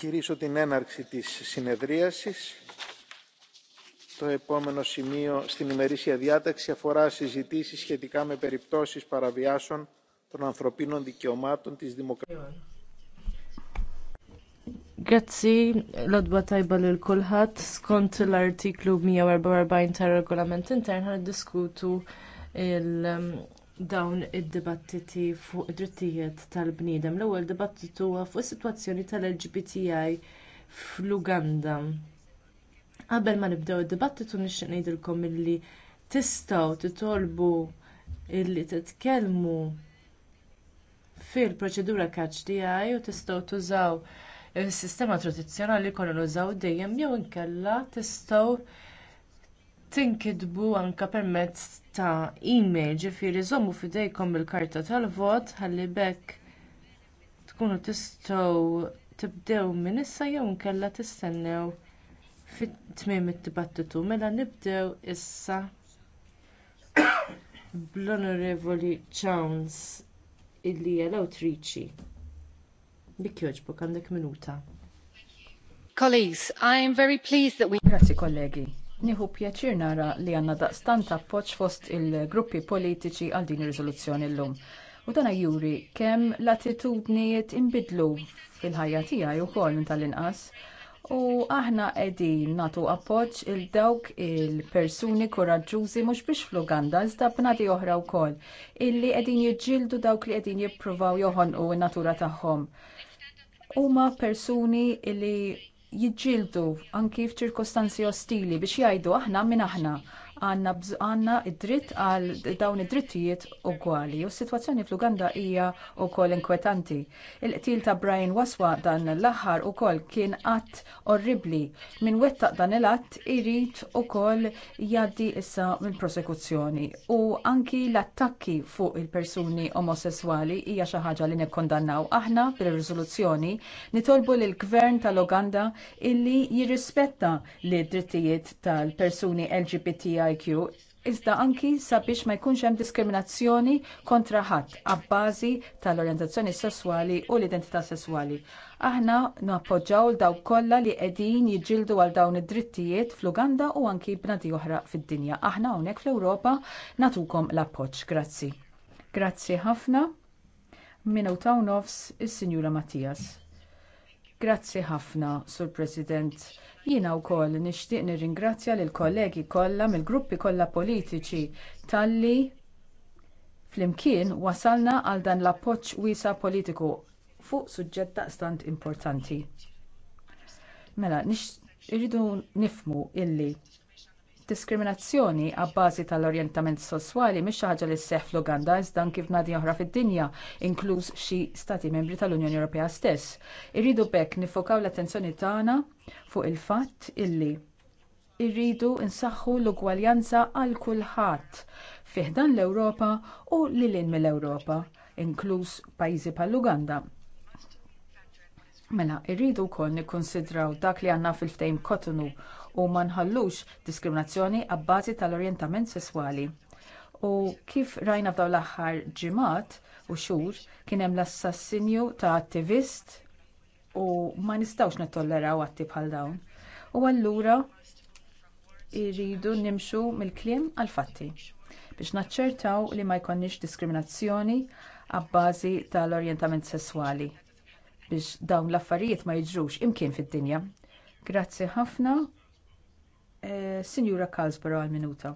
κηρύσω την έναρξη της συνεδρίασης. Το επόμενο σημείο στην ημερήσια διάταξη αφορά συζητήσει σχετικά με περιπτώσεις παραβιάσεων των ανθρωπίνων δικαιωμάτων της δημοκρατίας. Grazzi, l-odba tajba l kulħadd skont l-artiklu 144 ta' regolament intern ħad diskutu dawn id-dibattiti fuq id-drittijiet tal-bniedem. L-ewwel dibattitu huwa fuq is-sitwazzjoni tal-LGBTI fl-Uganda. Qabel ma nibdew id-dibattitu nixtieq ngħidilkom milli tistgħu titolbu li titkellmu fil-proċedura catch DI u tistgħu tużaw is-sistema tradizzjonali jkollna nużaw dejjem jew inkella tistgħu tinkitbu anke permezz ta' email ġifieri żommu f'idejkom il-karta tal-vot ħallibek b'hekk tkunu tistgħu tibdew minn issa jew inkella tistennew fit-tmiem it dibattitu mela nibdew issa bl-onorevoli Jones illi hija l-awtriċi. Bik jogħġbok għandek minuta. Colleagues, I am very pleased that we Grazie kollegi Nieħu pjaċir nara li għandna daqstant appoġġ fost il-gruppi politiċi għal din ir-riżoluzzjoni llum. U dan juri kemm l-attitudnijiet inbidlu fil-ħajja tiegħi wkoll tal-inqas. U aħna qegħdin nagħtu appoġġ il dawk il-persuni koraġġużi mhux biex fluganda, iżda b'nadi oħra wkoll illi qegħdin jiġġieldu dawk li qegħdin jippruvaw joħonqu in natura tagħhom huma persuni li jiġġieldu anki f'ċirkostanzi ostili biex jgħidu aħna minn aħna għandna għandna id-dritt għal dawn id-drittijiet ugwali. U s-sitwazzjoni fl-Uganda hija wkoll inkwetanti. Il-qtil ta' Brian Waswa dan l-aħħar ukoll kien att orribbli. Min wettaq dan il-att irid ukoll jgħaddi issa minn prosekuzzjoni. U anki l-attakki fuq il-persuni omosessuali hija xi ħaġa li nikkondannaw aħna bil-riżoluzzjoni nitolbu lill gvern tal-Uganda illi jirrispetta li d-drittijiet tal-persuni LGBTI iq iżda anki sabiex ma jkunx hemm diskriminazzjoni kontra ħadd abbażi tal-orjentazzjoni sesswali u l-identità sesswali. Aħna nappoġġaw l dawk kollha li qegħdin jiġġieldu għal dawn id-drittijiet fl-Uganda u anki b'nadi oħra fid-dinja. Aħna hawnhekk fl-Ewropa nagħtukom l-appoġġ. Grazzi. Grazzi ħafna. Minuta u nofs is-Sinjura Mattias. Grazzi ħafna, Sur President. Jiena wkoll nixtieq nirringrazzja lill kollegi kollha mill-gruppi kollha politiċi talli flimkien wasalna għal dan l-appoġġ wiesa' politiku fuq suġġett daqstant importanti. Mela, irridu nifhmu illi diskriminazzjoni għabbażi tal-orjentament sesswali mhix xi ħaġa li sseħħ fl-Uganda iżda kif nadi oħra fid-dinja, inkluż xi stati membri tal-Unjoni Ewropea stess. Irridu bekk nifokaw l-attenzjoni tagħna fuq il-fatt illi irridu nsaħħu l-ugwaljanza għal kulħadd fih dan l-Ewropa u lilin mill-Ewropa, inkluż pajjiżi bħall-Uganda. Mela, irridu wkoll nikkonsidraw dak li għandna fil-ftejm kotonu u ma nħallux diskriminazzjoni għabbażi tal-orjentament sesswali. U kif rajna f'dawn l-aħħar ġimgħat u xhur kien hemm l-assassinju ta' attivist u ma nistgħux nittolleraw atti bħal dawn. U allura irridu nimxu mill-kliem għall fatti biex naċċertaw li ma jkollniex diskriminazzjoni għabbażi tal-orjentament sesswali biex dawn l-affarijiet ma jiġrux imkien fid-dinja. Grazzi ħafna. Eh, Sinjura Kalsborough għal minuta.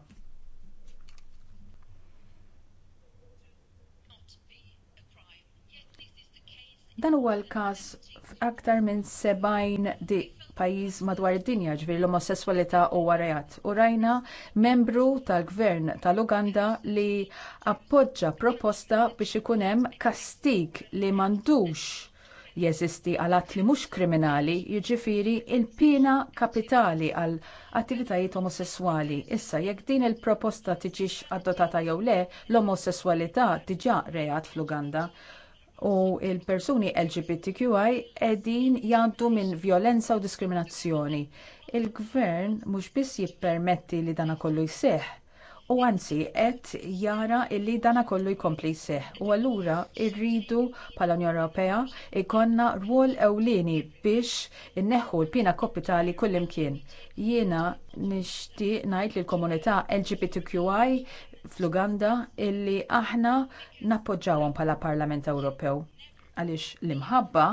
Dan huwa l-każ f'aktar minn 70 di pajjiż madwar id-dinja ġifieri l-omosesswalità huwa rejat. U rajna membru tal-gvern tal-Uganda li appoġġa proposta biex ikun hemm kastig li m'għandux jeżisti għal att li mhux kriminali, jiġifieri il-pina kapitali għal attivitajiet omosessuali. Issa jekk din il-proposta tiġix adottata jew le, l-omosessualità diġà reat fl-Uganda u l persuni LGBTQI qegħdin jgħaddu minn vjolenza u diskriminazzjoni. Il-gvern mhux biss jippermetti li dana kollu jseħħ, u anzi qed jara li dana kollu jkompli jseħħ u allura rridu bħala Unjoni Ewropea jkollna rwol ewlieni biex inneħħu l-pjena kapitali kullimkien. Jiena nixtieq ngħid lill komunità LGBTQI fl-Uganda illi aħna nappoġġawhom bħala Parlament Ewropew għaliex l-imħabba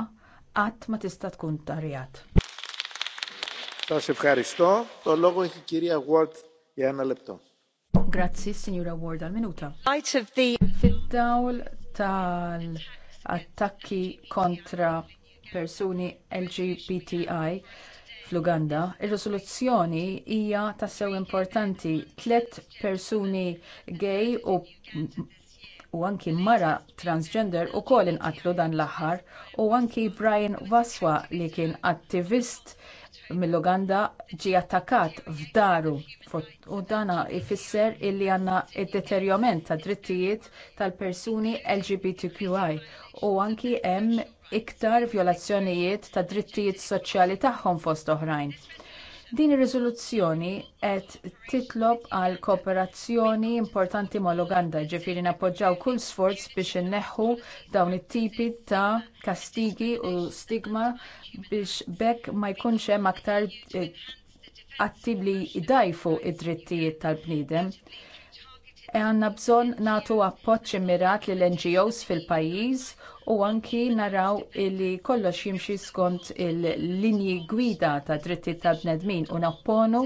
qatt ma tista' tkun tarjat. rigħat. ευχαριστώ. Το Grazzi, Signora Ward, għal-minuta. Fid-dawl tal-attakki kontra persuni LGBTI, fl-Uganda, ir-risoluzzjoni hija tassew importanti. Tliet persuni gay u u anki mara transgender ukoll inqatlu dan l-aħħar u anki Brian Waswa li kien attivist mill-Uganda ġie attakkat f'daru u dan ifisser illi għandna id deterjament tad drittijiet tal-persuni LGBTQI u anki hemm iktar vjolazzjonijiet tad drittijiet soċjali tagħhom fost oħrajn. Din ir-riżoluzzjoni qed titlob għal kooperazzjoni importanti mal-Uganda, ġifieri nappoġġjaw kull sforz biex inneħħu dawn it-tipi ta' kastigi u stigma biex bekk ma jkunx hemm aktar eh, attib li jdajfu id-drittijiet tal-bniedem għandna e għanna bżonn nagħtu appoġġ immirat lill ngos fil-pajjiż u anki naraw li kollox jimxi skont il-linji gwida ta' dritti ta' bnedmin u napponu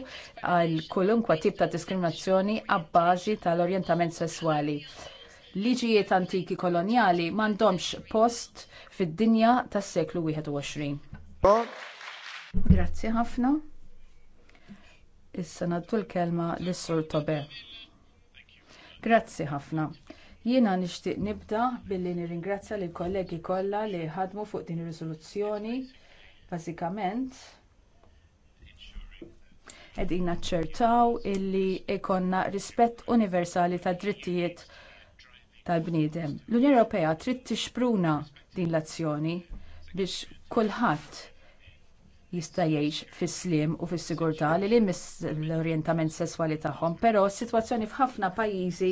għal kulunkwa tip ta' diskriminazzjoni għabbażi tal-orjentament sesswali. Liġijiet antiki kolonjali m'għandhomx post fid-dinja tas-seklu 21. Grazzi ħafna. Issa naddu l-kelma lis sur Tobe. Grazzi ħafna. Jiena nixtieq nibda billi nirringrazzja lill kollegi kollha li ħadmu fuq din ir-riżoluzzjoni. Bażikament qegħdin naċċertaw illi ikonna rispett universali tad drittijiet tal-bniedem. L-Unjoni Ewropea trid tixpruna din l-azzjoni biex kulħadd jista' jgħix fis-slim u fis-sigurtà li li miss l-orjentament sesswali tagħhom, però s-sitwazzjoni f'ħafna pajjiżi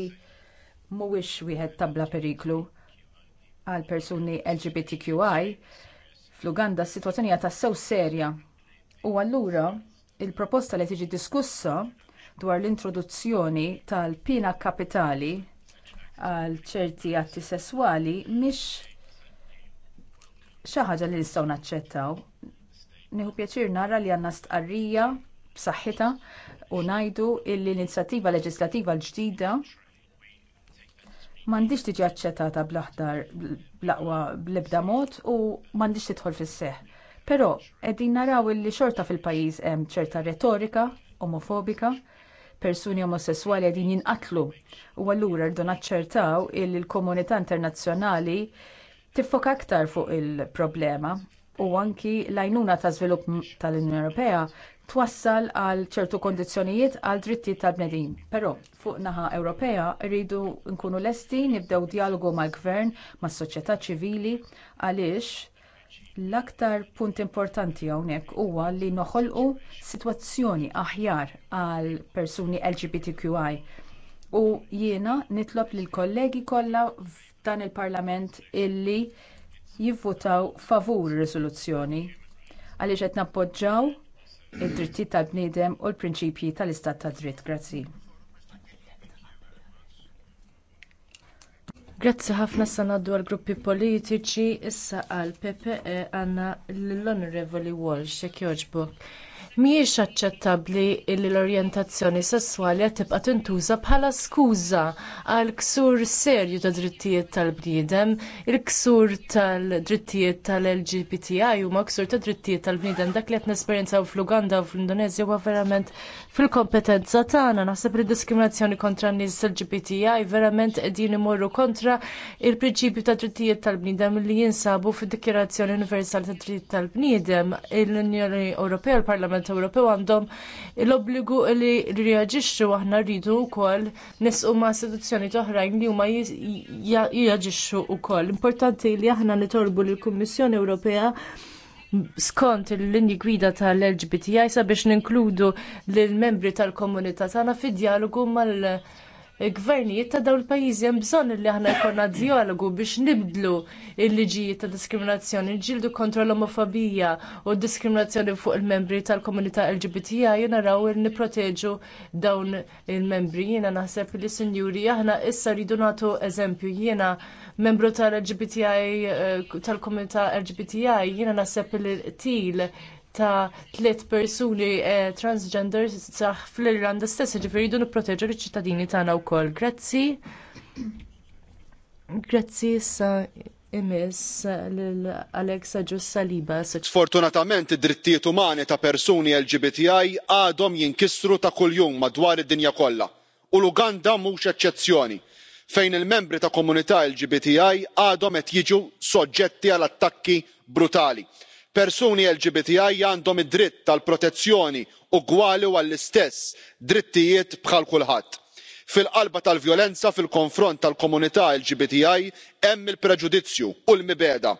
mhuwiex wieħed ta' bla periklu għal persuni LGBTQI. Fl-Uganda s-sitwazzjoni hija tassew serja. U allura il-proposta li tiġi diskussa dwar l-introduzzjoni tal-pina kapitali għal ċerti atti sesswali mhix xi ħaġa li nistgħu naċċettaw Nieħu pjaċir nara li għandna stqarrija b'saħħitha u ngħidu li l-inizjattiva leġislattiva l-ġdida m'għandix tiġi aċċettata bl-aħdar bl-aqwa bl-ebda mod u m'għandix tidħol fis-seħħ. Però qegħdin naraw li xorta fil-pajjiż hemm ċerta retorika omofobika, persuni omosessuali qegħdin jinqatlu u allura rdu naċċertaw li l-komunità internazzjonali tiffoka aktar fuq il-problema u anki l-għajnuna ta' żvilupp tal-Unjoni Ewropea twassal għal ċertu kondizzjonijiet għal drittijiet tal-bnedin. Però fuq naħa Ewropea rridu nkunu lesti nibdew dialogu mal-gvern, mas-soċjetà ċivili għaliex l-aktar punt importanti hawnhekk huwa li noħolqu sitwazzjoni aħjar għal persuni LGBTQI. U jiena nitlob lill kollegi kollha f'dan il-Parlament illi jivvutaw favur ir-riżoluzzjoni għaliex qed nappoġġjaw id-drittijiet tal-bniedem u l-prinċipji tal-istat ta' dritt. Grazzi. Grazzi ħafna sa ngħaddu għall gruppi politiċi issa għall PPE għandna l-Onorevoli Walsh jekk jogħġbok. Mhijiex aċċettabbli li l-orjentazzjoni sesswali qed tibqa' tintuża bħala skuża għal ksur serju ta' drittijiet tal-bniedem, il-ksur tal-drittijiet tal-LGBTI huma ksur ta' drittijiet tal-bniedem dak li qed nesperjenzaw fl-Uganda u fl-Indonezja huwa verament fil-kompetenza tagħna naħseb id diskriminazzjoni kontra n-nies LGBTI verament qegħdin imorru kontra il-prinċipju ta' drittijiet tal-bniedem li jinsabu fid-Dikjerazzjoni Universali tad Drittijiet tal-Bniedem, l-Unjoni Ewropea u l-Parlament parlament Ewropew għandhom l-obbligu li reaġixxu aħna rridu wkoll nisqu ma' istituzzjoni oħrajn li huma jaġixxu wkoll. Importanti li aħna nitolbu lill kummissjoni Ewropea skont il-linji gwida tal-LGBTI sabiex ninkludu lill membri tal-komunità tagħna fid-dialogu mal- il gvernijiet ta' dawn il-pajjiżi hemm bżonn li aħna jkollna dijalogu biex nibdlu l-liġijiet ta' diskriminazzjoni, ġildu kontra l-omofobija u d diskriminazzjoni fuq il-membri tal-komunità LGBTI jiena raw li nipproteġu dawn il-membri. Jiena naħseb li sinjuri aħna issa rridu nagħtu eżempju jiena membru tal-LGBTI eh, tal-komunità LGBTI jiena naħseb li til ta' tliet persuni eh, transgender saħ fl-Irlanda stess, ġifiri jdu nipproteġu l-ċittadini tagħna wkoll. Grazzi. Grazzi issa imiss eh, l-Alexa Ġussaliba. Saliba. Sfortunatament id-drittijiet umani ta' persuni LGBTI għadhom jinkissru ta' kuljum madwar id-dinja kollha. U l-Uganda mhux eċċezzjoni fejn il-membri ta' komunità LGBTI għadhom qed jiġu soġġetti għal attakki brutali persuni lgbti għandhom id-dritt għal protezzjoni ugwali u għall istess drittijiet bħal kulħadd. fil qalba tal vjolenza fil konfront tal komunità lgbti hemm il preġudizzju u l mibeda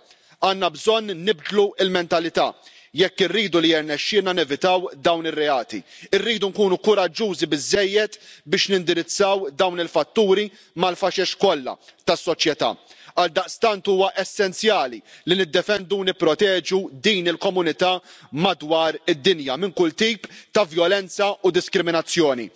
għandna bżonn nibdlu l mentalità jekk irridu li jirnexxielna nevitaw dawn ir-reati irridu nkunu kuraġġużi biżżejjed biex nindirizzaw dawn il fatturi mal faxex kollha tas-soċjetà għaldaqstant huwa essenzjali li niddefendu u nipproteġu din il komunità madwar id dinja minn kull tip ta' vjolenza u diskriminazzjoni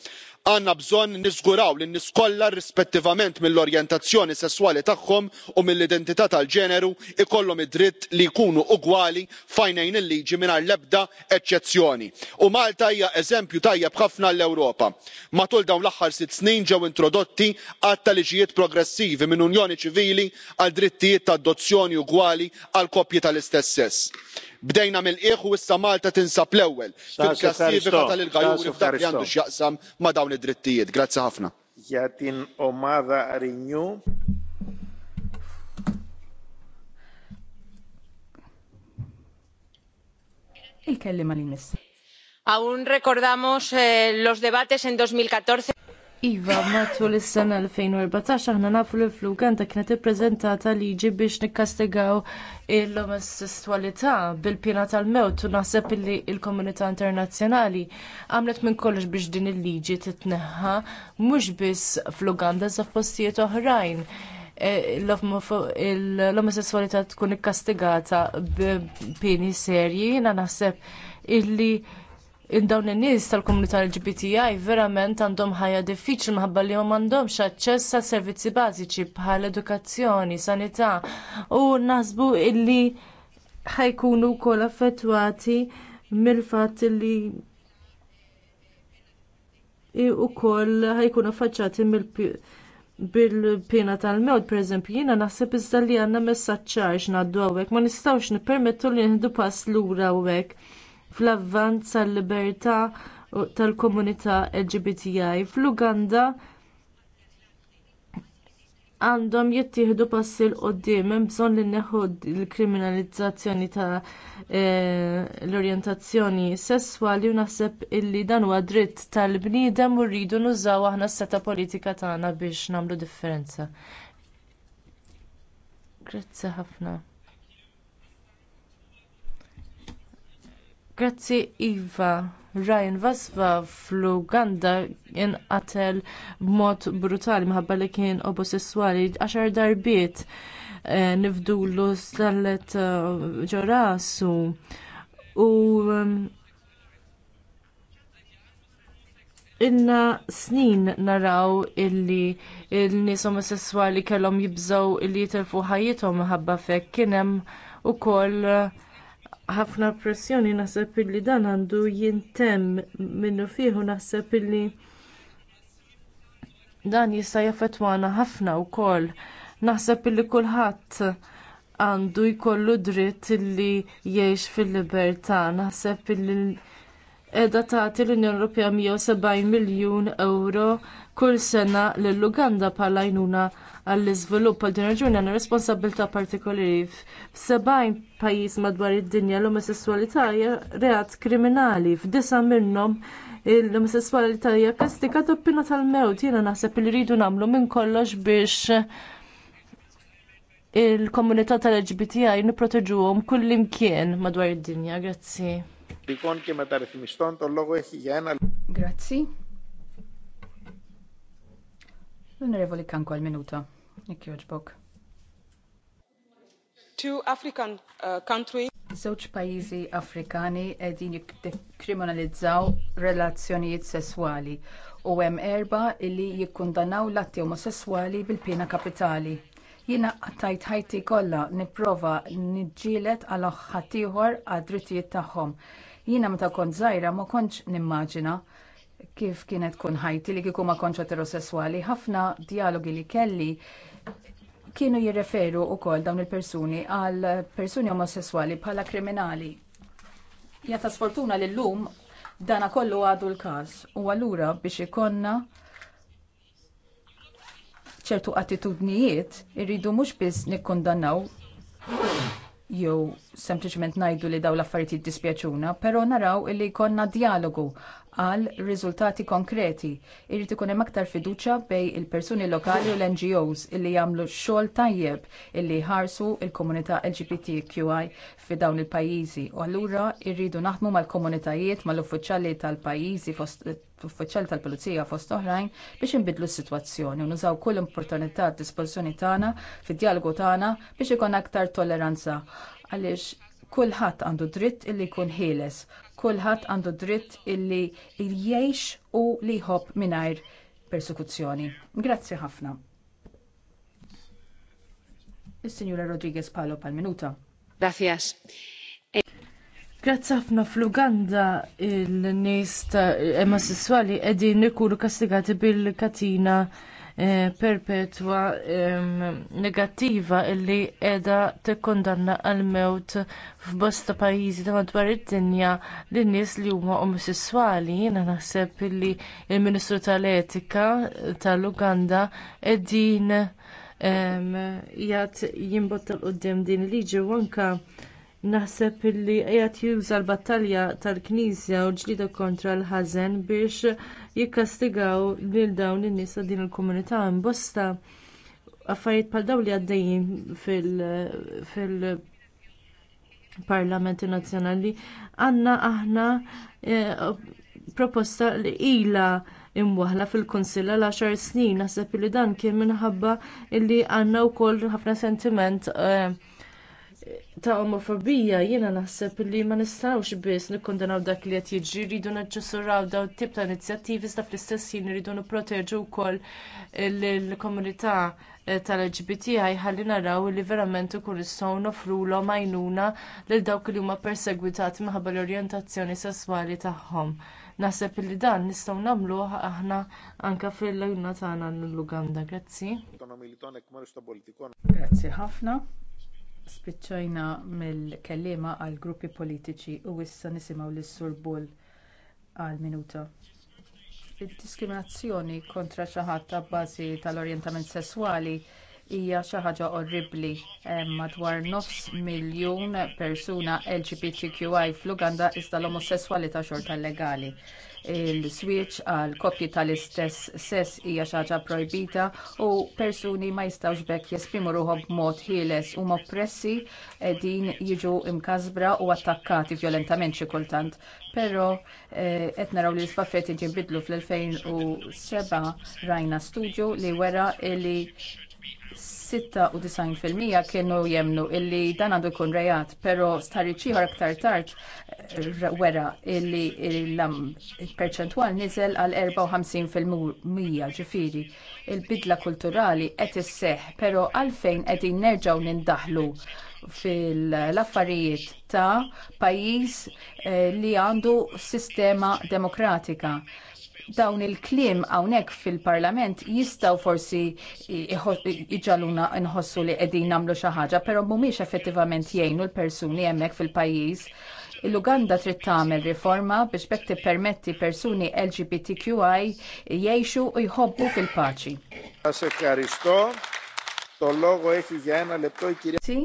għandna bżonn niżguraw li nies kollha rispettivament mill-orjentazzjoni sesswali tagħhom u mill-identità tal ġeneru ikollhom id-dritt li jkunu ugwali f'għajnejn il-liġi mingħajr l-ebda eċċezzjoni u malta hija eżempju tajjeb ħafna għall ewropa. matul dawn l-aħħar sitt snin ġew introdotti għadd ta' liġijiet progressivi minn unjoni ċivili għal drittijiet ta' adozzjoni ugwali għal koppji tal istess sess bdejna mill ieħ u issa malta tinsab l-ewwel fil-klassifika tal-ilgħajjuri f'dak li għandu x'jaqsam ma' dawn id-drittijiet. Grazzi ħafna. aún recordamos eh, los debates en 2014. Iva, matul is-sena 2014 aħna nafu li fl ta' kienet ippreżentata liġi biex nikkastigaw l-omosessualità bil-pjena tal-mewt u naħseb li l-komunità internazzjonali għamlet minn kollox biex din il-liġi titneħħa mhux biss fl-Uganda sa f'postijiet oħrajn e, l-omosessualità tkun ikkastigata b'pieni serji, jiena naħseb illi dawn in-nies tal-komunità LGBTI verament għandhom ħajja diffiċli minħabba li hom għandhomx aċċess għal servizzi bażiċi bħal edukazzjoni, sanità u naħsbu illi ħajkunu wkoll affettwati mill-fatt li wkoll ħajkunu affaċċati bil-pina tal-mewt, pereżempju, jiena naħseb iżda li għandna messaċċarġ x'ngħaddu hawnhekk, ma nistgħux nippermettu li nieħdu pass lura hawnhekk fl avvant tal-libertà tal-komunità LGBTI. Fl-Uganda għandhom jittieħdu passi l qoddim hemm bżonn li neħu l-kriminalizzazzjoni ta' eh, l-orjentazzjoni sesswali u naħseb illi dan huwa dritt tal-bniedem u rridu nużaw aħna s-seta politika tagħna biex nagħmlu differenza. Grazzi ħafna. Grazzi Iva. Ryan Vasva fl-Uganda inqatel b'mod brutali minħabba li kien obosessuali għaxar darbiet eh, nifdulu stallet ġorasu eh, u um, inna snin naraw illi il-nies omosessuali kellhom jibżgħu illi jitilfu ħajjithom minħabba fek kien hemm ukoll eh, ħafna pressjoni naħseb illi dan għandu jintemm minnu fih u naħseb illi dan jista' jaffettwana ħafna wkoll. Naħseb illi kulħadd għandu jkollu dritt illi jgħix fil-libertà. Naħseb illi qiegħda tagħti l-Unjoni Ewropea 170 miljun euro kull sena lill-Uganda bħala għajnuna għall-iżvilupp għal din raġuni għandna responsabilità partikolari f'sebgħin pajjiż madwar id-dinja l-omosesswalità hija reatt kriminali f'disa' minnhom l-omosesswalità hija kastikata b'pina tal-mewt jiena naħseb li rridu nagħmlu minn kollox biex il-komunità tal-LGBTI nipproteġuhom kullimkien madwar id-dinja. Grazzi. Dikon kien meta rifmiston tollogu jena. Grazzi. L-Onorevoli Kanko minuta Jekk jogħġbok. Two African uh, countries Żewġ pajjiżi Afrikani qegħdin jikkriminalizzaw relazzjonijiet sesswali u hemm erba' li jikkundanaw l-atti omosesswali bil-pena kapitali. Jiena tajt ħajti kollha nipprova niġġieled għal ħaddieħor għad-drittijiet tagħhom. Jiena meta kont żgħira ma kontx nimmaġina kif kienet kun ħajti li kieku ma kontx eterosesswali. Ħafna dijalogi li kelli kienu jirreferu wkoll dawn il-persuni għal persuni omosessuali bħala kriminali. Jata sfortuna li llum dana kollu għadu l każ u allura biex ikonna ċertu attitudnijiet irridu mhux biss nikkondannaw jew sempliċement ngħidu li dawn l-affarijiet jiddispjaċuna, però naraw illi jkollna dijalogu għal riżultati konkreti. Irrid ikun hemm aktar fiduċja bejn il-persuni lokali u l-NGOs illi jagħmlu xogħol tajjeb illi ħarsu l il komunità LGBTQI fi dawn il-pajjiżi. U allura rridu naħdmu mal-komunitajiet mal-uffiċjali tal-pajjiżi fost uffiċjali tal-Pulizija fost oħrajn biex inbidlu s-sitwazzjoni u nużaw kull opportunità d tagħna fid-dialogu tagħna biex ikun aktar tolleranza għaliex kulħadd għandu dritt illi jkun ħieles kulħadd għandu dritt illi jgħix u li jħobb mingħajr persekuzzjoni. Grazzi ħafna. Is-Sinjura Rodriguez Palo pal-minuta. Grazzi. Grazzi ħafna fl-Uganda il-nies ta' emasessuali qegħdin ikunu kastigati bil-katina Eh, perpetwa negattiva illi qiegħda tikkondanna għal mewt f'bosta pajjiżi ta' madwar id-dinja lin nies li huma omosessuali. Jiena naħseb illi l ministru tal-Etika tal-Uganda qegħdin jgħat jimbotta l-qoddim din liġi u anke naħseb illi qiegħed juża l-battalja tal-Knisja u l ġdida kontra l-ħażen biex jikkastigaw lil dawn in-nies ta' din il-komunità imbosta affarijiet bħal dawn li għaddejjin fil-parlamenti nazzjonali għandna aħna eh, proposta li ilha imwaħla fil-kunsill għal għaxar snin naħseb li dan kien minħabba li għandna wkoll ħafna sentiment eh, ta' omofobija jiena naħseb li ma nistgħux biss nikkondenaw dak li qed jiġri rridu naġġusuraw daw tip ta' inizjattivi iżda fl-istess ħin irridu nipproteġu wkoll l-komunità eh, tal-LGBT ħalli naraw li verament ukoll jistgħu nofrulhom għajnuna lil dawk li huma persegwitati minħabba l-orjentazzjoni sesswali tagħhom. Naħseb li dan nistgħu nagħmluh aħna anke fil-lejna tagħna l-Uganda. Grazzi. Grazzi ħafna spiċċajna mill-kelliema għall gruppi politiċi u issa nisimgħu lis-sur bull għal minuta id-diskriminazzjoni kontra xi ħadd abbażi tal-orjentament sesswali hija xi ħaġa orribbli hemm madwar nofs miljun persuna lgbtqi fl-uganda iżda l-omosesswalità xorta legali il-switch għal koppji tal-istess sess hija xi ħaġa projbita u persuni ma jistgħux bekk jesprimu ruħhom b'mod ħieles huma oppressi qegħdin jiġu mkasbra u attakkati vjolentament xi kultant. Però eh, qed naraw li l-isbaffetti ġinbidlu fl-2007 rajna studju li wera li 96% kienu jemnu illi dan għandu jkun rejat, pero stariċi ħor aktar tard eh, wera illi l perċentwal nizel għal 54% ġifiri. Il-bidla kulturali qed isseħ, pero għalfejn qegħdin nerġgħu nindaħlu fil-affarijiet ta' pajjiż eh, li għandu sistema demokratika dawn il-kliem hawnhekk fil-Parlament jistgħu forsi iġaluna nħossu li qegħdin nagħmlu xi ħaġa, però mhumiex effettivament jgħinu l-persuni hemmhekk fil-pajjiż l-Uganda trid tagħmel riforma biex bekk tippermetti persuni LGBTQI jgħixu u jħobbu fil-paċi. Grazzi.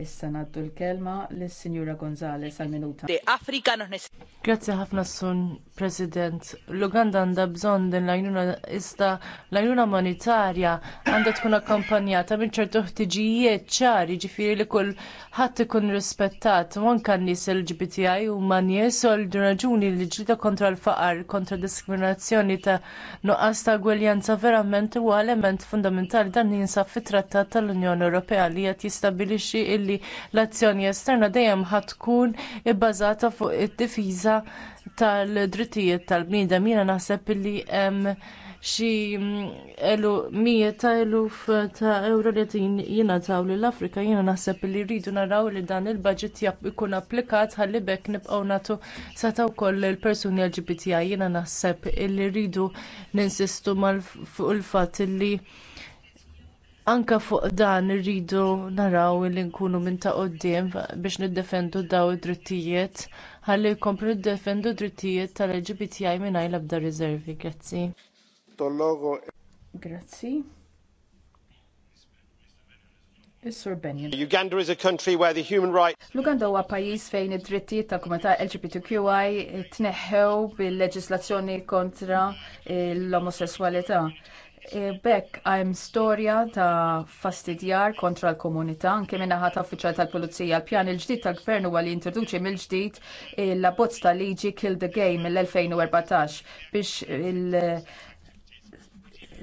Issa naddu l-kelma lis-Sinjura Gonzales għal minuta. Grazie Grazzi ħafna sun President. L-Uganda għandha bżonn din l-għajnuna iżda l-għajnuna monetarja għandha tkun akkompanjata minn ċertu ħtiġijiet ċari ġifiri li kull ħadd ikun rispettat u anke n-nies LGBTI huma nies u raġuni li ġlida kontra l-faqar, kontra diskriminazzjoni ta' nuqqas ta' gweljanza verament huwa element fundamentali dan jinsab fit-Trattat tal-Unjoni Ewropea li qed il illi li l-azzjoni esterna dejjem ħadd tkun ibbażata fuq id-difiża tal-drittijiet tal-bniedem. Jiena naħseb li hemm xi mm, elu mijiet ta' eluf ta' euro li qed jingħataw lill-Afrika jiena naħseb li rridu naraw li dan il-budget ikun applikat ħalli bekk nibqgħu nagħtu sata wkoll il-persuni LGBTI jiena naħseb li rridu ninsistu fuq il-fatt li Anke fuq dan irridu naraw li nkunu minn ta' quddiem biex niddefendu dawn id-drittijiet ħalli jkomplu niddefendu d-drittijiet tal-LGBTI mingħajr l-ebda riservi. Grazzi. Grazzi. Is-Sur Benjamin. Uganda is a country where the human rights Luganda huwa pajjiż fejn id-drittijiet ta' komunità LGBTQI tneħħew bil-leġislazzjoni kontra l-omosessualità. Eh, bekk hemm storja ta' fastidjar kontra l-komunità anke min-naħa ta' uffiċjal tal-Pulizija. L-pjan il-ġdid tal-Gvern huwa li introduċi mill-ġdid il abbozz ta' liġi Kill the Game mill-2014 biex il-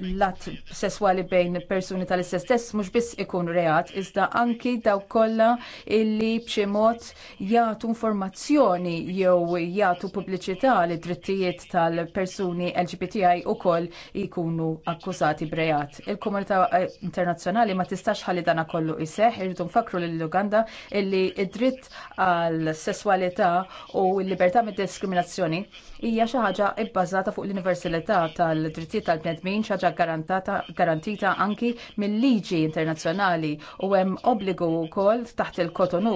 l-att sesswali bejn persuni tal-istess stess mhux biss ikun reat, iżda anki daw kollha illi b'xi mod jagħtu informazzjoni jew jagħtu pubbliċità li drittijiet tal-persuni LGBTI ukoll jkunu akkużati b'reat. Il-komunità eh, internazzjonali ma tistax ħalli dana kollu jseħħ, irridu nfakru lill uganda illi id-dritt għal sesswalità u l-libertà mid-diskriminazzjoni hija xi ħaġa bbażata fuq l-universalità tal-drittijiet tal-bnedmin xi ħaġa garantita anki mill-liġi internazzjonali u hemm obbligu wkoll taħt il-Kotonu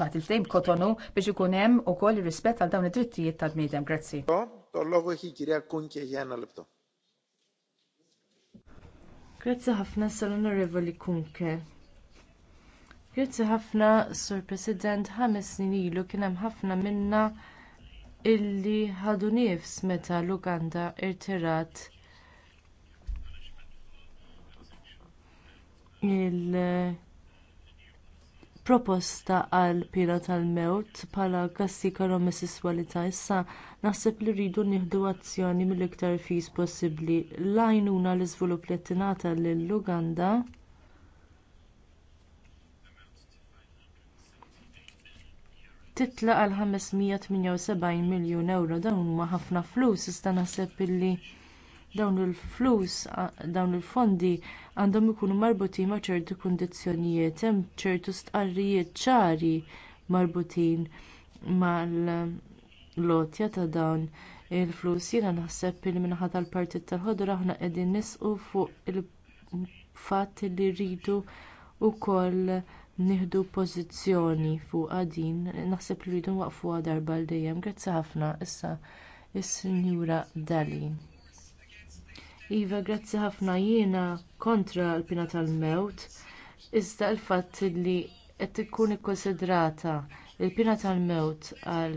taħt il-tejm Kotonu biex ikun hemm ukoll ir-rispett għal dawn id-drittijiet tal-bniedem. Grazzi. Grazzi ħafna sal-Onorevoli Kunke. Grazzi ħafna, Sur President, ħames snin ilu kien hemm ħafna minna illi ħadu nifs meta l-Uganda irtirat il-proposta għal pina tal-mewt bħala klassika omosesswalità issa naħseb li rridu nieħdu azzjoni mill-iktar fis possibbli l-għajnuna l-iżvilupp li qed tingħata lill-uganda Titla għal 578 miljun ewro dawn huma ħafna flus iżda naħseb illi dawn il-flus dawn il-fondi għandhom ikunu marbutin ma' ċertu kundizzjonijiet hemm ċertu stqarrijiet ċari marbutin mal-lotja ta' dawn il-flus jiena naħseb li minħabba l tal-partit tal-ħodor aħna qegħdin nisqu fuq il-fatt li rridu wkoll nieħdu pożizzjoni fuqha din naħseb li rridu nwaqfuha darba għal dejjem grazzi ħafna issa is-sinjura dalli Iva, grazzi ħafna jiena kontra l-pina tal-mewt, iżda l-fatt li qed tkun ikkonsidrata l-pina tal-mewt għal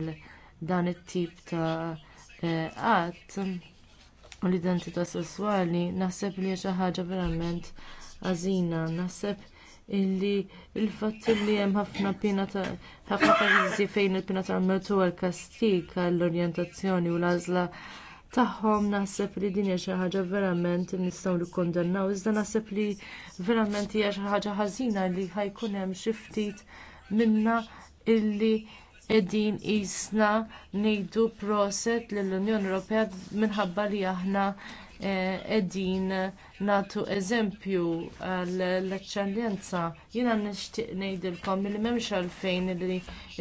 dan it-tip ta' qatt eh, u l-identità sesswali naħseb li hija xi ħaġa verament għażina, naħseb illi il-fatt li hemm ħafna pina ta' ħafna pajjiżi fejn il-pina tal-mewt huwa l-kastig għall-orjentazzjoni u l-għażla tagħhom naħseb li din hija xi ħaġa verament nistgħu nikkondannaw iżda naħseb li verament hija xi ħaġa ħażina li ħajkun hemm xi ftit minnha illi qegħdin qisna ngħidu proset lill-Unjoni Ewropea minħabba li aħna eh, qegħdin nagħtu eżempju għall-eċċellenza. Jiena nixtieq ngħidilkom li m'hemmx għalfejn li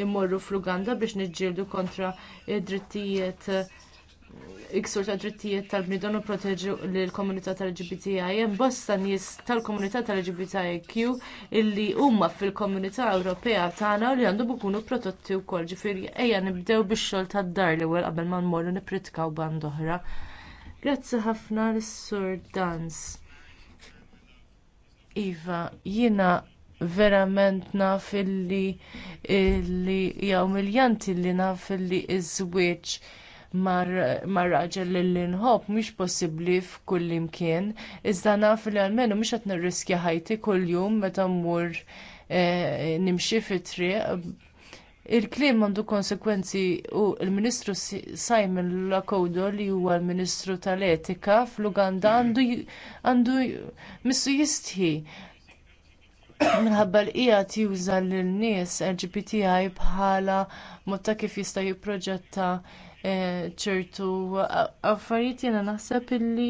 mmorru fl-Uganda biex niġġieldu kontra id-drittijiet iksur ta' drittijiet tal-bnidon u proteġu l-komunità tal-LGBTI. Bosta nies tal-komunità tal-LGBTIQ illi huma fil-komunità Ewropea tagħna u li għandhom ikunu prototti wkoll ġifieri ejja nibdew bix-xogħol tad-dar l-ewwel qabel ma nmorru nippritkaw band oħra. Grazzi ħafna lis-Sur Dans. Iva, jiena verament naf illi illi hija umiljanti li naf illi iż-żwieġ il mar raġel li nħobb mhux possibbli f'kull imkien, iżda naf li għalmenu mhux qed nirriskja ħajti kuljum meta mmur eh, nimxi fit-triq Il-klim għandu konsegwenzi u l ministru Simon Lakodo li huwa l-Ministru tal-Etika fl-Uganda għandu għandu missu jistħi minħabba l-qijat juża lil nies LGBTI bħala mod kif jista' jipproġetta Eh, ċertu affarijiet jiena naħseb illi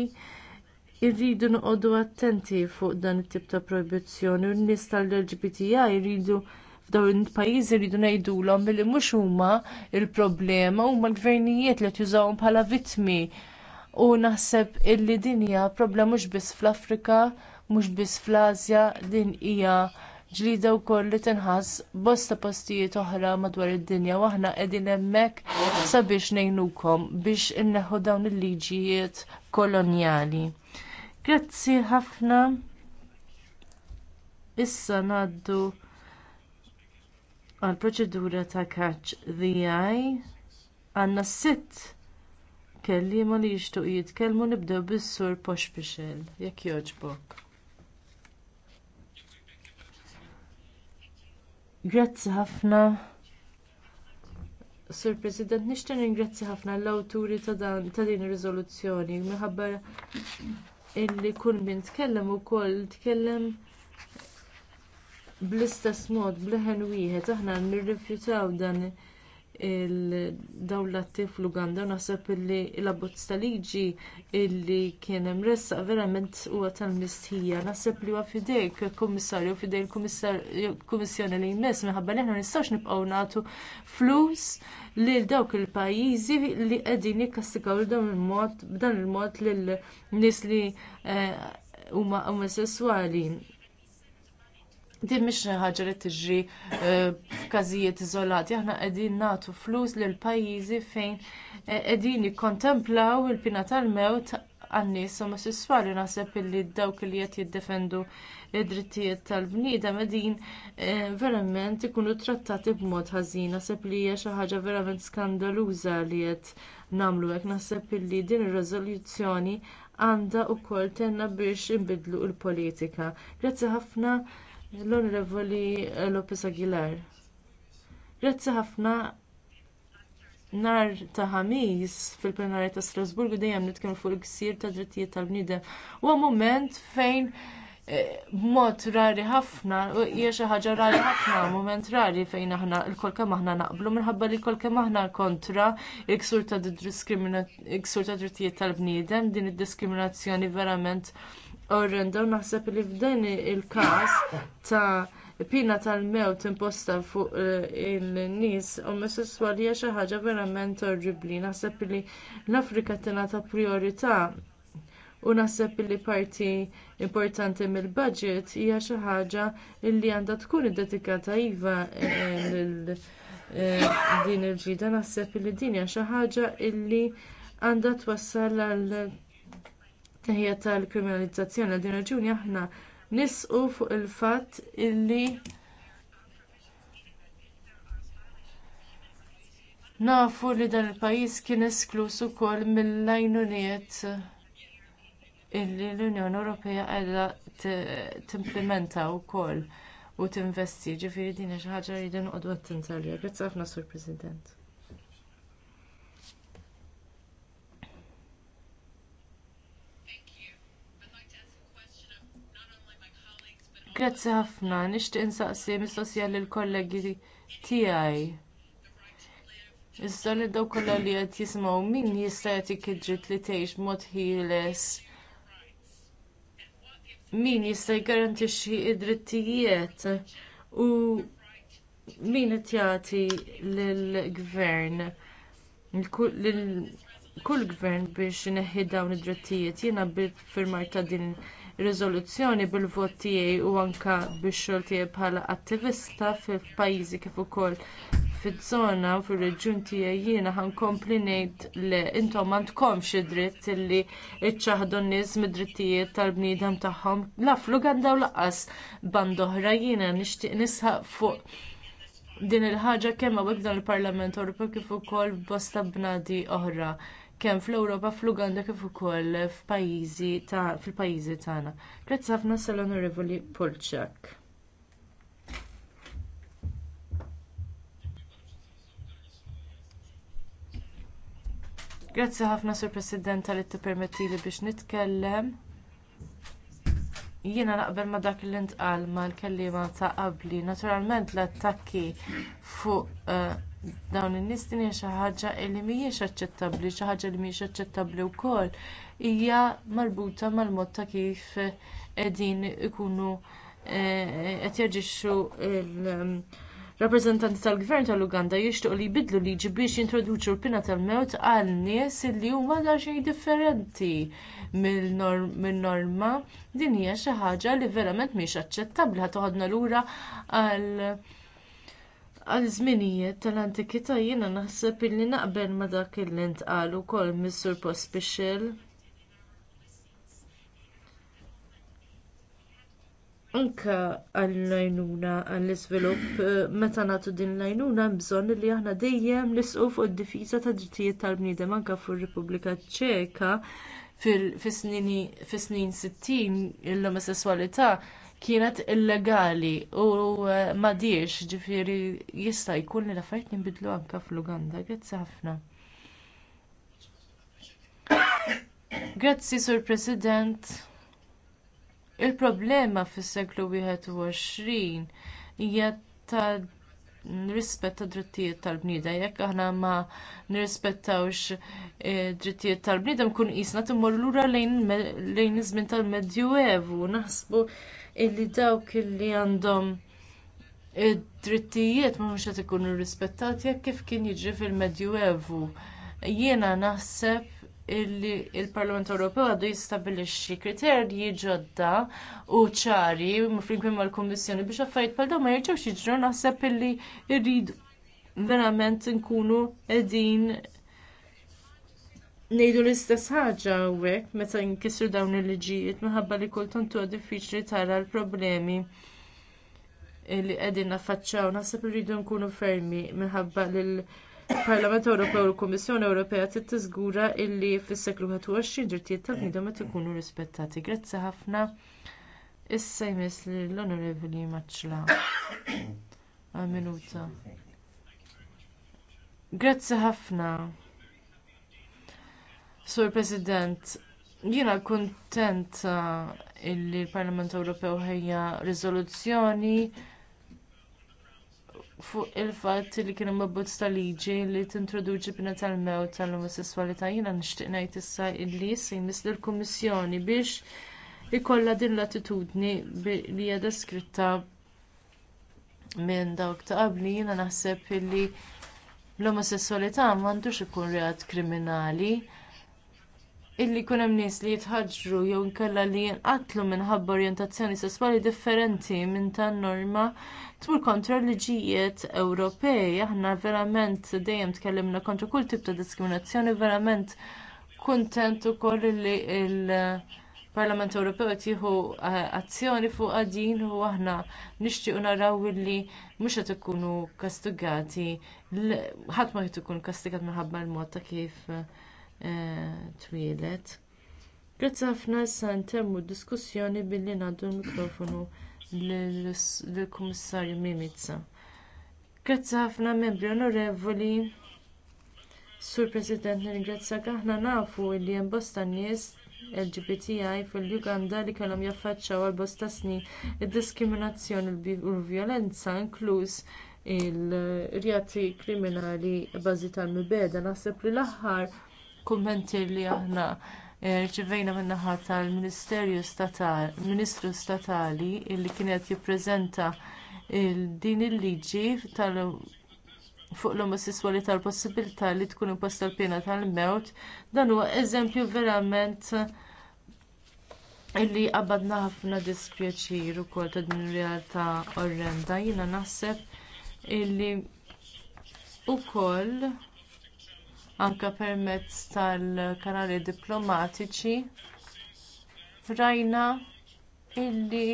irridu noqogħdu attenti fuq dan it-tip ta' projbizzjoni u n-nies tal-LGBTI jridu f'dawn il-pajjiżi jridu ngħidulhom billi mhux huma l problema huma l-gvernijiet li qed jużawhom bħala vittmi. U naħseb illi din hija problema mhux biss fl-Afrika, mhux biss fl-Asja, din hija ġlida wkoll li tinħass bosta postijiet oħra madwar id-dinja u aħna qegħdin hemmhekk sabiex ngħinukom biex inneħħu dawn il-liġijiet kolonjali. Grazzi ħafna. Issa ngħaddu għall proċedura ta' kaċċ the eye għandna sitt kelliema li jixtiequ jitkellmu nibdew bis-sur poshbixel jekk jogħġbok Grazzi ħafna. Sur President, nixtieq ringrazzi ħafna l-awturi ta' din ir-riżoluzzjoni minħabba illi kull min tkellem ukoll tkellem bl-istess mod bleħen wieħed aħna nirrifjutaw dan il-dawlattif fl-Uganda naħseb illi l-abbozz ta' liġi illi kien hemm ressaq verament huwa tal-mistħija. Naħseb li huwa fidejk kummissarju fidej il-Kummissjoni li jmiss minħabba li aħna nistgħux nibqgħu nagħtu flus lil dawk il-pajjiżi li qegħdin jikkastigaw b'dan il-mod lil nies li eh, huma omosessuali Din mhix ħaġa li tiġri eh, f'każijiet iżolati, aħna qegħdin nagħtu flus lil pajjiżi fejn eh, qegħdin jikkontemplaw il-pina tal-mewt għan-nies omosessuali naħseb illi dawk li qed jiddefendu id-drittijiet tal-bniedem qegħdin eh, verament ikunu trattati b'mod ħażin. Naħseb li hija xi ħaġa verament skandaluża li qed nagħmlu hekk. Naħseb illi din ir-riżoluzzjoni għandha wkoll tenna biex inbidlu l-politika. Grazzi ħafna l-Onorevoli Lopez Aguilar. Grazzi ħafna nar ta' ħamis fil-plenarja ta' Strasburgu dejjem nitkellmu fuq il-ksir ta' drittijiet tal-bniedem. Huwa mument fejn eh, mod rari ħafna, u hija xi ħaġa rari ħafna, mument rari fejn aħna l-kol kemm aħna naqblu minħabba li l-kol kemm aħna kontra l-ksur ta' drittijiet tal-bniedem, din id-diskriminazzjoni verament orrenda u naħseb li f'dan il-każ ta' pina tal-mewt imposta fuq eh, in-nies omosesswali hija xi ħaġa verament orribbli. Naħseb li l-Afrika tingħata priorità u naħseb li parti importanti mill-budget hija xi ħaġa li għandha tkun iddedikata iva eh, eh, din il-ġida naħseb li din hija xi ħaġa li għandha twassal għal teħija tal-kriminalizzazzjoni għal din raġuni aħna nisqu fuq il-fatt illi nafu li dan il-pajjiż kien esklus ukoll mill-għajnuniet illi l-Unjoni Ewropea qiegħda timplementa wkoll u tinvesti ġifieri din xi ħaġa li jridu noqogħdu attenti għaliha. Grazzi ħafna Sur President. Grazzi ħafna, nixtieq nistaqsi mistoqsija lill kollegi tiegħi. Iżda li dawk kollha li qed jisimgħu min jista' jagħtik id li tgħix b'mod ħieles? Min jista' jgarantixxi d drittijiet U min qed jagħti lill-gvern lil kull gvern biex ineħħi dawn id-drittijiet jiena bilt firmar ta' din riżoluzzjoni bil-vot tiegħi u anke bix-xogħol tiegħi bħala attivista fil-pajjiżi kif ukoll fiż-żona u fir-reġjun tiegħi jiena ħankompli ngħid le intom m'għandkomx id-dritt illi ċċaħħdu n-nies mid-drittijiet tal-bniedem tagħhom la fl-Uganda u lanqas band oħra jiena nixtieq nisħaq fuq din il-ħaġa kemm hawnhekk dan il-Parlament Ewropew kif ukoll bosta bnadi oħra kemm fl-Ewropa fl-Uganda kif ukoll fil-pajjiżi tagħna. Grazzi ħafna sal-Onorevoli Polchak. Grazzi ħafna Sur President li tippermettili biex nitkellem. Jiena naqbel ma dak li ntqal mal-kelliema ta' qabli. Naturalment l-attakki fuq uh, dawn in-nies din xi ħaġa li mhijiex aċċettabbli xi ħaġa li mhijiex aċċettabbli wkoll hija marbuta mal-mod ta' kif qegħdin eh, ikunu eh, qed jaġixxu l-rappreżentanti tal-gvern tal-Uganda jixtiequ li jbidlu liġi biex jintroduċu l-pena tal-mewt għal nies li huma xejn differenti min-norma din hija xi ħaġa li verament mhijiex aċċettabbli ħadd toħodna lura għal għal żminijiet tal-antikità jiena naħseb illi naqbel ma' dak li ntqal ukoll mis-sur pospixil anke għall-għajnuna għall-iżvilupp eh, meta nagħtu din l-għajnuna hemm bżonn li aħna dejjem nisqu fuq id-difiża tad-drittijiet tal-bniedem anke fir-repubblika ċeka fis-snin 60 l-omosesswalità kienet illegali u eh, m'għadix, jiġifieri jista' jkun li l-affarijiet jinbidlu anke fl-Uganda. Grazzi ħafna. Grazzi, Sur President. Il-problema fis-seklu 21 hija ta' nirrispetta drittijiet tal-bnida jekk aħna ma nirrispettawx eh, drittijiet tal-bnida nkun qisna timmur lura lejn iż-żmien tal-Medjuevu naħsbu illi dawk illi għandhom id-drittijiet mhumiex qed ikunu rispettati hekk kif kien jiġri fil-Medjuevu. Jiena naħseb illi l parlament Ewropew għadu jistabbilixxi kriterji ġodda u ċari flimkien mal-Kummissjoni biex affarijiet bħal dawn ma jerġgħux jiġru naħseb illi rridu verament nkunu qegħdin ngħidu l-istess ħaġa hawnhekk meta nkissru dawn il-liġijiet minħabba li kultant huwa diffiċli tara l-problemi li qegħdin naffaċċjaw naħseb irridu nkunu fermi minħabba li l-Parlament Ewropew u l-Kummissjoni Ewropea trid tiżgura li fis-seklu 21 drittijiet tal-bniedem qed ikunu rispettati. Grazzi ħafna. Issa jmiss l-Onorevoli Maċċla. Għal minuta. Grazzi ħafna. Sur President, jiena kuntent uh, illi l-Parlament Ewropew ħejja riżoluzzjoni fuq il-fatt li kien hemm mabbozz ta' liġi li tintroduċi pina tal-mewt tal-omosessualità jiena nixtieq ngħid issa illi se jmiss lill-Kummissjoni biex ikollha din l-attitudni li hija deskritta minn dawk ta' qabli jiena naħseb illi l-omosessualità m'għandux ikun reat kriminali illi jkun hemm nies li jitħaġġru jew inkella li jinqatlu minħabba orjentazzjoni sesswali differenti minn tan-norma tmur kontra liġijiet Ewropej. Aħna verament dejjem tkellimna kontra kull tip ta' diskriminazzjoni, verament kuntent ukoll li il-Parlament Ewropew qed jieħu eh, azzjoni fuq din u aħna nixtiequ naraw illi mhux qed ikunu kastigati ħadd ma jkun kastigat minħabba l-mod ta' kif Eh, twielet Grazzi ħafna issa ntemmu d-diskussjoni billi ngħaddu l-mikrofonu lill-Kummissarju Mimica. Grazzi ħafna membri onorevoli. Sur President, nirringrazzjak aħna nafu li hemm bosta nies LGBTI fil-Uganda li kellhom jaffaċċjaw għal bosta snin id-diskriminazzjoni u l-vjolenza inkluż il-rjati kriminali bbażi tal-mibeda. Naħseb li l-aħħar kummenti li aħna eh, rċivejna min-naħa tal-Ministerju Statali, Ministru Statali li kienet jippreżenta din il-liġi tal fuq l-omosessualità tal possibilità li tkun imposta l-pena tal-mewt dan huwa eżempju verament illi qabadna ħafna dispjaċir ukoll ta' din ir-realtà orrenda jiena naħseb illi ukoll anke permezz tal-kanali diplomatiċi rajna illi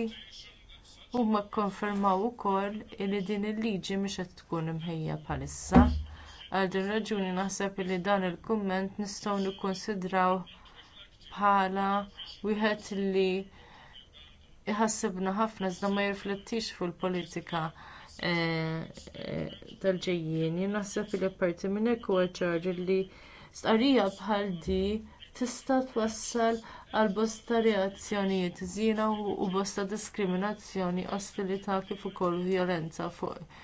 huma kkonfermaw ukoll li din il-liġi mhix qed tkun imħejja bħalissa għal din ir-raġuni naħseb li dan il-kumment nistgħu nikkunsidrawh bħala wieħed li jħassibna ħafna iżda ma jirriflettix fuq il-politika Eh, tal-ġejjien. Jien naħseb li parti minn hekk huwa ċar li stqarrija bħal di tista' twassal għal bosta reazzjonijiet żgħira u bosta diskriminazzjoni ostilità kif ukoll vjolenza fuq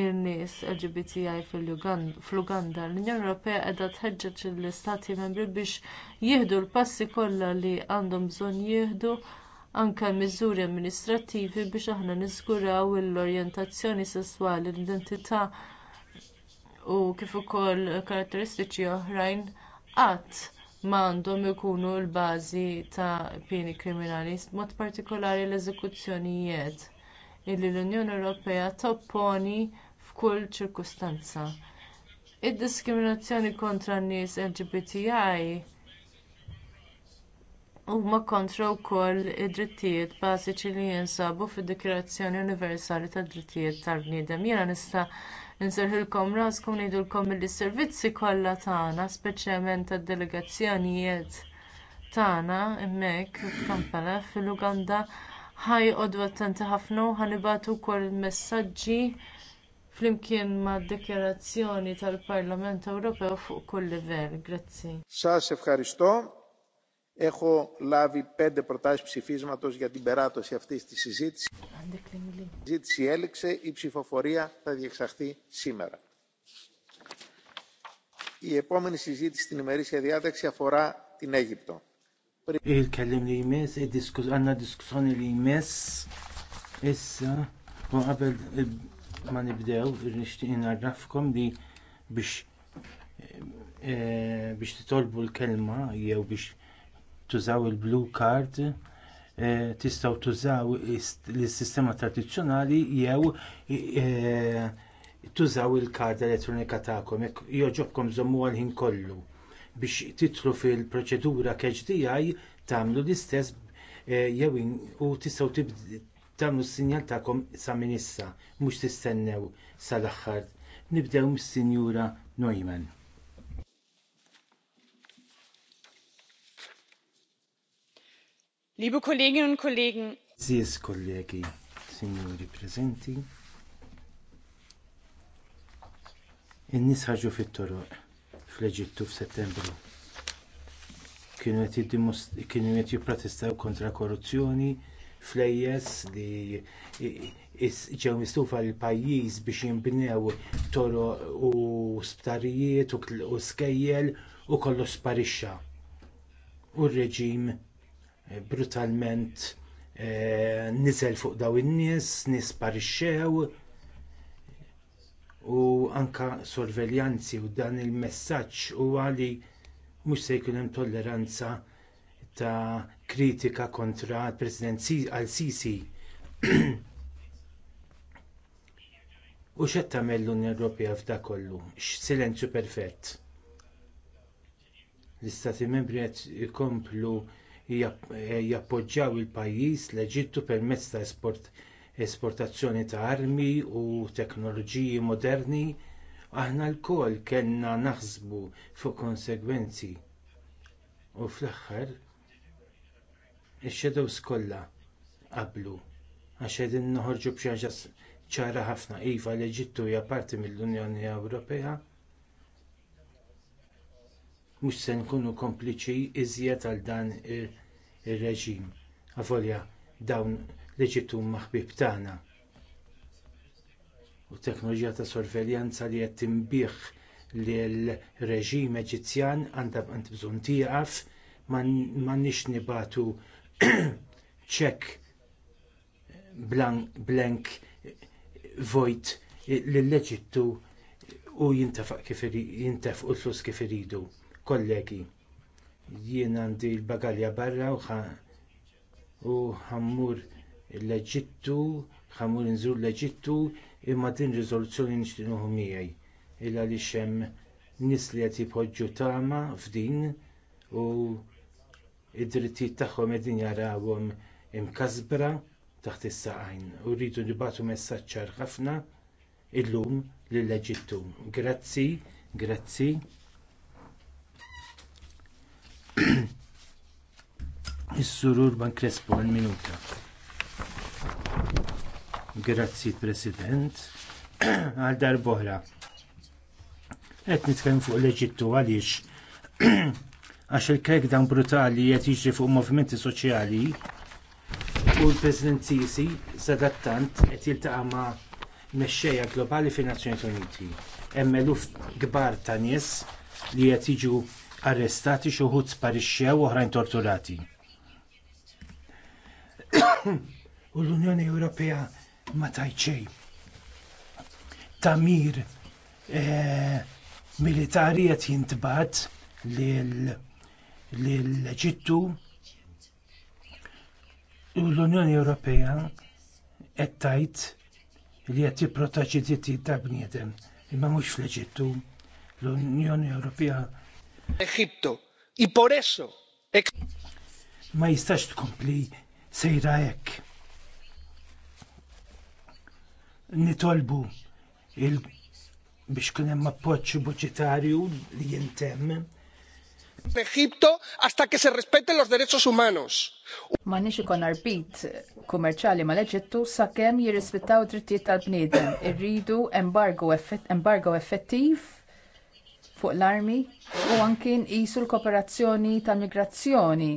in-nies lgbti fl-uganda l-unjoni ewropea qiegħda tħeġġeġ lill-istati membri biex jieħdu l-passi kollha li għandhom bżonn jieħdu anke l-miżuri amministrattivi biex aħna niżguraw l-orjentazzjoni sesswali l-identità u kif ukoll karatteristiċi oħrajn qatt m'għandhom ikunu l-bażi ta' pieni kriminali b'mod partikolari l-eżekuzzjonijiet illi l-unjoni ewropea topponi f'kull ċirkustanza id-diskriminazzjoni kontra n-nies lgbti huma kontra wkoll id-drittijiet bażiċi li jinsabu fid-dikjarazzjoni universali tad-drittijiet tal-bniedem jiena nista' nserħilkom raskom ngħidulkom li s-servizzi kollha tagħna speċjalment tad-delegazzjonijiet tagħna hemmhekk f'kampala fil-uganda ħajqogħdu attenti ħafna u ħanibagħtu wkoll messaġġi flimkien mad-dikjarazzjoni tal-Parlament Ewropew fuq kull livell. Grazzi. Έχω λάβει πέντε προτάσεις ψηφίσματος για την περάτωση αυτής της συζήτησης. Η συζήτηση έληξε, η ψηφοφορία θα διεξαχθεί σήμερα. Η επόμενη συζήτηση στην ημερήσια διάταξη αφορά την Αίγυπτο. il biex titolbu l-kelma jew biex tużaw il-blue card e, tistgħu tużaw l-sistema tradizzjonali jew e, e, tużaw il-karta elettronika tagħkom jekk joġobkom żommu għal-ħin kollu biex titlu fil-proċedura KHDI tagħmlu l-istess jew u tistgħu tagħmlu s-sinjal tagħkom sa minn issa mhux tistennew sal-aħħar. Nibdew mis-Sinjura Neumann. Liebe Kolleginnen und Kollegen. Sies kollegi, signori Presenti, In-nies ħarġu fit-toroq fl-Eġittu f'Settembru. Kienu qed jipprotestaw kontra korruzzjoni flejjes li ġew mistufa l pajjiż biex jinbnew toroq u sptarijiet u skejjel u kollu sparixxa. U r-reġim brutalment eh, niżel fuq daw in-nies, nies parixxew u anke sorveljanzi u dan il-messaġġ huwa li mhux se jkun hemm tolleranza ta' kritika kontra l-President al-Sisi. U x'qed tagħmel l-Unjoni Ewropea f'dak kollu? Silenzju perfett. L-Istati Membri qed ikomplu Eh, jappoġġjaw il-pajjiż l-Eġittu permezz ta' esport, esportazzjoni ta' armi u teknoloġiji moderni, aħna lkoll kellna naħsbu fuq konsegwenzi. U fl-aħħar ix-xedew skolla qablu għax qegħdin noħorġu b'xi ħaġa ċara ħafna iva l-Eġittu hija parti mill-Unjoni Ewropea mhux se nkunu kompliċi iżjed għal dan il- ir-reġim. Avolja dawn l-Eġittu maħbib tagħna. U t teknoloġija ta' sorveljanza li qed tinbih lill reġim Eġizzjan għandha għand bżonn tieqaf m'għandniex nibatu ċekk blank vojt lill-Eġittu u jintefaq kif jintefaq flus kif iridu. Kollegi, jien għandi l-bagalja barra u ħammur l-Eġittu, ħammur nżur l-Eġittu imma din riżoluzzjoni nixtinuhu miegħi illa għaliex hemm nies li qed jitpoġġu tama f'din u id-drittijiet tagħhom qegħdin jarawhom imkasbra taħt is-saqajn u rridu nibatu messaċċar ħafna illum lill-Eġittu. Grazzi, grazzi is surur Urban Crespo għal minuta. Grazzi President. Għal darbohra. Qed nitkellem fuq l-Eġittu għaliex għax il dan brutali qed jiġri fuq movimenti soċjali u l-President Sisi sadattant qed jiltaqa' ma' mexxejja globali fin-Nazzjonijiet Uniti. Hemm eluf ta' nies li qed arrestati xi wħud sparixxew oħrajn torturati. U l-Unjoni Ewropea ma tajċej. Tamir eh, militari qed jintbagħat lill-Eġittu u l-Unjoni Ewropea qed tajt li qed tipprotaġġi ta' bniedem imma mhux fl-Eġittu. L-Unjoni Ewropea Egitto. I por eso. Ma jistax tkompli sejra ek. Nitolbu il biex kunem ma poċu budġetarju li jintem. Egitto hasta que se respeten los derechos humanos. Ma nixi kon arbit kummerċali leġittu sa kem jirrispettaw drittijiet tal bnidem Irridu embargo effettiv fuq l-armi u anki nqisu l-kooperazzjoni tal-migrazzjoni.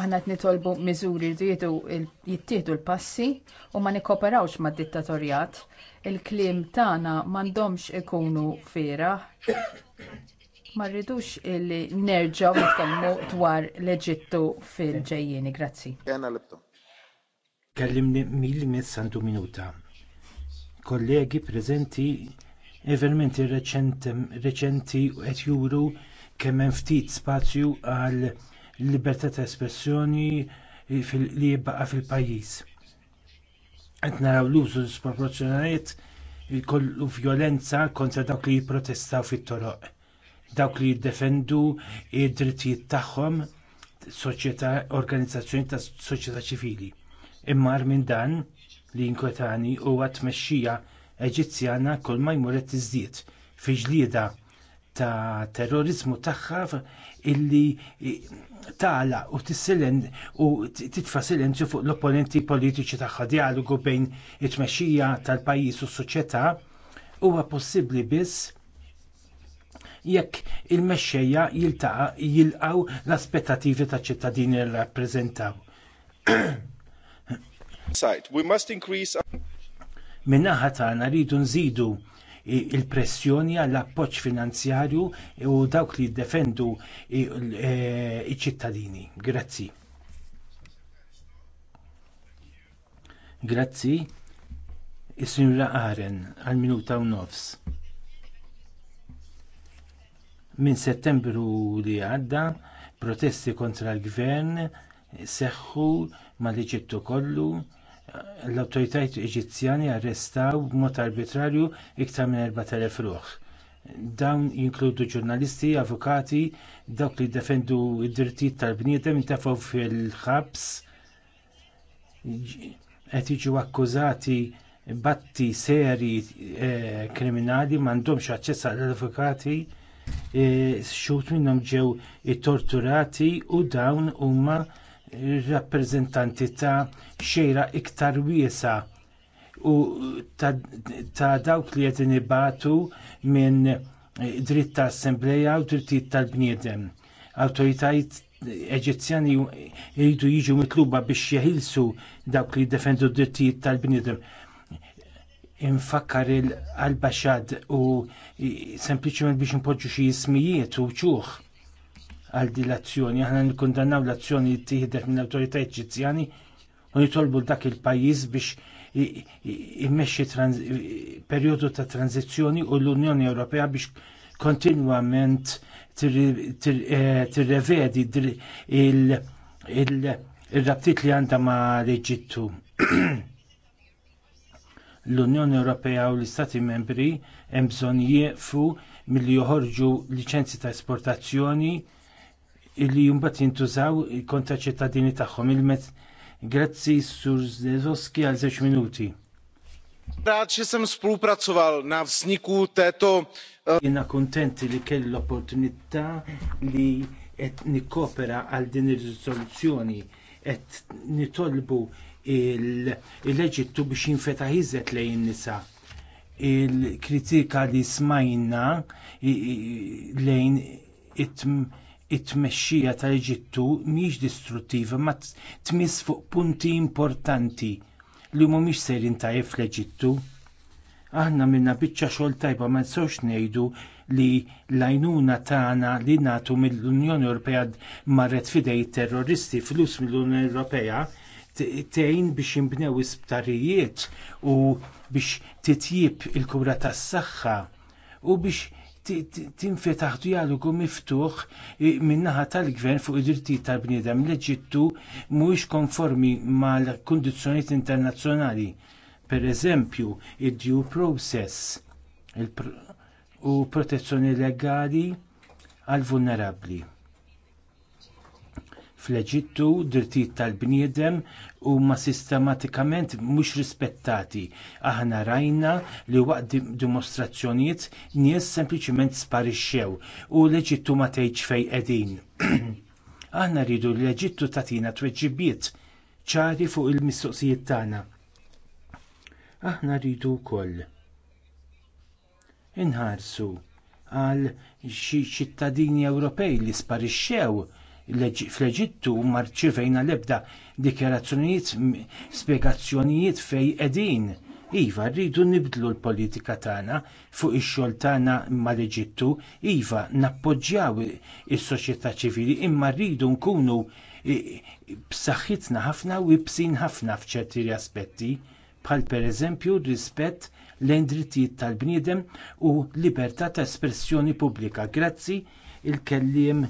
Aħna qed nitolbu miżuri rridu jittieħdu l-passi u ma nikkoperawx mad-dittatorjat. Il-kliem tagħna m'għandhomx ikunu fiera. Ma rridux illi nerġgħu nitkellmu dwar l-Eġittu fil-ġejjieni. Grazzi. Kellimni mill-miss minuta kollegi prezenti eventi reċenti qed juru kemm hemm ftit spazju għal libertà ta' espressjoni li jibbaqa' fil-pajjiż. Qed naraw l-użu disproporzjonaliet kollu vjolenza kontra dawk li jipprotestaw fit-toroq, dawk li jiddefendu d drittijiet tagħhom soċjetà organizzazzjoni ta' soċjetà ċivili. Imma minn dan li jinkwetani huwa tmexxija Eġizzjana kull ma jmur iżdied fi ġlieda ta' terrorizmu tagħha illi tala u tissilen u titfa silenzju fuq l-opponenti politiċi tagħha dialogu bejn it-tmexxija tal-pajjiż u s-soċjetà huwa possibbli biss jekk il-mexxejja jilqgħu l-aspettattivi taċ ċittadini li rappreżentaw. Min-naħa tagħna rridu nżidu il-pressjoni għall appoġġ finanzjarju u dawk li jiddefendu eh, iċ-ċittadini. Grazzi. Grazzi. Is-Sinjura Aren għal minuta u nofs. Minn settembru li għadda, protesti kontra l-gvern seħħu mal-Eġittu kollu, l awtoritajiet Eġizzjani arrestaw b'mod arbitrarju iktar minn 4,000 ruħ. Dawn jinkludu ġurnalisti, avukati, dawk li defendu id-drittijiet tal-bniedem intafaw fil-ħabs, qed jiġu akkużati batti seri eh, kriminali m'għandhomx aċċess għall avukati eh, xut minnhom ġew torturati u dawn huma rappreżentanti ta' xejra iktar wiesa u ta', ta dawk li qed inibatu minn dritt ta' assembleja u drittijiet tal-bniedem. Awtoritajiet Eġizzjani jridu jiġu mitluba biex jeħilsu dawk li jiddefendu d-drittijiet tal-bniedem. Infakkar il-Albaxad u sempliċement biex impoġġu xi ismijiet u ċuħ għal din l-azzjoni. Aħna nikkundannaw l-azzjoni li tieħdet mill-awtorità Eġizzjani u nitolbu dak il-pajjiż biex immexxi perjodu ta' tranzizzjoni u l-Unjoni Ewropea biex kontinwament eh, tirrevedi il rabtit li għandha ma' l-Eġittu. L-Unjoni Ewropea u l-Istati Membri hemm bżonn jieqfu milli joħorġu liċenzji ta' esportazzjoni illi jumbat jintużaw kontra ċittadini tagħhom il-met. Grazzi Sur Zezoski għal żewġ minuti. Rad že sem spruprazzuval na vzniku teto. Eh, Jena kontent li kell l-opportunità li qed nikkopera għal din ir-riżoluzzjoni qed nitolbu il eġittu biex jinfeta iżet lejn nisa il-kritika li smajna lejn it it-tmexxija tal-Eġittu mhijiex distruttiva ma tmiss fuq punti importanti li mhumiex sejrin tajjeb fl-Eġittu. Aħna minna biċċa xogħol tajba ma nistgħux ngħidu li l-għajnuna tagħna li nagħtu mill-Unjoni Ewropea marret fidej terroristi flus mill-Unjoni Ewropea tgħin biex jinbnew isptarijiet u biex titjib il-kura tas-saħħa u biex tinfetaħ dialogu miftuħ min-naħa tal-gvern fuq id-drittijiet tal-bniedem l-Eġittu mhuwiex konformi mal-kundizzjonijiet internazzjonali. pereżempju id-due process u protezzjoni legali għall vulnerabbli fl-Eġittu drittijiet tal-bniedem huma sistematikament mhux rispettati. Aħna rajna li waqt dimostrazzjonijiet nies sempliċiment sparixxew u l-Eġittu ma tgħidx fejn qegħdin. Aħna rridu l-Eġittu tagħtina tweġibiet ċari fuq il-mistoqsijiet tagħna. Aħna rridu wkoll inħarsu għal xi ċittadini Ewropej li sparixxew fl-Eġittu marċivejna l-ebda dikjarazzjonijiet, spjegazzjonijiet fejn qegħdin. Iva, rridu nibdlu l-politika tagħna fuq ix-xogħol tagħna mal-Eġittu, iva, nappoġġjaw is-soċjetà ċivili, imma rridu nkunu b'saħħitna ħafna u bsin ħafna f'ċerti aspetti, bħal pereżempju rispett lejn drittijiet tal-bniedem u libertà ta' espressjoni pubblika. Grazzi il-kelliem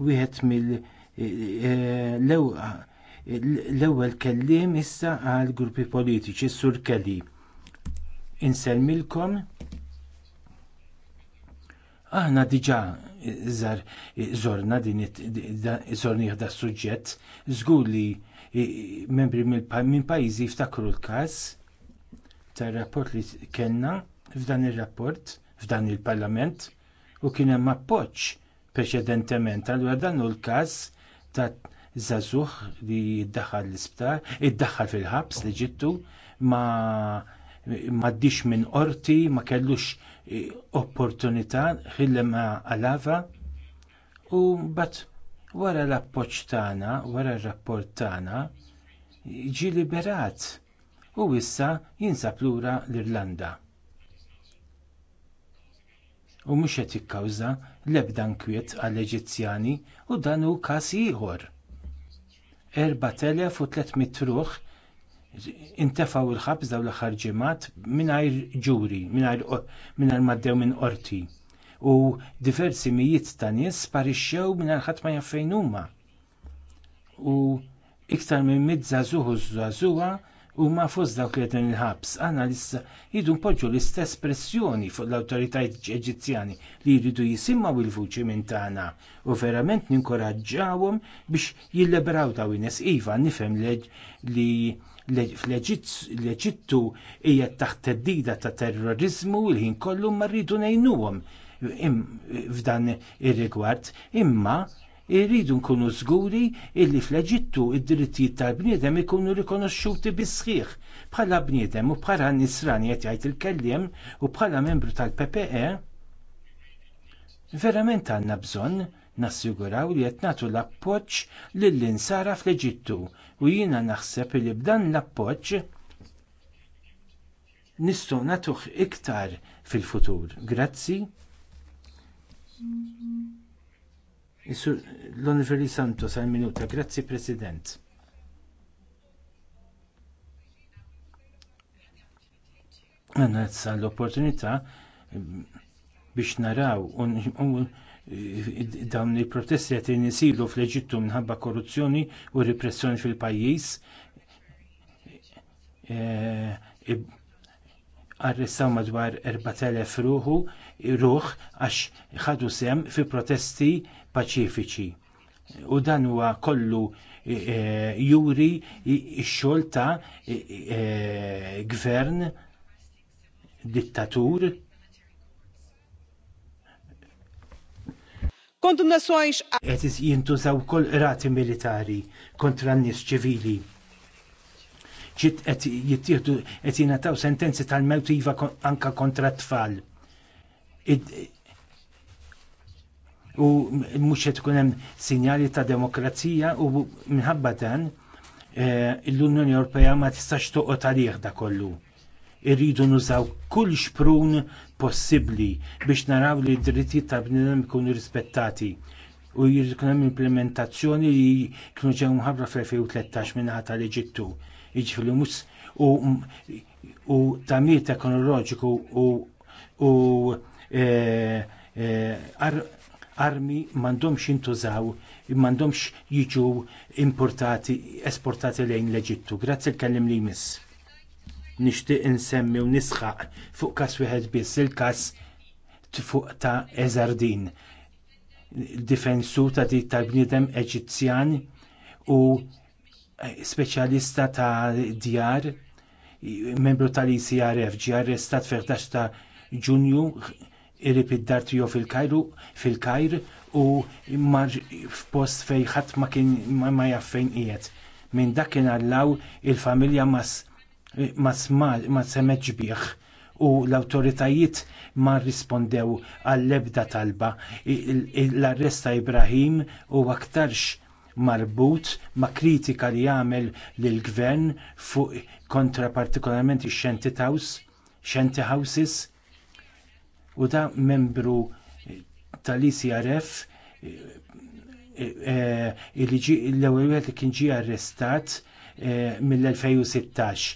wieħed mill-ewwel eh, eh, eh, kelliem issa għal gruppi politiċi sur Kelly. Inselmilkom aħna diġà żar Zorna din żornieh da suġġett żgur li membri minn pajjiżi jiftakru l-każ tar-rapport li kellna f'dan ir-rapport f'dan il-Parlament u kien hemm appoġġ preċedentement. Allura dan hu l-każ ta' żagħżugħ li jiddaħħal l-isptar, iddaħħal fil-ħabs l-Eġittu ma m'għaddix minn qorti, ma kellux eh, opportunità ħillem għalava u mbagħad wara l-appoġġ tagħna, wara r-rapport tagħna, ġie liberat u issa jinsab lura l-Irlanda u mhux qed jikkawża l-ebda inkwiet għall-Eġizzjani u dan hu każ ieħor. 4300 ruħ intefgħu il-ħabs dawn l-aħħar ġimgħat mingħajr ġuri, mingħajr maddew minn qorti. U diversi mijiet ta' nies sparixxew mingħajr ħadd ma jaf fejn huma. U iktar minn miet żagħżugħ u żagħżugħa huma fost dawk li qed il-ħabs. Għandna issa jridu npoġġu l-istess pressjoni fuq l-awtoritajiet Eġizzjani li jridu jisimgħu il-vuċi minn tagħna u verament ninkoraġġawhom biex jilliberaw daw in-nies iva nifhem li l-Eġittu hija taħt teddida ta' terrorizmu l ħin kollu ma rridu ngħinuhom f'dan ir-rigward imma irridu nkunu żguri illi fl-Eġittu id-drittijiet tal-bniedem ikunu rikonoxxuti bisħiħ bħala bniedem u bħala nisrani qed jgħid il-kelliem u bħala membru tal-PPE. Verament għandna bżonn nassiguraw li qed nagħtu l-appoġġ lil insara fl-Eġittu u jiena naħseb li b'dan l-appoġġ nistgħu nagħtuh iktar fil-futur. Grazzi. L-Onorevoli Santos għal minuta. Grazzi President. Għanna l-opportunità ehm, biex naraw dawn il-protesti qed inisilu fl-Eġittu minħabba korruzzjoni u repressjoni fil-pajjiż. Eh, arrestaw madwar 4,000 ruħu ruħ għax ħadu sem fi protesti paċifiċi. U dan huwa kollu e, e, juri x-xogħol ta' e, gvern dittatur kondunnazzjonijiet qed jintużaw ukoll rati militari kontra n-nies ċivili. Ġiet qed jittieħdu qed jingħataw sentenzi tal-mewt iva anka kontra t-tfal u mhux qed ikun hemm sinjali ta' demokrazija u minħabba dan eh, l-Unjoni Ewropea ma tistax toqgħod għalih da kollu. Irridu nużaw kull xprun possibbli biex naraw li d dritti ta' bnidem ikunu rispettati u jirkun hemm implementazzjoni li kienu ġew mħabbra fl-2013 minnaħa tal-Eġittu. Jiġifieri mhux u tamir teknoloġiku u eh, eh, armi m'għandhomx jintużaw, m'għandhomx jiġu importati, esportati lejn l-Eġittu. Grazzi l-kellim li jmiss. Nixtieq nsemmi u nisħaq fuq kas wieħed biss il-każ fuq ta' Eżardin, difensu ta' dit tal-bniedem Eġizzjan u speċjalista ta' djar, membru tal-ICRF, ġi arrestat fil ta' Ġunju Irrib id-dar tiegħu fil-Kajru fil-Kajr u marġ f'post fejn ħadd ma kien ma jaf fejn qiegħed. Minn dak kien allaw il-familja mas ma smal ma semet bih u l-awtoritajiet ma rrispondew għall-ebda talba. L-arresta Ibrahim u aktarx marbut ma' kritika li għamel lill gvern fuq kontra partikolarment ix xenti House, Shenti Houses u ta' membru eh, tal-ICRF eh, eh, l-ewwel wieħed li kien ġie arrestat mill-2016.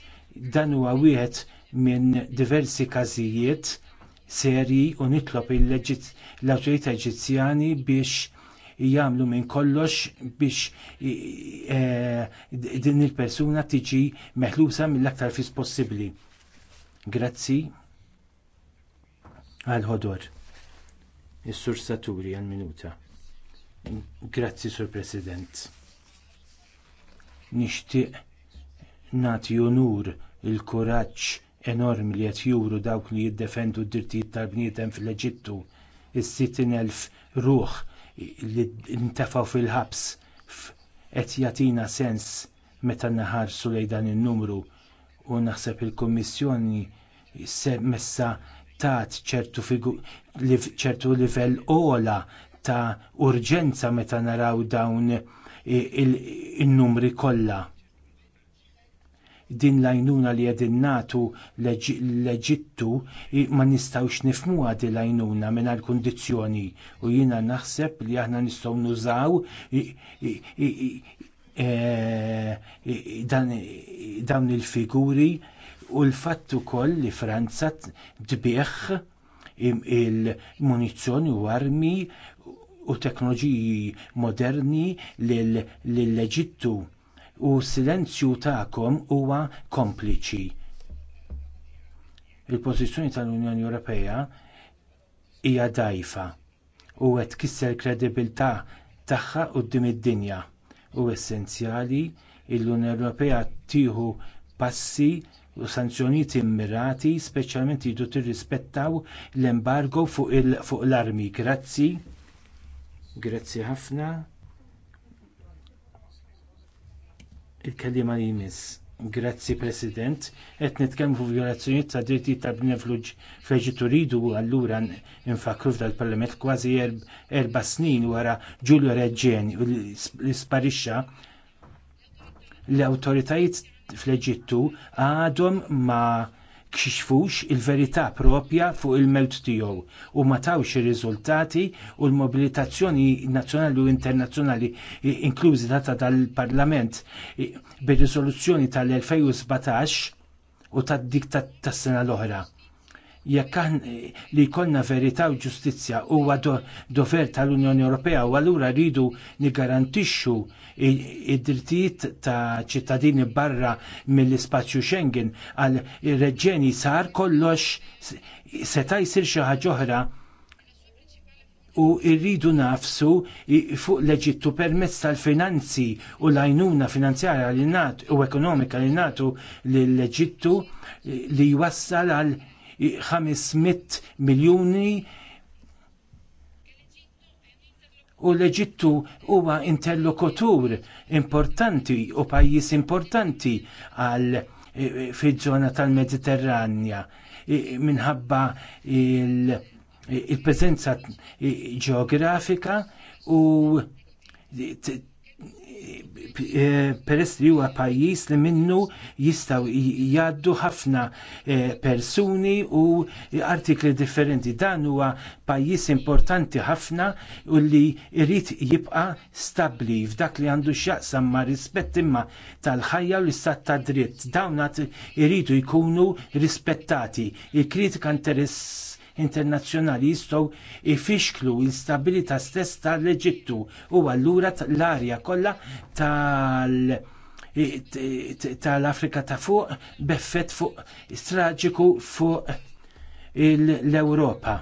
Dan huwa wieħed minn diversi każijiet serji u nitlob l-awtorità Eġizzjani biex jagħmlu minn kollox biex din il-persuna tiġi meħlusa mill-aktar fis possibbli. Grazzi għal ħodor. Is-sur Saturi għal minuta. Grazzi, Sur President. Nixtieq nagħti onur il-kuraġġ enormi li qed juru dawk li jiddefendu d-drittijiet tal-bniedem fil-Eġittu, is-60,000 ruħ li ntefgħu fil-ħabs qed jagħtina sens meta naħarsu lejn il in-numru u naħseb il-Kummissjoni messa tat ċertu ċertu livell ola ta' urġenza meta naraw dawn in-numri kollha. Din l-għajnuna li qegħdin nagħtu l-Eġittu ma nistgħux nifhmuha din l-għajnuna mingħajr kundizzjoni u jiena naħseb li aħna nistgħu nużaw e-, dawn il-figuri u l-fatt ukoll li Franza tbieħ il-munizzjoni u armi u teknoloġiji moderni lill-Eġittu u s silenzju tagħkom huwa kompliċi. Il-pożizzjoni tal-Unjoni Ewropea hija dgħajfa u qed tkisser kredibilità tagħha quddiem id-dinja u essenzjali l-Unjoni Ewropea tieħu passi sanzjonijiet immirati, speċjalment jridu tirrispettaw l-embargo fuq l-armi. Grazzi. Grazzi ħafna. Il-kelliema li jmiss. Grazzi President, qed nitkellmu fuq violazzjonijiet ta' dritti ta' bnien fl-Eġittu ridu allura infakruf dal parlament kważi erba' snin wara Giulio u li sparixxa l-awtoritajiet fl-Eġittu għadhom ma kxixfux il-verità proprja fuq il-mewt tiegħu u ma tawx ir-riżultati u l-mobilitazzjoni nazzjonali u internazzjonali inklużi data tal-Parlament bir-riżoluzzjoni tal-2017 u tad-dik tas-sena l-oħra jekk eh, li jkollna verità u ġustizzja huwa dover tal-Unjoni Ewropea u allura rridu nigarantixxu id-drittijiet ta' ċittadini barra mill-ispazju Schengen għal ir-reġġeni sar kollox seta' jsir xi ħaġa oħra u rridu nafsu fuq leġittu permezz tal-finanzi u l-għajnuna finanzjarja li nat u ekonomika li natu l-leġittu li jwassal għal 500 miljuni u l-Eġittu huwa interlokutur importanti u pajjiż importanti għal e, e, fiż-żona tal-Mediterranja e, minħabba il prezenza ġeografika u peress li huwa pajjiż li minnu jistgħu jgħaddu ħafna eh, persuni u artikli differenti. Dan huwa pajjiż importanti ħafna u li jrid jibqa' stabbli f'dak li għandu x'jaqsam ma' rispett imma tal-ħajja u l-istat ta' dritt. Dawn iridu jkunu rispettati. Il-kritika interess internazzjonali jistgħu jfixklu l-stabilità stess tal-Eġittu u allura l-arja kollha tal- tal-Afrika ta' fuq beffett fuq straġiku fuq l-Ewropa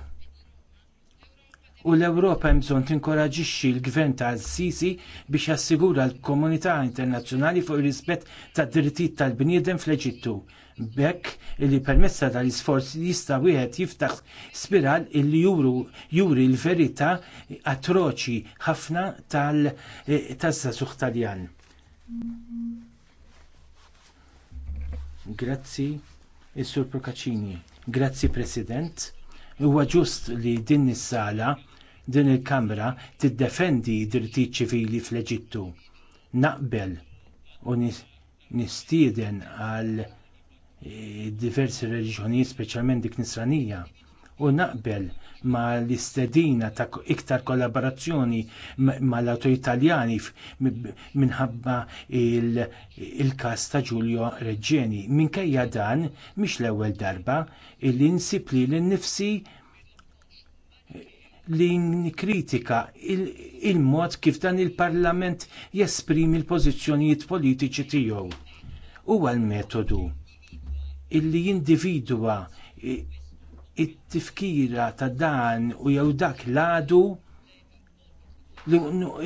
u l-Ewropa hemm bżonn tinkoraġixxi l-gvern ta' Sisi biex jassigura l-komunità internazzjonali fuq ir-rispett tad-drittijiet tal-bniedem fl-Eġittu bekk li permessa tal-isforz jista' wieħed jiftaħ spiral illi juru juri l-verità atroċi ħafna tal-tazzazuħ eh, taljan. Grazzi, is-Sur Procaccini. Grazzi, President. Huwa ġust li din is-sala din il-Kamra tiddefendi d-drittijiet ċivili fl-Eġittu. Naqbel u nistieden għal E, diversi reliġjonijiet speċjalment dik nisranija u naqbel ma l-istedina ta' iktar kollaborazzjoni ma l-autor italjani minħabba il-kas ta' Giulio Reġġeni. Minkejja dan, mhix l-ewwel darba, illi insib li l-nifsi li nkritika il-mod kif dan il-parlament jesprimi l-pożizzjonijiet politiċi tiegħu. Huwa l-metodu illi jindividwa it-tifkira ta' dan u jew dak l-għadu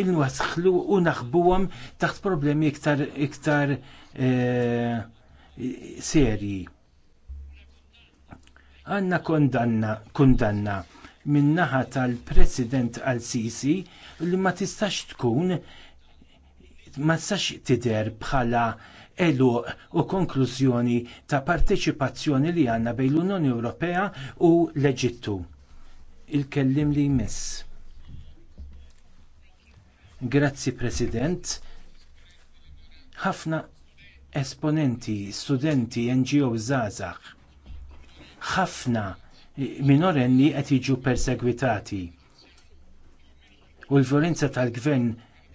il-wasħlu u naħbuhom taħt problemi iktar iktar e, serji. Għanna kondanna, kondanna minnaħa tal-President al-Sisi li ma tistax tkun ma tistax tider bħala eluq u konklużjoni ta' parteċipazzjoni li għandna bejn l-Unjoni Ewropea u l-Eġittu. Il-kellim li jmiss. Grazzi President. Ħafna esponenti, studenti, NGO żgħażagħ. Ħafna minorenni qed jiġu persegwitati u l-violenza tal-gvern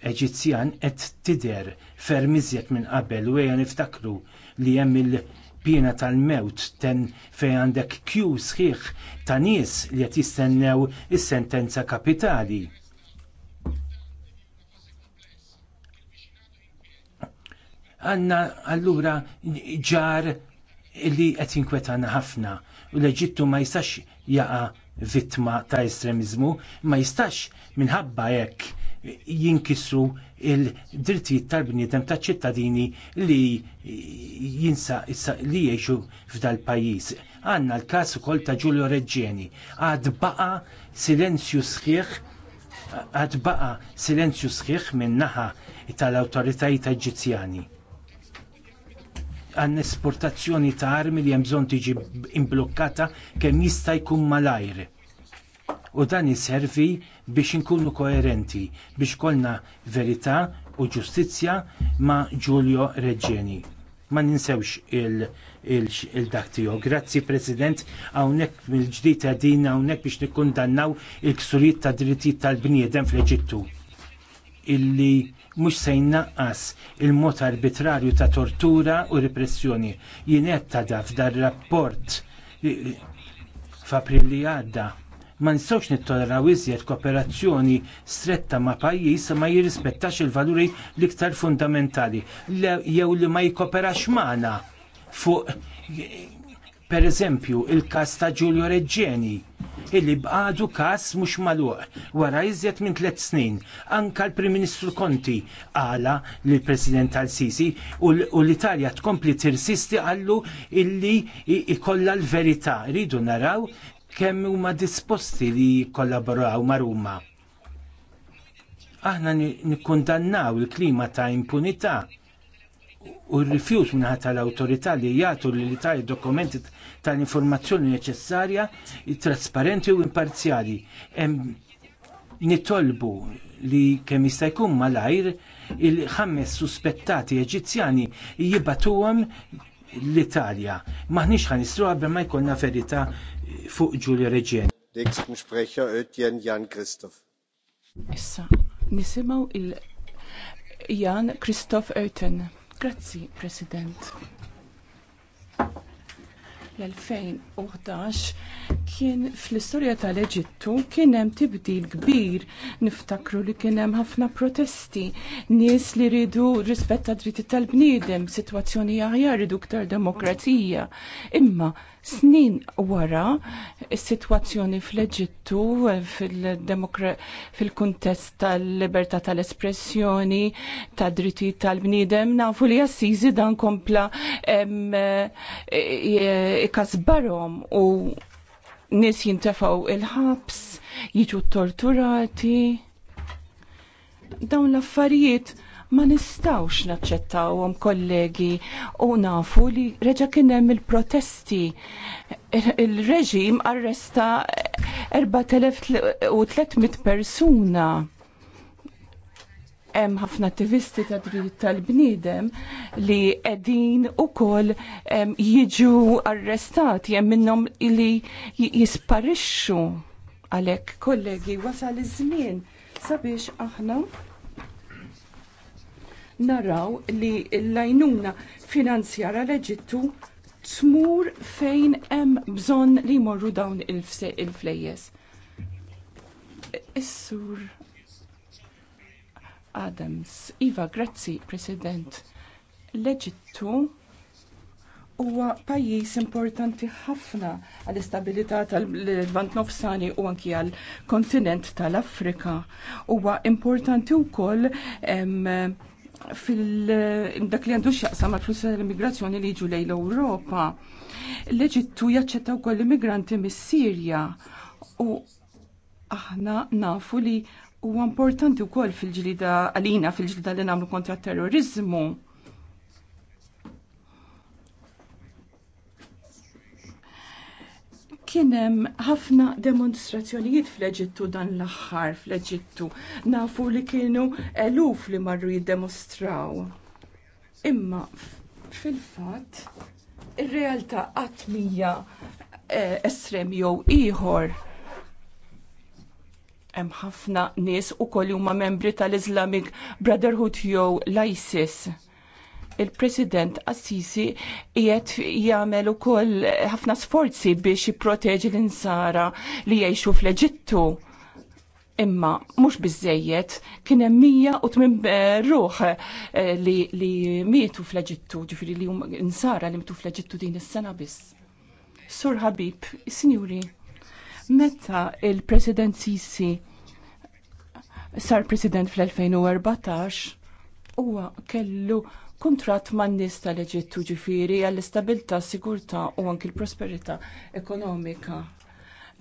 Eġizzjan qed tidher ferm iżjed minn qabel u ejja niftakru li hemm il-pjena tal-mewt ten fejn għandek kju sħiħ ta' nies li qed jistennew is-sentenza kapitali. Għanna allura ġar li qed jinkwetana ħafna u l-Eġittu ma jistax jaqa' vittma ta' estremiżmu, ma jistax minħabba hekk jinkissu il-drittijiet tal-bniedem taċ ċittadini li jinsa li jiexu f'dal pajjiż. Għandna l-każ ukoll ta' Giulio Reġġeni. Għad baqa silenzju sħiħ għad baqa silenzju sħiħ minn naħa tal-awtoritajiet Eġizzjani għan esportazzjoni ta' armi li hemm bżonn tiġi imblokkata kemm jista' jkun malajr u dan jiservi biex inkunu koerenti biex kollna verità u ġustizzja ma' Giulio Reggeni. Ma ninsewx il-dak tiegħu. Grazzi President, hawnhekk mill-ġdid għadin, hawnhekk biex nikkundannaw il-ksurijiet ta' dritti tal-bniedem fl-Eġittu illi mhux se jinnaqqas il-mod arbitrarju ta' tortura u repressjoni. Jien qed ta' daf dar rapport f'April li għadda ma nistgħux nittoleraw iżjed kooperazzjoni stretta ma' pajjiż ma jirrispettax il-valuri l-iktar fundamentali jew li ma jikkoperax magħna fuq pereżempju il-każ ta' Giulio Reggeni illi bqadu każ mhux magħluq wara iżjed minn tliet snin. Anka l-Prim Ministru Konti għala lill president tal-Sisi u l-Italja tkompli tirsisti għallu illi ikollha l-verità. ridu naraw kemm huma disposti li jikkollaboraw ma' Ruma. Aħna nikkundannaw il-klima ta' impunità u r-rifjut minnaħat tal-autorità li jagħtu li li tal dokumenti tal-informazzjoni neċessarja, trasparenti u imparzjali. Nitolbu li kemm jista' jkun malajr il-ħames suspettati Eġizzjani jibatuhom l-Italja. Maħniex ħan istruha ma jkollna verità fuq Giulia Reġien. Nächsten Sprecher Ötjen Jan Christoph. Issa, nisimaw il Jan Christoph Ötjen. Grazzi, President. L-2011 kien fl-istorja tal-Eġittu kien hemm tibdil kbir niftakru li kien hemm ħafna protesti, nies li ridu rispett ta' dritti tal-bniedem, sitwazzjoni aħjar ridu ktar demokrazija. Imma Snin wara, is-sitwazzjoni fl-Eġittu fil-kuntest tal-libertà tal-espressjoni, ta' dritti tal-bniedem, nafu li jassizi dan kompla e, e, ikasbarhom u nis jintefaw il-ħabs, jiġu torturati. Dawn l-affarijiet ma nistawx naċċettawhom kollegi u nafu li reġa' kien hemm il-protesti. Il-reġim arresta 4300 persuna. Hemm ħafna attivisti ta' dritt tal-bniedem li qegħdin ukoll jiġu arrestati hemm minnhom li jisparixxu għalhekk kollegi wasal iż-żmien sabiex aħna naraw li l-lajnuna finanzjara l-Eġittu tmur fejn hemm bżonn li jmorru dawn il-flejjes. Is-sur Adams. Iva, grazzi, President. L-Eġittu huwa pajjiż importanti ħafna għall istabilità tal lvant Nofsani u anki għall kontinent tal-Afrika. Huwa importanti wkoll fil-dak li għandu xaqsa ma' flus l-immigrazzjoni li jiġu lejn l-Ewropa. L-Eġittu jaċċettaw kol immigranti mis-Sirja u aħna nafu li huwa importanti wkoll fil-ġlida għalina fil-ġlida li nagħmlu kontra terrorizmu Kien hemm ħafna demonstrazzjonijiet fl-Eġittu dan l-aħħar fl-Eġittu. Nafu li kienu eluf li marru jiddemostraw. Imma fil-fatt ir-realtà qatt mija eh, estrem jew ieħor hemm ħafna nies ukoll huma membri tal-Islamic Brotherhood jew l-ISIS il-President Assisi jiet jagħmel ukoll ħafna sforzi biex jipproteġi l-insara li jgħixu fl-Eġittu. Imma mhux biżejjed kien hemm tmim eh, ruħ eh, li, li mietu fl-Eġittu, ġifieri li hum insara li mietu fl-Eġittu din is-sena biss. Sur Habib, sinjuri, meta il-President Sisi sar President fl-2014 huwa kellu kuntratt man nies tal-Eġittu ġifieri għall-istabilità, sigurtà u anki l-prosperità ekonomika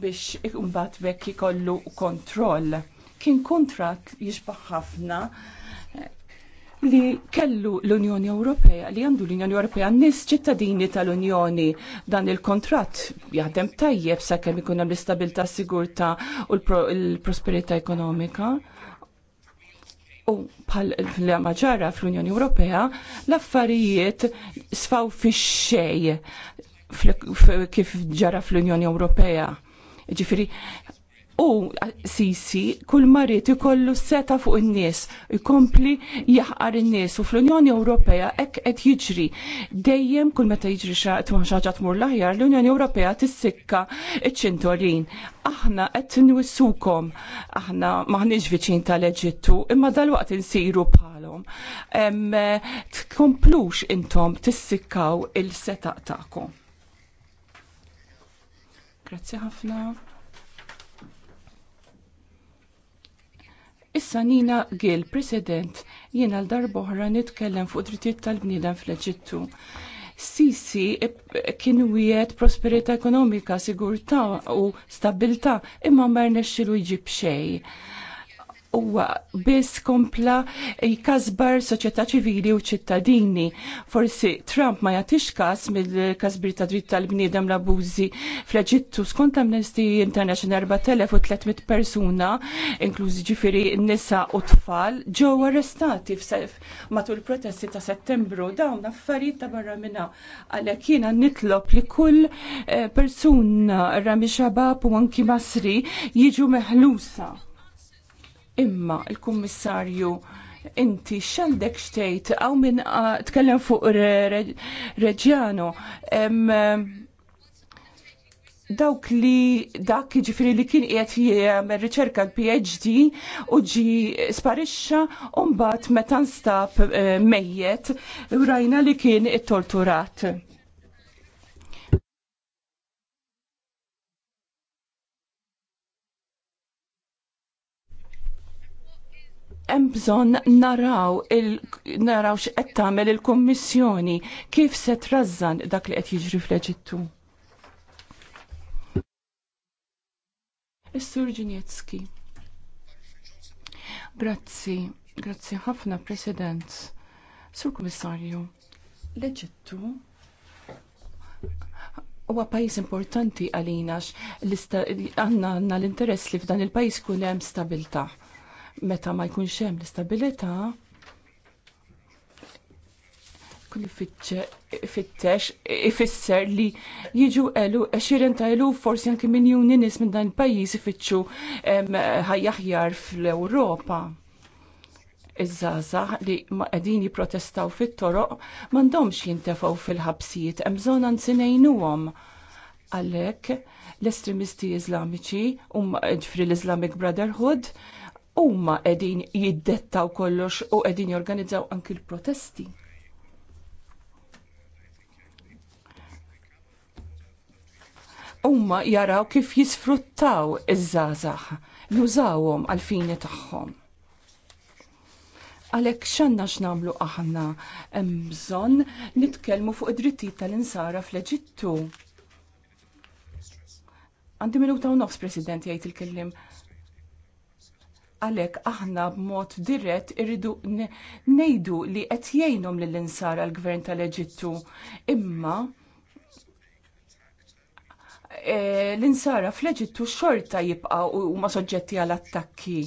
biex imbagħad bekk ikollu kontroll. Kien kuntratt jixbaħ ħafna eh, li kellu l-Unjoni Ewropea, li għandu l-Unjoni Ewropea, nis ċittadini tal-Unjoni dan il-kontrat jaħdem tajjeb sakemm ikun hemm l-istabilità, s-sigurtà u l-prosperità ekonomika. U pal maġara fl-Unjoni Ewropea, l-affarijiet sfaw fi xej kif ġara fl-Unjoni Ewropea. Ġifiri, U Sisi kull marit ikollu seta fuq in-nies, ikompli jaħqar in-nies u fl-Unjoni Ewropea hekk qed jiġri. Dejjem kull meta jiġri xaġa tmur l-aħjar l-Unjoni Ewropea tissikka iċ-ċintorin. Aħna qed nwissukom, aħna maħniex viċin tal-Eġittu, imma dalwaqt insiru bħalhom. Tkomplux intom tissikkaw il-setaq tagħkom. Grazzi ħafna. Issa Nina Gil, President, jiena l-darboħra nitkellem fuq drittijiet tal-bniedem fl-Eġittu. Sisi kien wiet prosperità ekonomika, sigurtà u stabilità imma ma rnexxilu jġib xejn huwa biss kompla jkasbar soċjetà ċivili u ċittadini. Forsi Trump ma jagħtix każ mill-kasbir ta' dritt tal-bniedem l-abużi fl-Eġittu skont Amnesty International 4300 persuna, inklużi ġifieri nisa u tfal, ġew arrestati matul protesti ta' Settembru dawn affarijiet ta' barra minna għalhekk jiena nitlob li kull eh, persuna rami xabab u anki masri jiġu meħlusa Imma il-Kummissarju inti xandek xtejt għaw minn tkellem fuq reġjano dawk li dak ġifiri li kien qiegħed jagħmel riċerka l-PhD u ġi sparixxa u mbagħad meta nstab eh, mejjet u rajna li kien it-torturat. hemm bżonn naraw il naraw x'qed tagħmel il-Kummissjoni kif se trażżan dak li qed jiġri fl-Eġittu. Is-Sur Ġinjetski. Grazzi, grazzi ħafna President. Sur Kummissarju, l-Eġittu huwa pajjiż importanti għalina għandna l-interess li f'dan il pajjiż kun hemm stabilta meta ma jkunx hemm l-istabilità kull fittex ifisser li jiġu elu xirin ta' elu forsi anki minjuni nies minn dan il pajis ifittxu ħajjaħjar fl-Ewropa. Iż-żaża li ma qegħdin jipprotestaw fit-toroq m'għandhomx jintefgħu fil-ħabsijiet hemm għan anzi ngħinuhom għalhekk l-estremisti iżlamiċi um ġifri l-Islamic Brotherhood huma qegħdin jiddettaw kollox u qegħdin jorganizzaw anki l-protesti. Huma jaraw kif jisfruttaw iż-żgħażagħ, jużawhom għal fini tagħhom. Għalhekk x'għandna x'nagħmlu aħna hemm bżonn nitkellmu fuq id-drittijiet tal-insara fl-Eġittu. Għandi minuta u nofs, President, jgħid il-kellim għalhekk aħna b'mod dirett irridu ngħidu li qed jgħinhom lill insar l gvern tal-Eġittu. Imma e, l-insara fl-Eġittu xorta jibqa' huma soġġetti għal attakki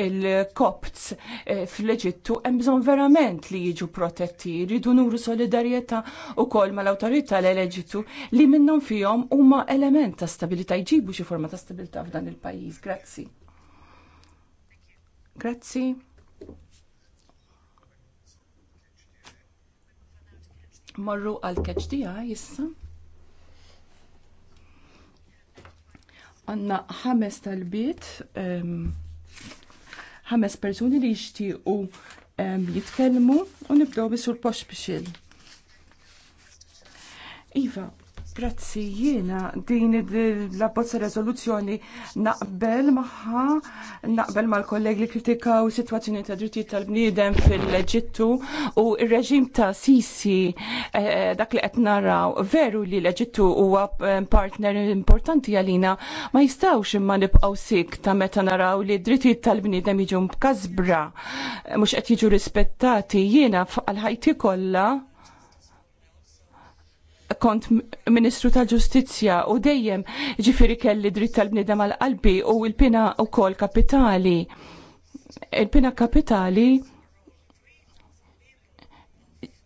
il-kopts e, fl-Eġittu hemm bżonn verament li jiġu protetti, jridu nuru solidarjetà wkoll mal-awtorità l-Eġittu li minnhom fihom huma element ta' stabilità jġibu xi forma ta' stabilità f'dan il-pajjiż. Grazzi. Grazzi. Morru għal catch di jissa. Għanna ħames tal-bit, ħames um, persuni li jixtiequ um, jitkellmu u nibdew bis sur posh bixil. Iva, Grazzi jiena din l-abbozza rezoluzzjoni naqbel maħħa, naqbel mal-kolleg li u situazzjoni ta' drittijiet tal-bniedem fil-Eġittu u r-reġim ta' Sisi eh, dak li qed naraw veru li l-Eġittu huwa eh, partner importanti għalina ma jistawx imma nibqgħu sik ta' meta naraw li d-drittijiet tal-bniedem jiġu mkasbra eh, mhux qed jiġu rispettati jiena għal ħajti kollha kont Ministru ta' Ġustizzja u dejjem ġifiri kelli dritt tal-bnidem għal qalbi u l-pina u kol kapitali. Il-pina kapitali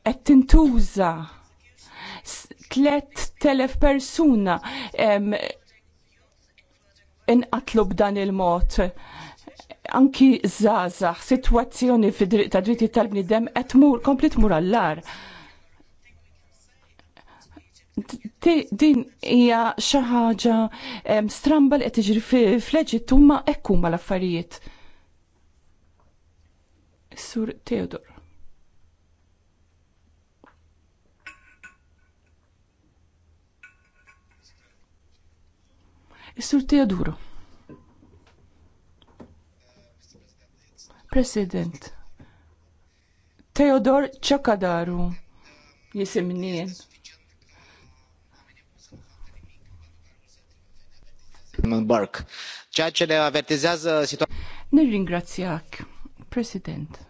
qed tintuża 3000 persuna inqatlu b'dan il-mod anki zazax, situazzjoni ta' dritti tal-bnidem qed mur komplet mur allar. lar din hija xi ħaġa stramba li qed tiġri fl-Eġittu ma hekk huma l-affarijiet. Sur Theodor. sur Teodoro. President. Teodor Ċakadaru. Jisimnien. minn bark. ċaċċele avvertizzazza situazzjoni. Nirringrazzjak, President.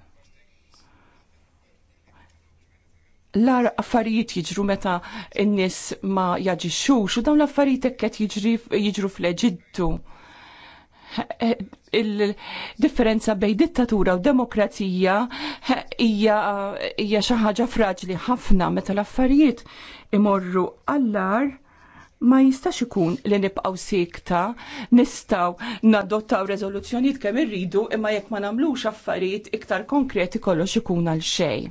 l-ar affarijiet jiġru meta n-nis ma jaġixxux u dawn l-affarijiet ekket jiġru fl-Eġittu. Eh, il-differenza bej dittatura u demokrazija eh, hija xi ħaġa fraġli ħafna meta l-affarijiet imorru għall-ar ma jistax ikun li nibqaw sikta nistaw nadottaw rezoluzzjonijiet kemm irridu imma jekk ma nagħmlux affarijiet iktar konkreti kollox ikun għal xejn.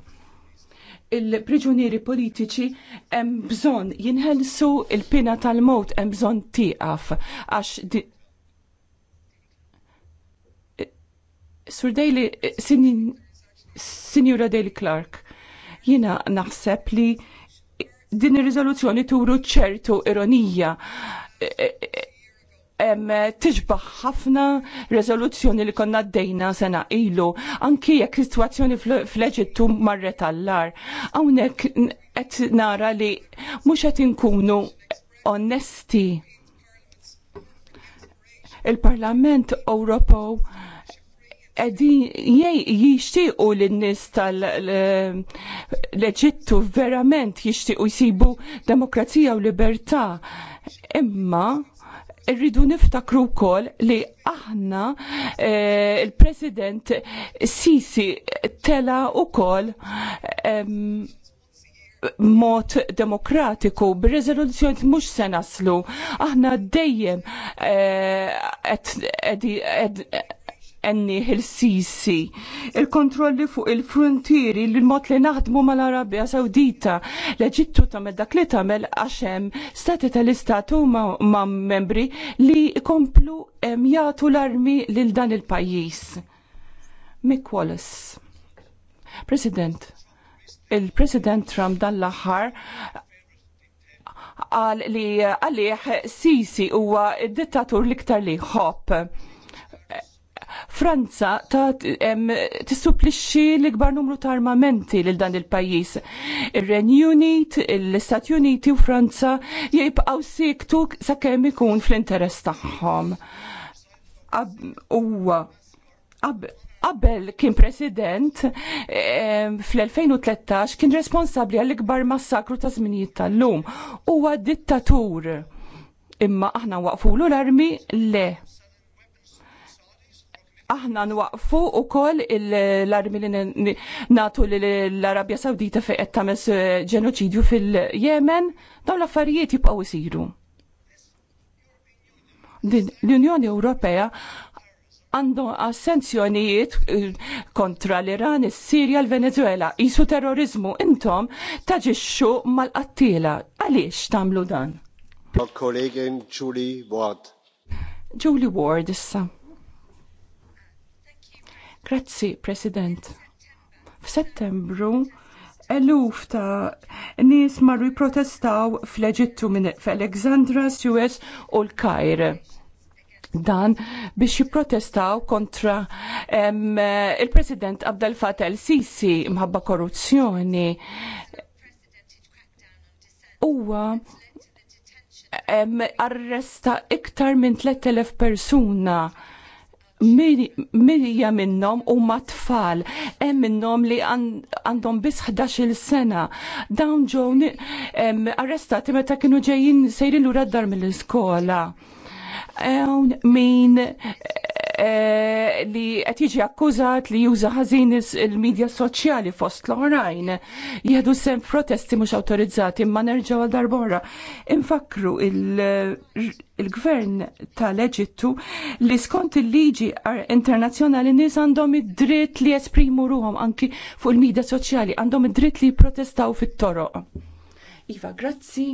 Il-priġunieri politiċi hemm bżonn jinħelsu il-pina tal mod hemm bżonn tieqaf għax Sur Daily, eh, Sinjura Daily Clark, jiena naħseb li din ir-riżoluzzjoni turu ċertu ironija e, e, e, tiġbaħ ħafna rezoluzzjoni li konna d-dejna sena ilu, anki jekk situazzjoni fl-Eġittu marre tal-lar. Għawnek qed nara li mhux qed inkunu onesti. Il-Parlament Ewropew jixtiqu l-nis tal-Eġittu verament jixtiqu jisibu demokrazija u libertà. Imma rridu niftakru wkoll li aħna eh, il-President Sisi tela wkoll mod demokratiku, b'rezoluzzjoni mhux se naslu. Aħna dejjem eh, qed enni il-sisi. Il-kontrolli fuq il-frontieri li mod li naħdmu mal-Arabja Sawdita l-Eġittu tamel dak li tamel għaxem stati tal-istatu ma, membri li komplu jgħatu l-armi lil dan il-pajis. Mick Wallace. President, il-President Trump dan l-aħħar għal li għalih Sisi huwa id-dittatur l-iktar li ħobb Franza ta' tissupplixxi l-ikbar numru ta' armamenti lil dan il-pajjiż. Ir-Renju Unit, l-Istati Uniti u Franza jibqgħu siktu sakemm ikun fl-interess tagħhom. Huwa qabel kien president fl-2013 kien responsabbli għall-ikbar massakru ta' żminijiet tal-lum. Huwa dittatur. Imma aħna waqfulu l-armi le aħna nwaqfu u koll l-armi li natu l-Arabja Sawdita fi qed tagħmel eh, ġenoċidju fil-Jemen, dawn l-affarijiet jibqgħu jsiru. L-Unjoni Ewropea għandu assenzjonijiet eh, kontra l-Iran, is-Sirja, l-Venezuela, jisu terrorizmu, intom taġixxu mal-qattila. Għaliex tagħmlu dan? Kollegin Julie Ward. Julie Ward issa. Grazzi, President. F'Settembru eluf ta' nies marru jipprotestaw fl-Eġittu minn f'Alexandra, Suez u l-Kajr dan biex jipprotestaw kontra il-President Abdel Fattah el-Sisi mħabba korruzzjoni. Uwa arresta iktar minn 3000 persuna Mirja minnom u matfall, hemm minnom li għandhom biss 11 sena. Dawn ġew arrestati meta kienu ġejjin sejrin lura dar mill-iskola. Min Eh, li qed jiġi akkużat li juża ħażin il-medja soċjali fost l orajn jieħdu sem protesti mhux awtorizzati imma nerġgħu għal darbora. Infakru il-gvern tal-Eġittu li skont il-liġi internazzjonali nies għandhom id-dritt li jesprimu ruhom anki fuq il-medja soċjali għandhom id-dritt li jipprotestaw fit-toroq. Iva, grazzi.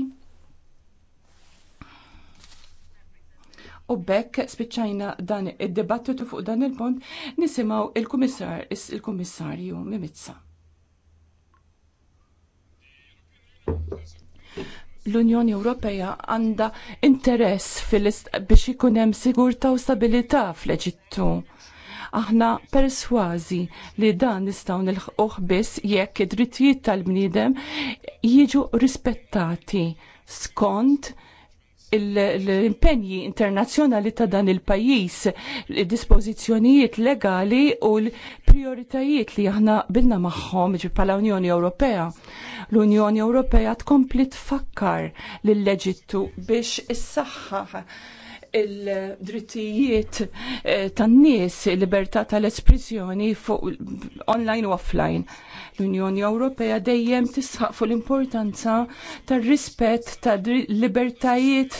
U bekk spiċċajna dan id-dibattitu fuq dan il punt nisimgħu il-Kummissar il-Kummissarju Mimizza. L-Unjoni Ewropea għandha interess biex ikun hemm sigurtà u stabilità fl-Eġittu aħna perswazi li dan nistgħu nilħuh biss jekk id-drittijiet tal-bniedem jiġu rispettati skont l-impenji internazzjonali ta' dan il-pajis, dispożizzjonijiet legali u l-prioritajiet li aħna bilna magħhom bħala Unjoni Ewropea. L-Unjoni Ewropea tkompli tfakkar lill-Eġittu biex is-saħħa il-drittijiet eh, tan-nies, il-libertà tal-espressjoni fuq online u offline L-Unjoni Ewropea dejjem tisħaqfu fuq l-importanza tar-rispett ta' libertajiet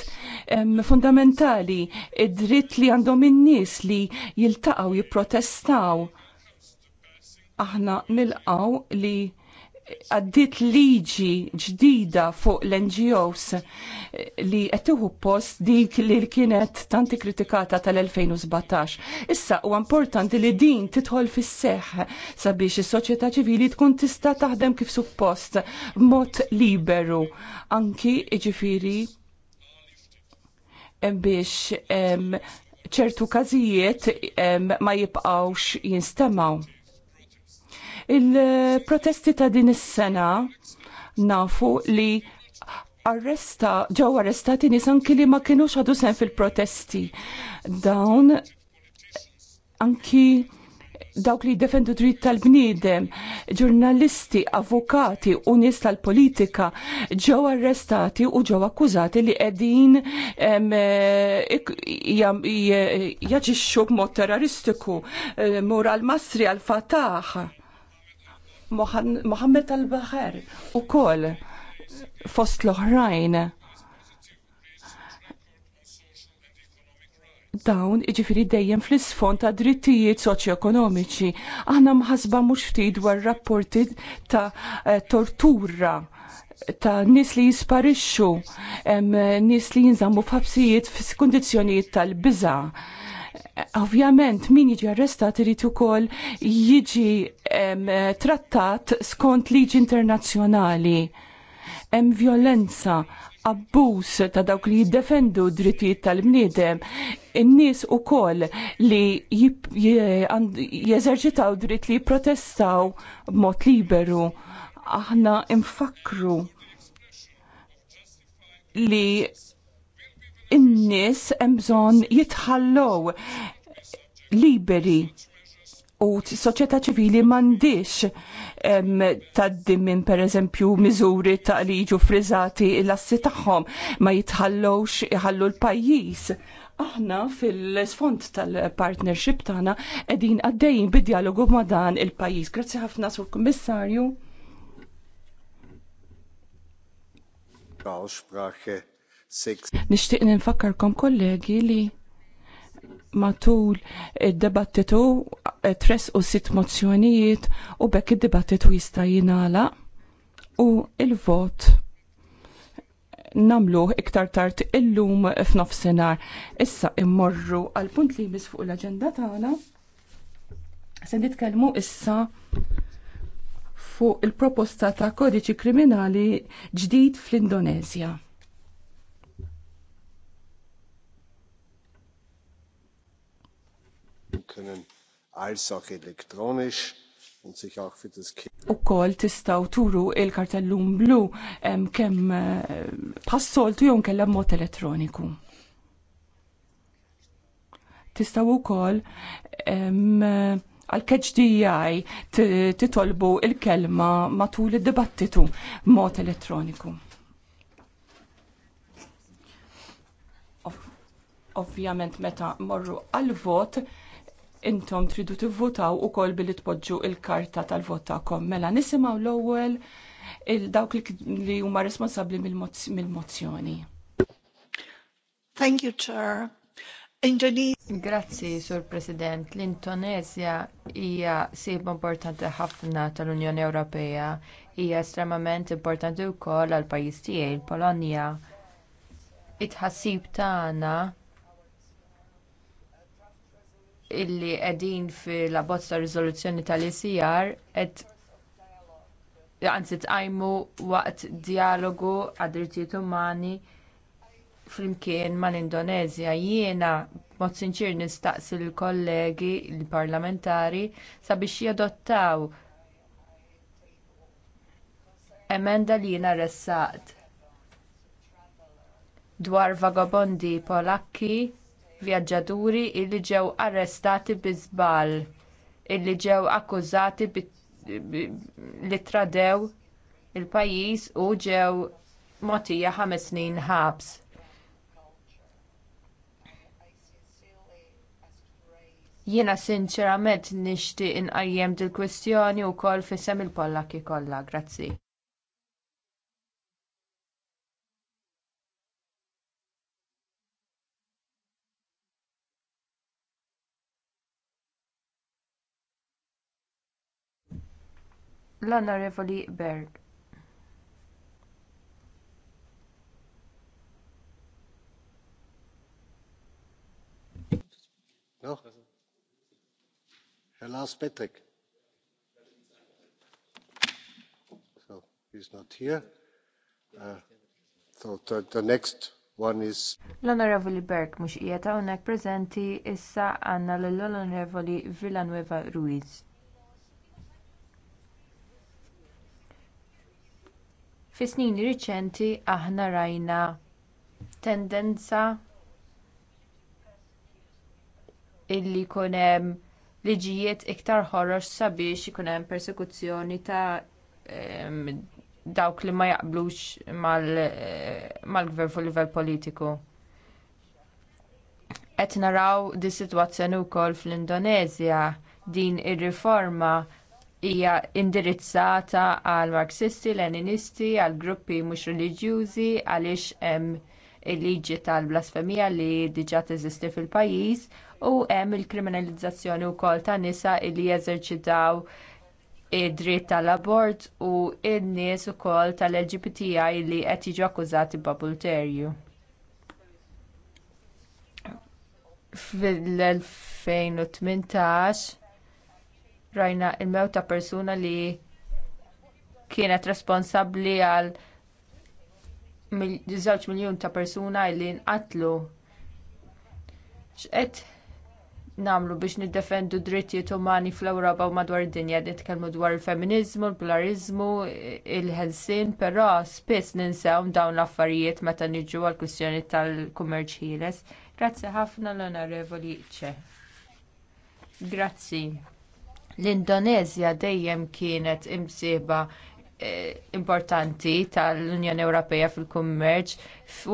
fundamentali, id-dritt li għandhom in-nies li jiltaqgħu jipprotestaw. Aħna nilqgħu li għaddit liġi ġdida fuq l-NGOs li għettuħu post dik li kienet tanti kritikata tal-2017. Issa u importanti li din titħol fis seħ sabiex is soċjetà ċivili tkun tista taħdem kif suppost mod liberu. Anki ġifiri biex ċertu kazijiet ma jibqawx jinstemaw Il-protesti ta' din is-sena nafu li arresta, ġew arrestati nies anki li ma kinux xadu sen fil-protesti. Dawn anki dawk li defendu dritt tal-bniedem, ġurnalisti, avukati u nies tal-politika ġew arrestati u ġew akkużati li qegħdin jaġixxu b'mod terroristiku, eh, mur għal-Masri għal-Fataħ Mohammed al-Bahar u kol fost l-oħrajn dawn iġifiri dejjem fl-isfond ta' drittijiet soċjoekonomiċi. Aħna mħasba mhux ftit dwar rapporti ta' eh, tortura ta' nis li jisparixxu, nis li jinżammu f'ħabsijiet f'kundizzjonijiet tal-biża' Ovvjament, min jiġi arrestat irid ukoll jiġi trattat skont liġi internazzjonali. Hemm violenza, abbuż ta' dawk li jiddefendu drittijiet tal-bniedem, in-nies ukoll li jeżerċitaw dritt li jipprotestaw b'mod liberu. Aħna infakru li in-nies hemm bżonn jitħallow liberi u soċjetà ċivili m'għandix taddim minn pereżempju miżuri ta' li jiġu frizzati l-assi tagħhom ma jitħallowx iħallu l-pajjiż. Aħna fil-sfond tal-partnership tagħna qegħdin għaddejjin bid-dialogu ma' dan il-pajjiż. Grazzi ħafna sur Kummissarju. Aussprache Nixtieq ninfakkarkom kollegi li matul id-debattitu eh, tres u sitt mozzjonijiet u bekk id-dibattitu jista' jingħala u il-vot namlu iktar tard illum f'nofsinhar. Issa immorru għal punt li jmiss fuq l-aġenda tagħna. Se nitkellmu issa fuq il-proposta ta' kodiċi kriminali ġdid fl-Indonezja. können als elektronix. U koll tistaw turu il-kartellum blu kemm eh, passoltu jom kella mod elettroniku. Tistaw koll għal-KHDI titolbu il-kelma matul id-dibattitu mot elettroniku. Ovvjament meta morru għal-vot intom tridu tivvutaw ukoll billi tpoġġu il-karta tal-vot tagħkom. Mela nisimgħu l-ewwel dawk li huma responsabbli mill-mozzjoni. Thank you, Chair. Grazzi, Sur President. L-Indonesia hija sib importanti ħafna tal-Unjoni Ewropea. Hija estremament importanti wkoll għall pajjiż tiegħi, l polonja It-ħassib tagħna illi qegħdin fil-abbozz riżoluzzjoni tal-ICR qed anzi tqajmu waqt dijalogu għad-drittijiet umani flimkien mal-Indonezja. Jiena mod sinċir nistaqsi l-kollegi l-parlamentari sabiex jadottaw emenda li jiena ressaqt dwar vagabondi polakki vjaġġaturi li ġew arrestati bi żball illi ġew akkużati li tradew il-pajjiż u ġew mogħtija ħames snin ħabs. Jiena sinċerament nixtieq inqajjem dil-kwistjoni wkoll fis-sem il-Pollaki kollha, grazzi. l-onorevoli berg No? So, he's not here. Uh, so the, next one is... L-Onorevoli Berg mhux qiegħed hawnhekk preżenti issa għandna lill onorevoli Villanueva Ruiz. fi snin riċenti aħna rajna tendenza illi jkun hemm liġijiet iktar ħorox sabiex ikun hemm persekuzzjoni ta' dawk li ma jaqblux mal-gvern fuq livell politiku. Qed naraw di sitwazzjoni wkoll fl-Indonezja din ir-riforma hija indirizzata għal marxisti, leninisti, għal gruppi mhux reliġjużi għaliex hemm il-liġi tal-blasfemija li diġà teżisti fil-pajjiż u hemm il-kriminalizzazzjoni wkoll ta' nisa li jeżerċitaw id-dritt tal-abort u n-nies ukoll tal-LGBTI li qed jiġu akkużati b'adulterju. Fil-2018 rajna l mewt ta' persuna li kienet responsabbli għal żewġ miljun ta' persuna li nqatlu. X'qed nagħmlu biex niddefendu drittijiet umani fl-Ewropa u madwar id-dinja nitkellmu dwar il-feminiżmu, il-pluralizmu, il-ħelsien, però spiss ninsew dawn l-affarijiet meta niġu għall kwistjoni tal-kummerċ ħieles. Grazzi ħafna l-onorevoli ċe. Grazzi. L-Indonezja dejjem kienet imsieba eh, importanti tal-Unjoni Ewropea fil-kummerċ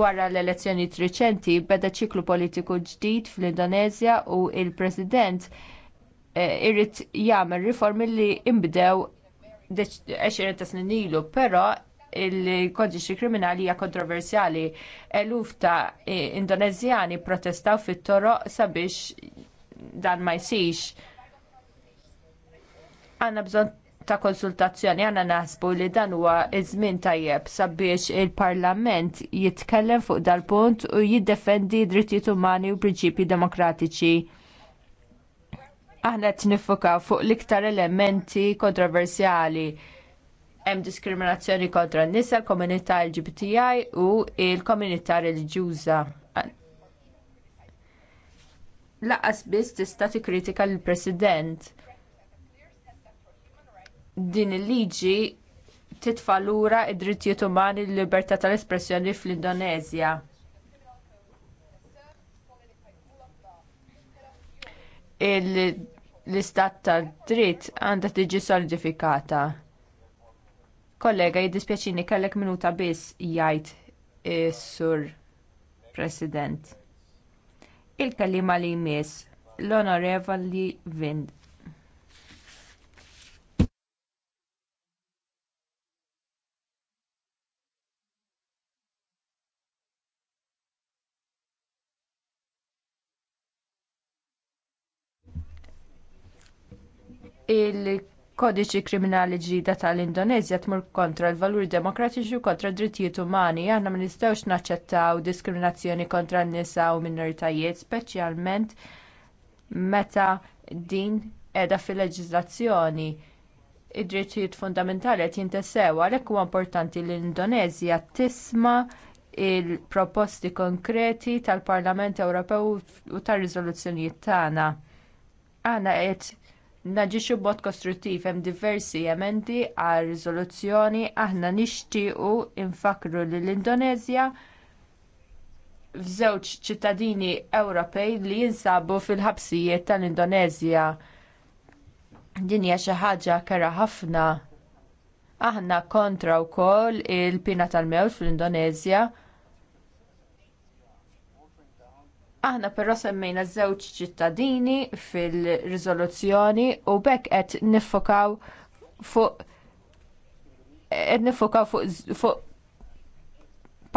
wara l-elezzjonijiet riċenti beda ċiklu politiku ġdid fl-Indonezja u l president eh, irrid jagħmel riformi li nbdew 20 ta' snin ilu, però il-kodiċi kriminali hija kontroversjali. Eluf ta' Indonezjani protestaw fit-toroq sabiex dan ma jsirx għanna bżonn ta' konsultazzjoni għanna naħsbu li dan huwa iż-żmien tajjeb sabiex il-Parlament jitkellem fuq dal-punt u jiddefendi drittijiet umani u prinċipji demokratiċi. Aħna qed nifuka fuq l-iktar elementi kontroversjali hemm diskriminazzjoni kontra n-nisa, l-komunità LGBTI u l komunità reliġjuża. Laqas biss tista' tikkritika lill president din il-liġi titfa' lura d-drittijiet umani l-libertà tal-espressjoni fl-Indonezja. l-istat tad dritt għandha tiġi solidifikata. Kollega, jiddispjaċini kellek minuta biss jgħid eh, sur President. Il-kelliema li jmiss l-Onorevoli Vind. il-kodiċi kriminali ġdida tal-Indonezja tmur kontra l-valuri demokratiċi u kontra drittijiet umani. Aħna ma nistgħux naċċettaw diskriminazzjoni kontra n-nisa u minoritajiet, speċjalment meta din qiegħda fil-leġiżlazzjoni id-drittijiet fundamentali qed jintesew, għalhekk huwa importanti li l-Indonezja tisma' il-proposti konkreti tal-Parlament Ewropew u tar-riżoluzzjonijiet tagħna. Għana qed naġixxu b'mod kostruttiv hemm diversi emendi għal riżoluzzjoni aħna nixtiequ nfakru lill-indonezja f'żewġ ċittadini ewropej li jinsabu fil-ħabsijiet tal-indonezja din hija xi ħaġa kera ħafna aħna kontra wkoll il-pina tal-mewt fl-indonezja Aħna però semmejna żewġ ċittadini fil-riżoluzzjoni u bekk qed nifokaw fuq qed nifokaw fuq fu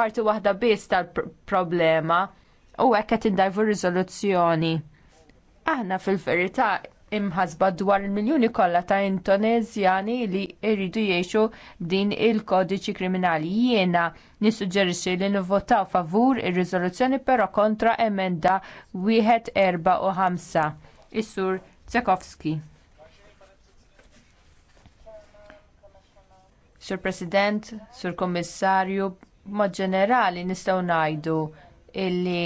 parti waħda biss tal-problema u hekk qed indajvu rizoluzzjoni. riżoluzzjoni Aħna fil-verità imħasba dwar il-miljuni kollha ta' Indonezjani li jridu jgħixu din il-kodiċi kriminali. Jiena nissuġġerixxi li nivvotaw favur ir-riżoluzzjoni però kontra emenda wieħed erba' u ħamsa. Is-sur Tsekowski. Sur President, Sur Kommissarju, mod ġenerali nistgħu ngħidu illi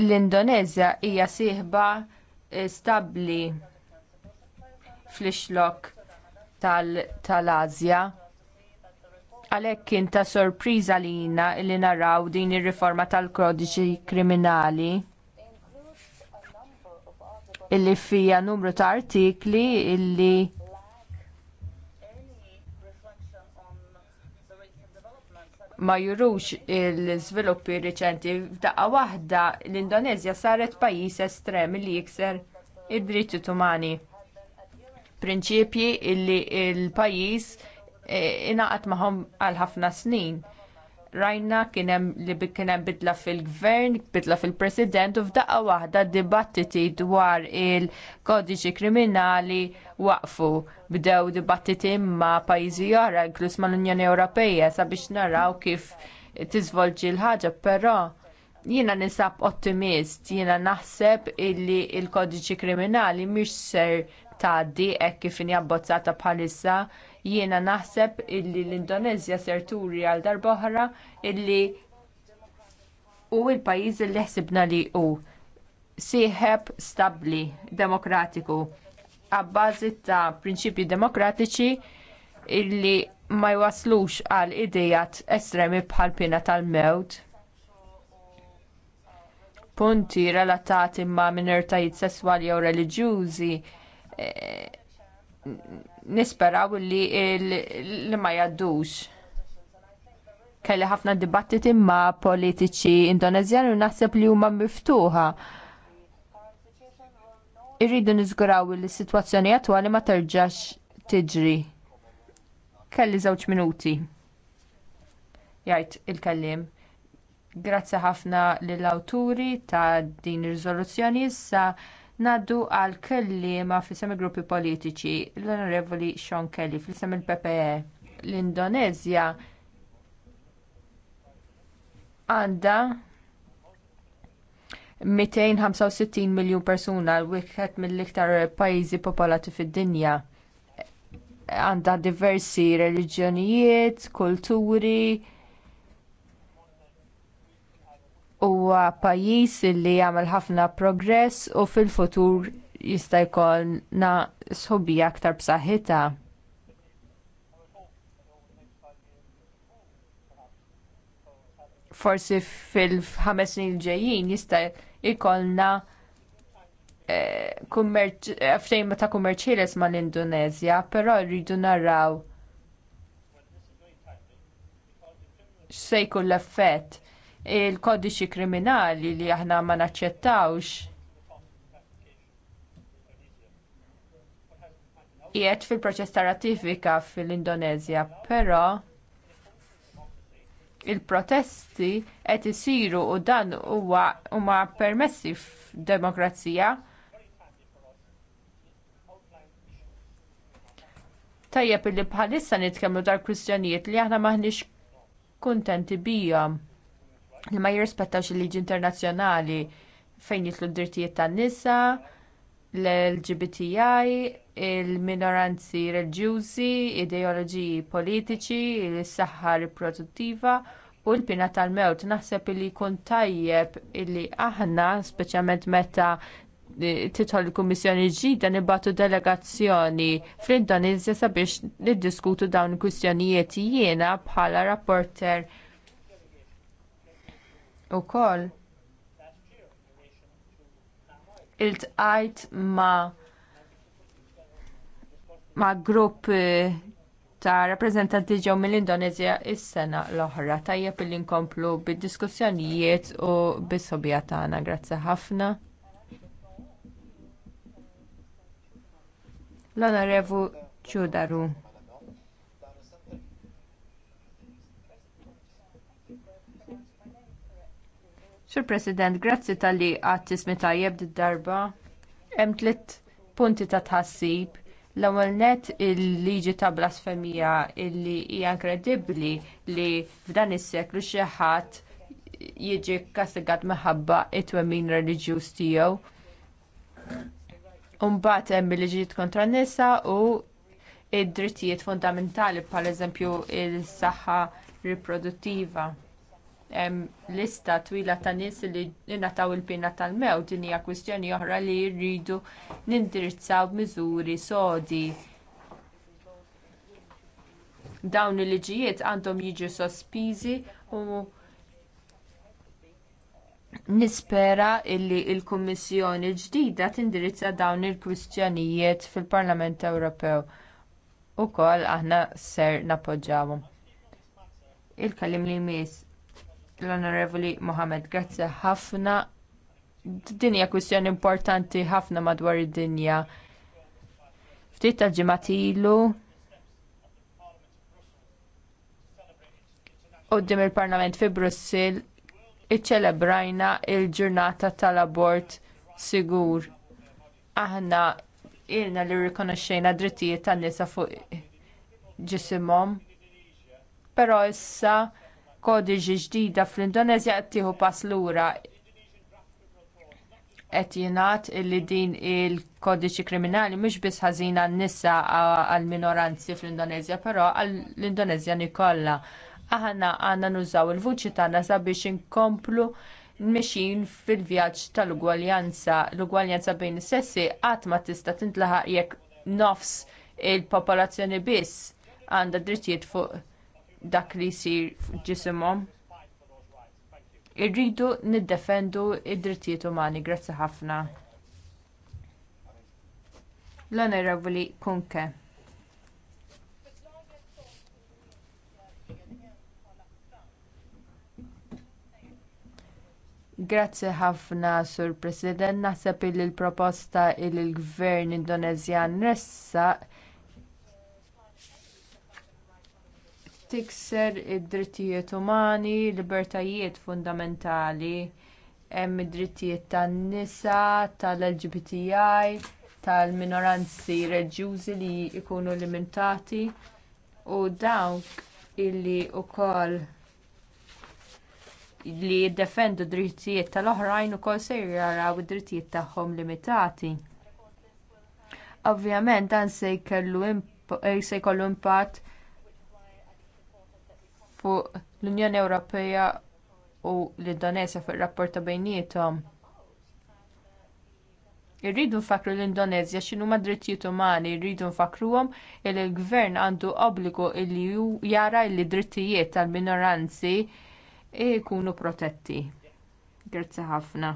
L-Indonezja hija sieħba eh, stabbli fl-ixlok tal-Azja. Għalhekk kien ta' sorpriża lina li naraw din ir-riforma tal-kodiċi kriminali illi fija numru ta' artikli illi ma jurux l-iżviluppi riċenti f'daqqa waħda l-Indonezja saret pajjiż estrem li jikser id dritti umani. Prinċipji li l-pajjiż eh, ingħaqad magħhom għal ħafna snin rajna kienem li hemm bidla fil-gvern, bidla fil-president u f'daqqa waħda dibattiti dwar il-kodiċi kriminali waqfu. Bdew dibattiti ma' pajjiżi oħra, inkluż mal unjoni Ewropeja sabiex naraw kif tiżvolġi l-ħaġa, però jiena nisab ottimist, jiena naħseb illi il-kodiċi kriminali mhix ser tgħaddi hekk kif inhi abbozzata bħalissa Jiena naħseb illi l-Indonezja ser turi għal darboħra illi u l pajjiż li ħsibna li hu sieħeb stabbli, demokratiku, għabbażi ta' prinċipji demokratiċi illi ma jwaslux għal idejat estremi bħal pina tal-mewt. Punti relatati ma' minoritajiet sesswali jew reliġjużi eh, nisperaw li li ma jaddux. Kelli ħafna dibattiti ma' politiċi indonezjani u naħseb li huma miftuħa. Irridu niżguraw li s-sitwazzjoni attwali ma terġax tiġri. Kelli żewġ minuti. Jgħid il-kellim. Grazzi ħafna lill-awturi ta' din ir-riżoluzzjoni issa Ngħaddu għal kelliema fis il-gruppi politiċi l-Onorevoli Sean Kelly f'isem il-PPE. L-Indonezja għandha 265 miljun persuna wieħed mill-iktar pajjiżi popolati fid-dinja. Għandha diversi reliġjonijiet, kulturi, huwa pajjiż li jagħmel ħafna progress u fil-futur jista' jkollna sħubija aktar b'saħħitha. Forsi fil-ħames snin ġejjin jista' jkollna eh, eh, ftejn ta' kummerċieles mal-Indonezja, però rridu narraw x'se jkun l-effett il-kodiċi kriminali li aħna ma naċċettawx. Qiegħed fil-proċess ta' ratifika fil-Indonezja, però il-protesti qed isiru u dan huwa huma permessi f'demokrazija. Tajjeb li bħalissa nitkellmu dar kwistjonijiet li aħna maħniex kuntenti bijom li ma jirrispettawx il-liġi internazzjonali fejn jitlu d-dirtijiet tan-nisa, l-LGBTI, il-minoranzi reliġjużi, ideoloġiji politiċi, is-saħħa riproduttiva u l-pina tal-mewt. Naħseb li jkun tajjeb illi aħna, speċjalment meta eh, titħol il-Kummissjoni ġdida nibatu delegazzjoni fl-Indonezja sabiex niddiskutu dawn il kwistjonijiet jiena bħala rapporter ukoll iltqajt ma' ma' grupp eh, ta' rappreżentanti ġew mill-Indonezja is-sena l-oħra tajjeb li nkomplu bid-diskussjonijiet u bis-sobja tagħna. Grazzi ħafna. L-Onorevu Ciudaru. Sur President, grazzi tal-li tismi tajjeb d-darba. Hemm tliet punti ta' tħassib l-ewwel nett il-liġi ta' blasfemija illi hija inkredibbli li f'dan is-seklu xi ħadd jiġi kkastigat minħabba t twemmin reliġjuż tiegħu. Umbagħad hemm il-liġijiet kontra n-nisa u d drittijiet fundamentali bħal eżempju s saħħa riproduttiva hemm lista twila ta' nies li ingħataw il-pina tal-mewt din hija kwistjoni oħra li rridu nindirizzaw miżuri sodi dawn il-liġijiet għandhom jiġu sospiżi u nispera li l-kummissjoni l ġdida tindirizza dawn il-kwistjonijiet fil-parlament ewropew ukoll aħna ser nappoġġjawhom il-kellim li jmiss l-Onorevoli Mohamed grazzi ħafna. Din hija kwistjoni importanti ħafna madwar id-dinja. Ftit ta' ġimatilu Qoddim il-Parlament fi Brussel iċċelebrajna l ġurnata tal-abort sigur. Aħna ilna li rikonoxxejna drittijiet tan-nisa fuq ġisimhom. Però issa kodiġi ġdida fl-Indonezja qed tieħu pass lura qed jingħad li din il-kodiċi kriminali mhux biss ħażina n-nisa għall minoranzi fl-Indonezja, però għall-Indonezjani kollha. Aħna għandna nużaw il-vuċi tagħna sabiex inkomplu mixin fil-vjaġġ tal-ugwaljanza. L-ugwaljanza bejn is-sessi qatt ma tista' tintlaħaq jekk nofs il-popolazzjoni biss għandha drittijiet fuq dak li jsir ġisimhom. Irridu niddefendu id-drittijiet umani. Grazzi ħafna. L-Onorevoli Kunke. Grazzi ħafna, Sur President. Naħseb il proposta il gvern Indonezjan ressaq tikser id-drittijiet umani, libertajiet fundamentali, hemm id-drittijiet tan-nisa, tal-LGBTI, tal-minoranzi reliġjużi li jkunu limitati u dawk illi wkoll li jiddefendu d drittijiet tal-oħrajn ukoll se jaraw id-drittijiet tagħhom limitati. Ovvjament dan se jkollu impatt fuq l-Unjoni Ewropea u l-Indonezja fuq rapporta rapport ta' bejniethom. Irridu nfakru l-Indonezja x'inhu ma drittijiet umani, irridu nfakruhom li l-gvern għandu obbligu li jara li drittijiet tal-minoranzi jkunu protetti. Grazzi ħafna.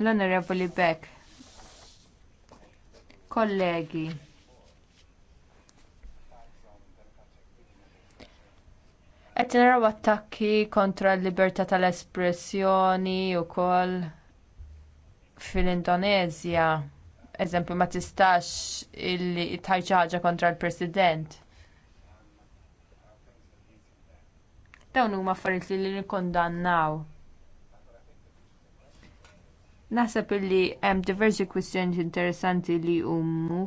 L-Onorevoli Beck. Kollegi. Qed naraw attakki kontra l-libertà tal-espressjoni wkoll fil indoneżja Eżempju ma tistax illi ħaġa kontra l-President. dawn huma affarijiet li nikkondannaw. Naħseb illi hemm diversi kwistjoni interessanti li jqumu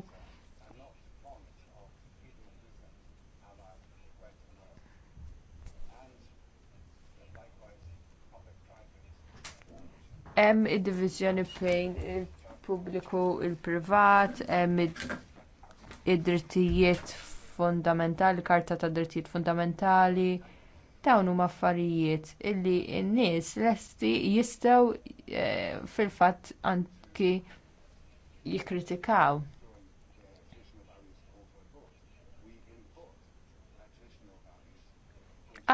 hemm id-diviżjoni bejn il-pubbliku u l privat hemm id-drittijiet fundamentali, karta ta' drittijiet fundamentali, dawn huma affarijiet illi n-nies lesti jistgħu eh, fil-fatt anki jikkritikaw.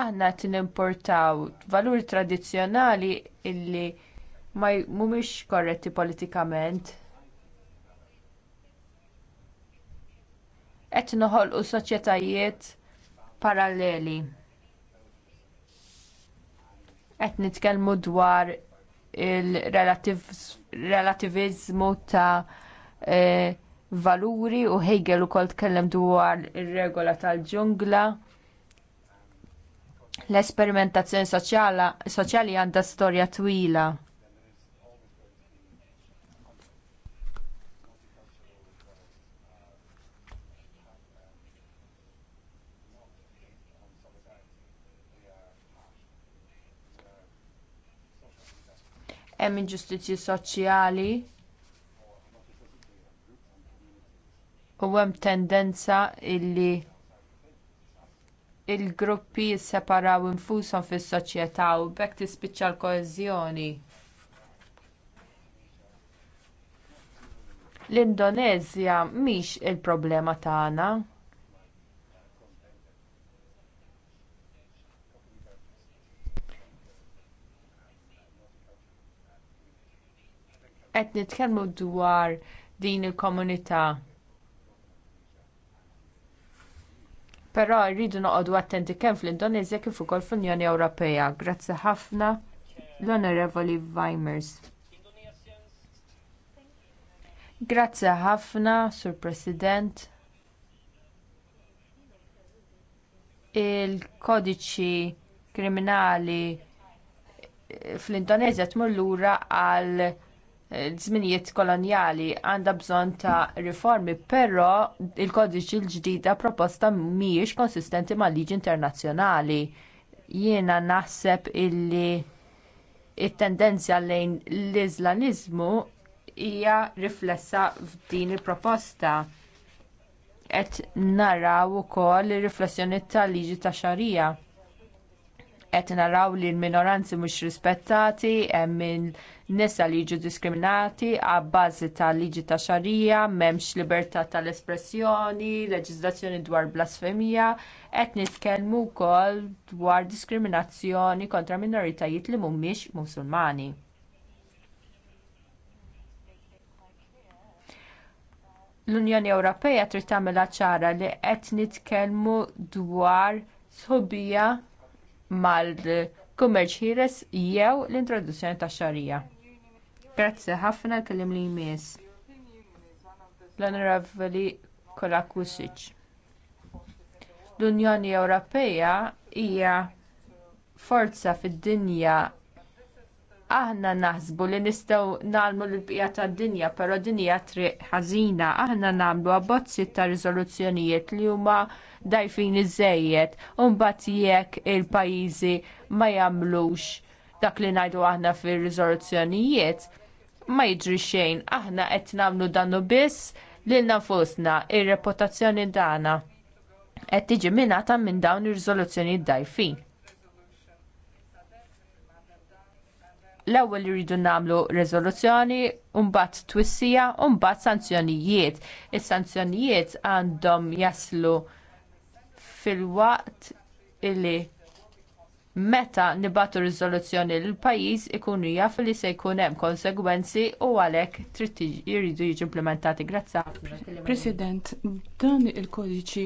aħna qed nimportaw valuri tradizzjonali illi ma mhumiex korretti politikament qed noħolqu soċjetajiet paralleli qed nitkellmu dwar il-relativiżmu ta' eh, valuri u Hegel ukoll tkellem dwar ir-regola tal-ġungla l-esperimentazzjoni soċjali għandha storja twila hemm inġustizzji soċjali u hemm tendenza li l il gruppi jisseparaw infushom fis-soċjetà u b'hekk tispiċċa l-koeżjoni l-indonezja mhix il-problema tagħna qed nitkellmu dwar din il-komunità. Però rridu noqogħdu attenti kemm fl-Indonezja kif ukoll fl-Unjoni Ewropea. Grazzi ħafna l-Onorevoli Weimers. Grazzi ħafna, Sur President. il-kodiċi kriminali fl-Indonezja tmur lura għal żminijiet kolonjali għandha bżonn ta' riformi, però il-kodiċi l-ġdida proposta mhijiex konsistenti mal-liġi internazzjonali. Jiena naħseb illi t tendenzja lejn l-Iżlamiżmu hija riflessa f'din il-proposta qed naraw ukoll ir-riflessjoni tal-liġi tax xarija qed naraw li l-minoranzi mhux rispettati hemm nisa li jiġu diskriminati għabbażi ta' liġi ta' xarija, m'hemmx libertà tal-espressjoni, leġiżlazzjoni dwar blasfemija, qed nitkellmu wkoll dwar diskriminazzjoni kontra minoritajiet li mhumiex Musulmani. L-Unjoni Ewropea trid tagħmilha ċara li qed nitkellmu dwar sħubija mal-kummerċ ħieles jew l-introduzzjoni tax-xarija. Grazzi ħafna kellim li jmiss. L-Onorevoli Kolakusic. L-Unjoni Ewropea hija forza fid-dinja aħna naħsbu li nistgħu nagħmlu l-bqija tad-dinja, però din hija triq ħażina. Aħna nagħmlu abbozzi ta' riżoluzzjonijiet li huma dajfin iżejjed u mbagħad jekk il-pajjiżi ma jagħmlux dak li ngħidu aħna fir-riżoluzzjonijiet ma jiġri xejn, aħna qed nagħmlu dannu biss lil nafusna ir-reputazzjoni tagħna qed tiġi mingħata minn dawn ir-riżoluzzjonijiet dajfin. L-ewwel jridu nagħmlu riżoluzzjoni, mbagħad twissija, u mbagħad sanzjonijiet. Is-sanzjonijiet għandhom jaslu fil-waqt illi meta nibatu riżoluzzjoni l pajjiż ikun jaf li se jkun hemm konsegwenzi u għalhekk trid jridu jiġu implementati. Grazzi. President, dan il-kodiċi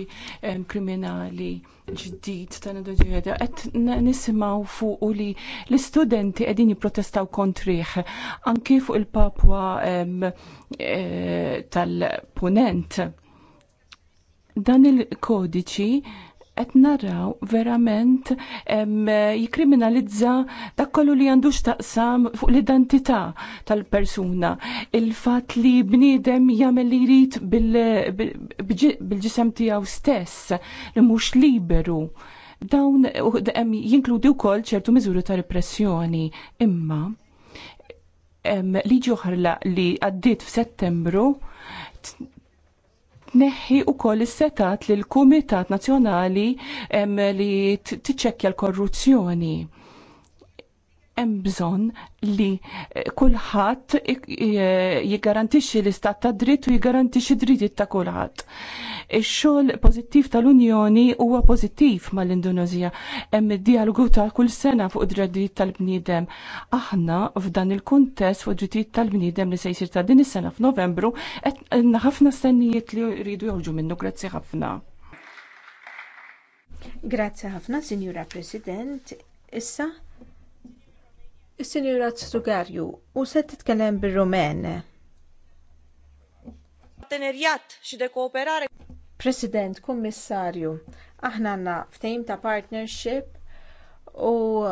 kriminali ġdid ta' nadoġeda qed nisimgħu fuq li l-istudenti qegħdin jipprotestaw kontrih anki fuq il-papwa e, tal-punent. Dan il-kodiċi qed naraw verament jikriminalizza dak kollu li għandux taqsam fuq l-identità tal-persuna. Il-fatt li bniedem jagħmel li jrid bil-ġisem tiegħu stess li mhux liberu. Dawn jinkludi wkoll ċertu miżuri ta' repressjoni, imma liġi oħra li għaddiet f'Settembru tneħħi u koll is-setat lil kumitat Nazzjonali li tiċċekkja l-korruzzjoni hemm bżonn li eh, kulħadd jiggarantixxi l-istat ta' dritt u jiggarantixxi drittijiet ta' kulħadd. Ix-xogħol pożittiv tal-Unjoni huwa pożittiv mal-Indonezja hemm id-dialogu ta' kull sena fuq id-drittijiet tal-bniedem. Aħna f'dan il-kuntest fuq id-drittijiet tal-bniedem li se jsir ta' din is-sena f'Novembru qed ħafna stennijiet li jridu jewġu minnu. Grazzi ħafna. Grazzi ħafna, Sinjura President. Issa Is-Sinjura Tsugarju, u se titkellem bir-Rumen. Partenerjat xi dekooperare. President, Kummissarju, aħna għandna ftehim ta' partnership u uh,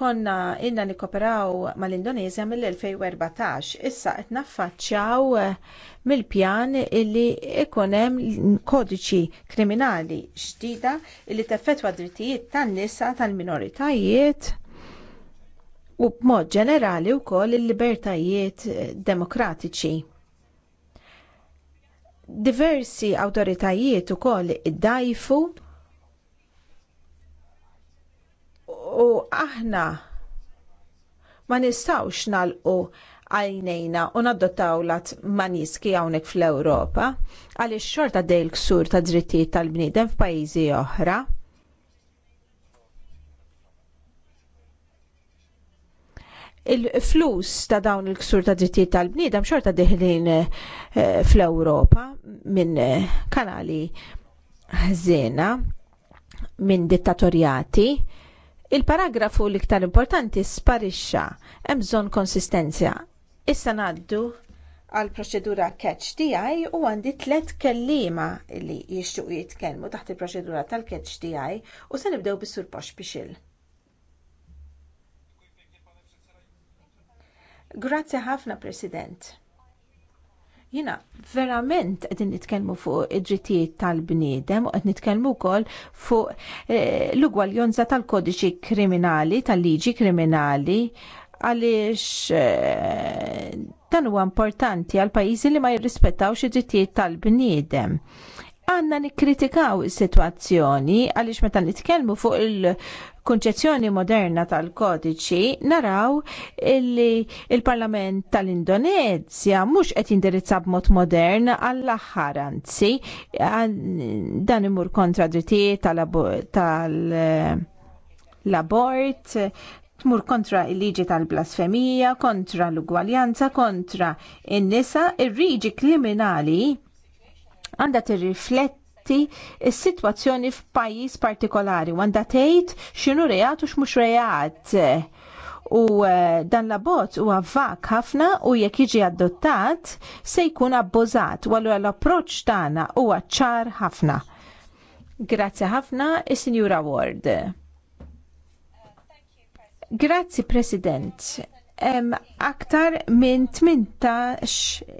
konna inna nikoperaw mal-Indonezja mill-2014. Issa qed naffaċċjaw uh, mill-pjan illi ikun hemm kodiċi kriminali ġdida illi teffettwa drittijiet tan-nisa tal-minoritajiet u b'mod ġenerali wkoll il-libertajiet eh, demokratiċi. Diversi awtoritajiet ukoll iddajfu u aħna ma nistawx nalqu għajnejna u nadottaw lat maniski hawnhekk fl-Ewropa għaliex xorta dejl ksur ta' drittijiet tal-bniedem f'pajjiżi oħra il-flus ta' dawn il-ksur ta' drittijiet tal-bniedem xorta diħlin eh, fl-Ewropa minn eh, kanali ħżiena minn dittatorjati. Il-paragrafu l-iktar importanti sparixxa hemm bżonn konsistenzja. Issa ngħaddu għal proċedura catch DI u għandi tliet kelliema li jixtiequ jitkellmu taħt il-proċedura tal-catch DI u se nibdew bis-sur Posh Bixil. Grazzi ħafna, President. Jina, verament qed nitkellmu fuq id-drittijiet tal-bniedem u qed nitkellmu wkoll fuq eh, l-ugwaljonza tal-kodiċi kriminali, tal-liġi kriminali, għaliex eh, dan huwa importanti għal pajjiżi li ma jirrispettawx id-drittijiet tal-bniedem għanna nikkritikaw is-sitwazzjoni għaliex meta nitkellmu fuq il kunċezzjoni moderna tal-kodiċi naraw li il-Parlament tal-Indonezja mhux qed jindirizza b'mod modern għall-aħħar anzi dan imur kontra drittijiet tal-abort tmur kontra il-liġi tal-blasfemija, kontra l-ugwaljanza, kontra in-nisa, ir-riġi kriminali għandha tirrifletti tirrifletti s-sitwazzjoni f'pajjiż partikolari għandha tgħid xinu reat u xmux reat. U eh, dan l-abbozz huwa għavvak ħafna u jekk jiġi adottat se jkun abbużat u għallu l-approċċ tagħna huwa ċar ħafna. Grazzi ħafna, is-Sinjura Ward. Grazzi President aktar minn 18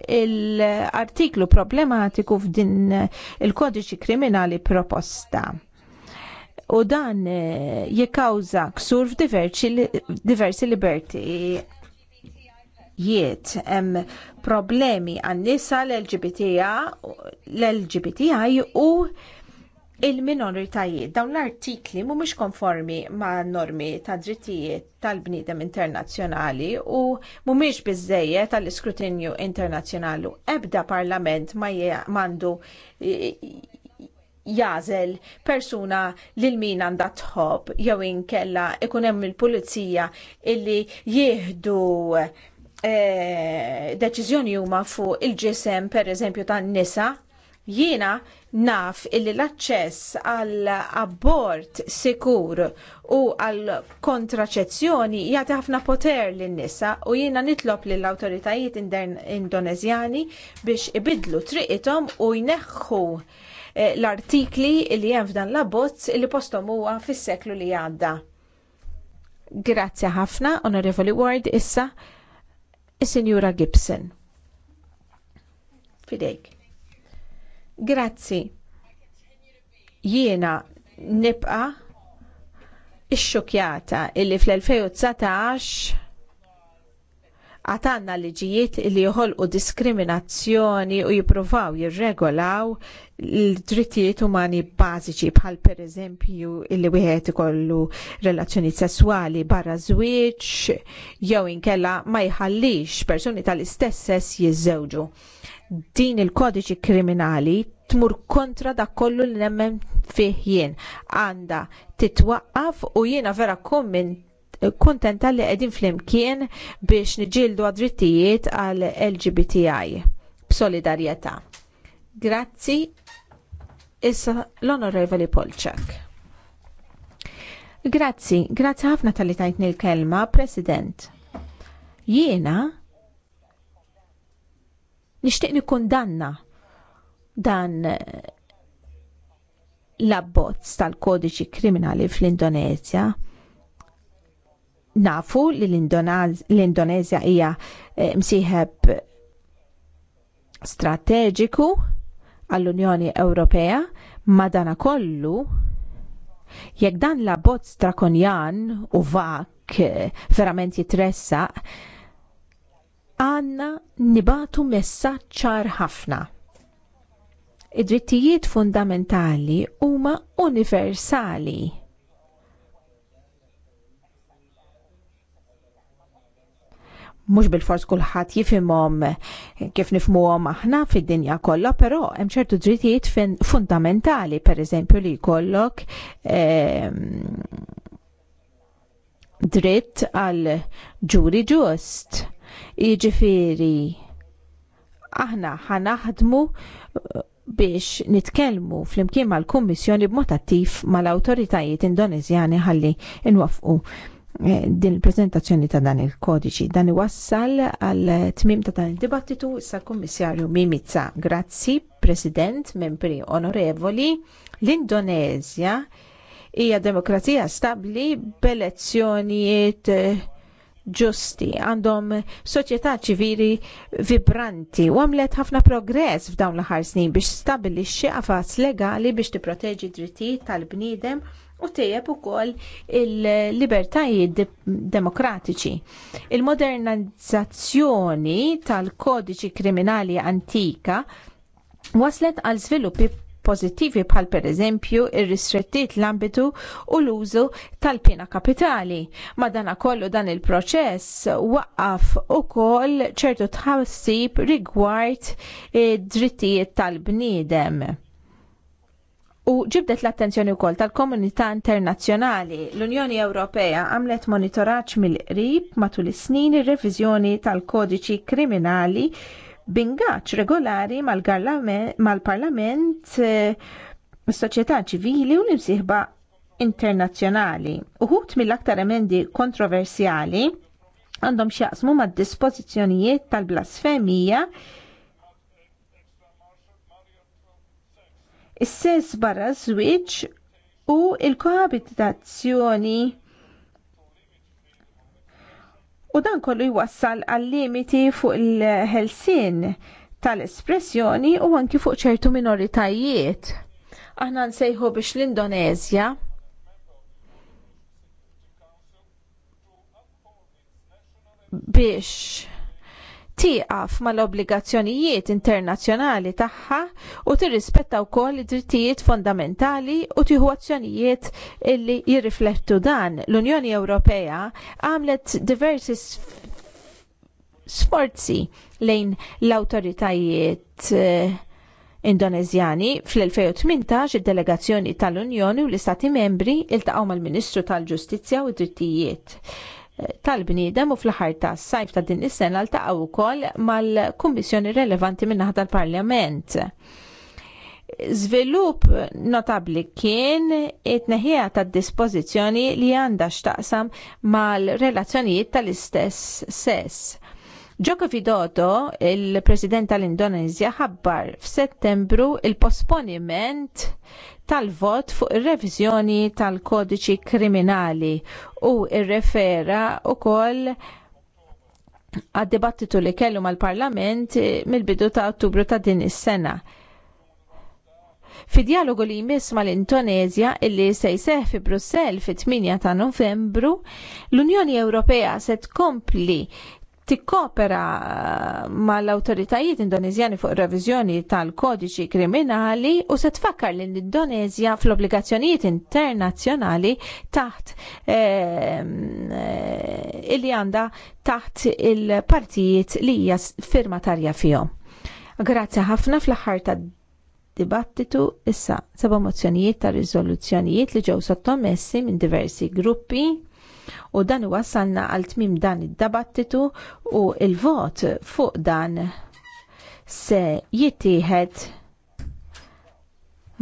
il-artiklu problematiku f'din eh, il-kodiċi kriminali proposta. U dan eh, jikkawża ksur f'diversi liberti jiet hemm problemi għan-nisa l-LGBTI l-LGBTI u il-minoritajiet. Dawn l-artikli mhumiex konformi ma' normi ta' drittijiet tal-bniedem internazzjonali u mhumiex biżejjed tal-iskrutinju internazzjonali. Ebda parlament ma mandu jażel persuna lil min għandha tħobb jew inkella ikun hemm il-pulizija illi jieħdu eh, deċiżjoni huma fuq il-ġisem pereżempju tan-nisa Jiena naf illi l-aċċess għal abort sikur u għal kontraċezzjoni jagħti ħafna poter lin nisa u jiena nitlob lill awtoritajiet indoneżjani biex ibidlu triqithom u jneħħu eh, l-artikli li hemm f'dan l-abbozz li postom huwa fis-seklu li għadda. Grazzi ħafna, Onorevoli Ward, issa is-Sinjura Gibson. Fidejk. Grazzi. Jiena nibqa' ixxukjata illi fl-2019 għatanna liġijiet li joħolqu diskriminazzjoni u jippruvaw jirregolaw l-drittijiet umani bażiċi bħal pereżempju li wieħed ikollu relazzjoni sesswali barra żwieġ jew inkella ma jħallix persuni tal-istess sess jiżżewġu. Din il-kodiċi kriminali tmur kontra dak kollu li nemmen fih jien għandha titwaqqaf u jiena vera kumment kuntenta li qegħdin flimkien biex niġġieldu għad-drittijiet għal LGBTI b'solidarjetà. Grazzi issa l-Onorevoli Polczak. Grazzi, grazzi ħafna tal-li tajtni l-kelma, President. Jiena nixtieq nikkundanna dan l-abbozz tal-kodiċi kriminali fl-Indonezja nafu li l-Indonezja hija eh, msieħeb strateġiku għall-Unjoni Ewropea dana kollu jekk dan la bozz drakonjan u vak eh, verament jitressa għanna nibatu messaċċar ħafna. Id-drittijiet fundamentali huma universali mhux bil-fors kulħadd jifimom kif nifhmuhom aħna fid-dinja kollha, però hemm ċertu drittijiet fundamentali, pereżempju li jkollok ehm, dritt għal ġuri ġust. Jiġifieri aħna ħanaħdmu eh, biex nitkellmu flimkien mal-Kummissjoni b'mod attiv mal-awtoritajiet Indoneżjani ħalli inwafqu Eh, din il-prezentazzjoni ta' dan il-kodiċi. Dan iwassal għal tmim ta' dan il-dibattitu issa l-Kummissarju Mimica. Grazzi, President, membri onorevoli, l-Indonezja hija demokrazija stabbli b'elezzjonijiet eh, ġusti, għandhom soċjetà ċivili vibranti u għamlet ħafna progress f'dawn l-ħar snin biex stabilixxi għafas legali biex tipproteġi drittijiet tal-bniedem u tejjeb ukoll il-libertajiet demokratiċi. Il-modernizzazzjoni tal-kodiċi kriminali antika waslet għal sviluppi pożittivi bħal pereżempju ir-ristrettiet l-ambitu u l-użu tal-pina kapitali. Madana kollu dan il-proċess waqqaf ukoll ċertu tħassib rigward id-drittijiet eh, tal-bniedem u ġibdet l-attenzjoni wkoll tal-komunità internazzjonali. L-Unjoni Ewropea għamlet monitoraċ mill-qrib matul is-snin ir-reviżjoni tal-kodiċi kriminali bingaċ regolari mal-parlament, mal eh, soċjetà ċivili u l-imsieħba internazzjonali. Uħut mill-aktar emendi kontroversjali għandhom xjaqsmu mad dispożizzjonijiet tal-blasfemija is-sess barra żwieġ u l kohabitazzjoni u dan kollu jwassal għal limiti fuq il-ħelsien tal-espressjoni u anki fuq ċertu minoritajiet. Aħna nsejħu biex l-Indonezja biex tieqaf mal-obbligazzjonijiet internazzjonali tagħha u tirrispetta wkoll id-drittijiet fondamentali u tieħu azzjonijiet illi jirriflettu dan. L-Unjoni Ewropea għamlet diversi sforzi lejn l-awtoritajiet eh, Indoneżjani fl-2018 id-delegazzjoni tal-Unjoni u l-Istati membri iltaqgħu mal-Ministru tal-Ġustizzja u d-Drittijiet tal-bniedem u fl-aħħar ta' sajf ta' din is-sena ltaqgħu wkoll mal-kummissjoni relevanti min-naħa tal-Parlament. Żvilupp notabli kien it-neħija tad dispożizzjoni li għandha x'taqsam mal-relazzjonijiet tal-istess sess Joko fidoto il-President tal-Indonezja, ħabbar f'Settembru il-posponiment tal-vot fuq ir-reviżjoni tal-kodiċi kriminali u irrefera wkoll għad-dibattitu li kellu mal-Parlament mill-bidu ta' Ottubru ta' din is-sena. Fi dialogu li jmiss mal-Indonezja illi se jseħ fi Brussell fi 8 ta' Novembru, l-Unjoni Ewropea se tkompli tikkopera eh, mal awtoritajiet indonezjani fuq ir-reviżjoni tal-kodiċi kriminali u se tfakkar l indonezja fl-obbligazzjonijiet internazzjonali taħt eh, illi għandha taħt il-partijiet li hija firmatarja fihom. Grazzi ħafna fl-aħħar tad dibattitu issa seba' mozzjonijiet ta' riżoluzzjonijiet li ġew sottomessi minn diversi gruppi U dan wasalna għal tmim dan id-dabattitu u il-vot fuq dan se jittieħed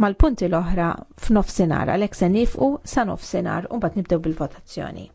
mal-punti l-oħra f'nofsinhar għalhekk se nifqu sa nofsinhar u mbagħad nibdew bil-votazzjoni.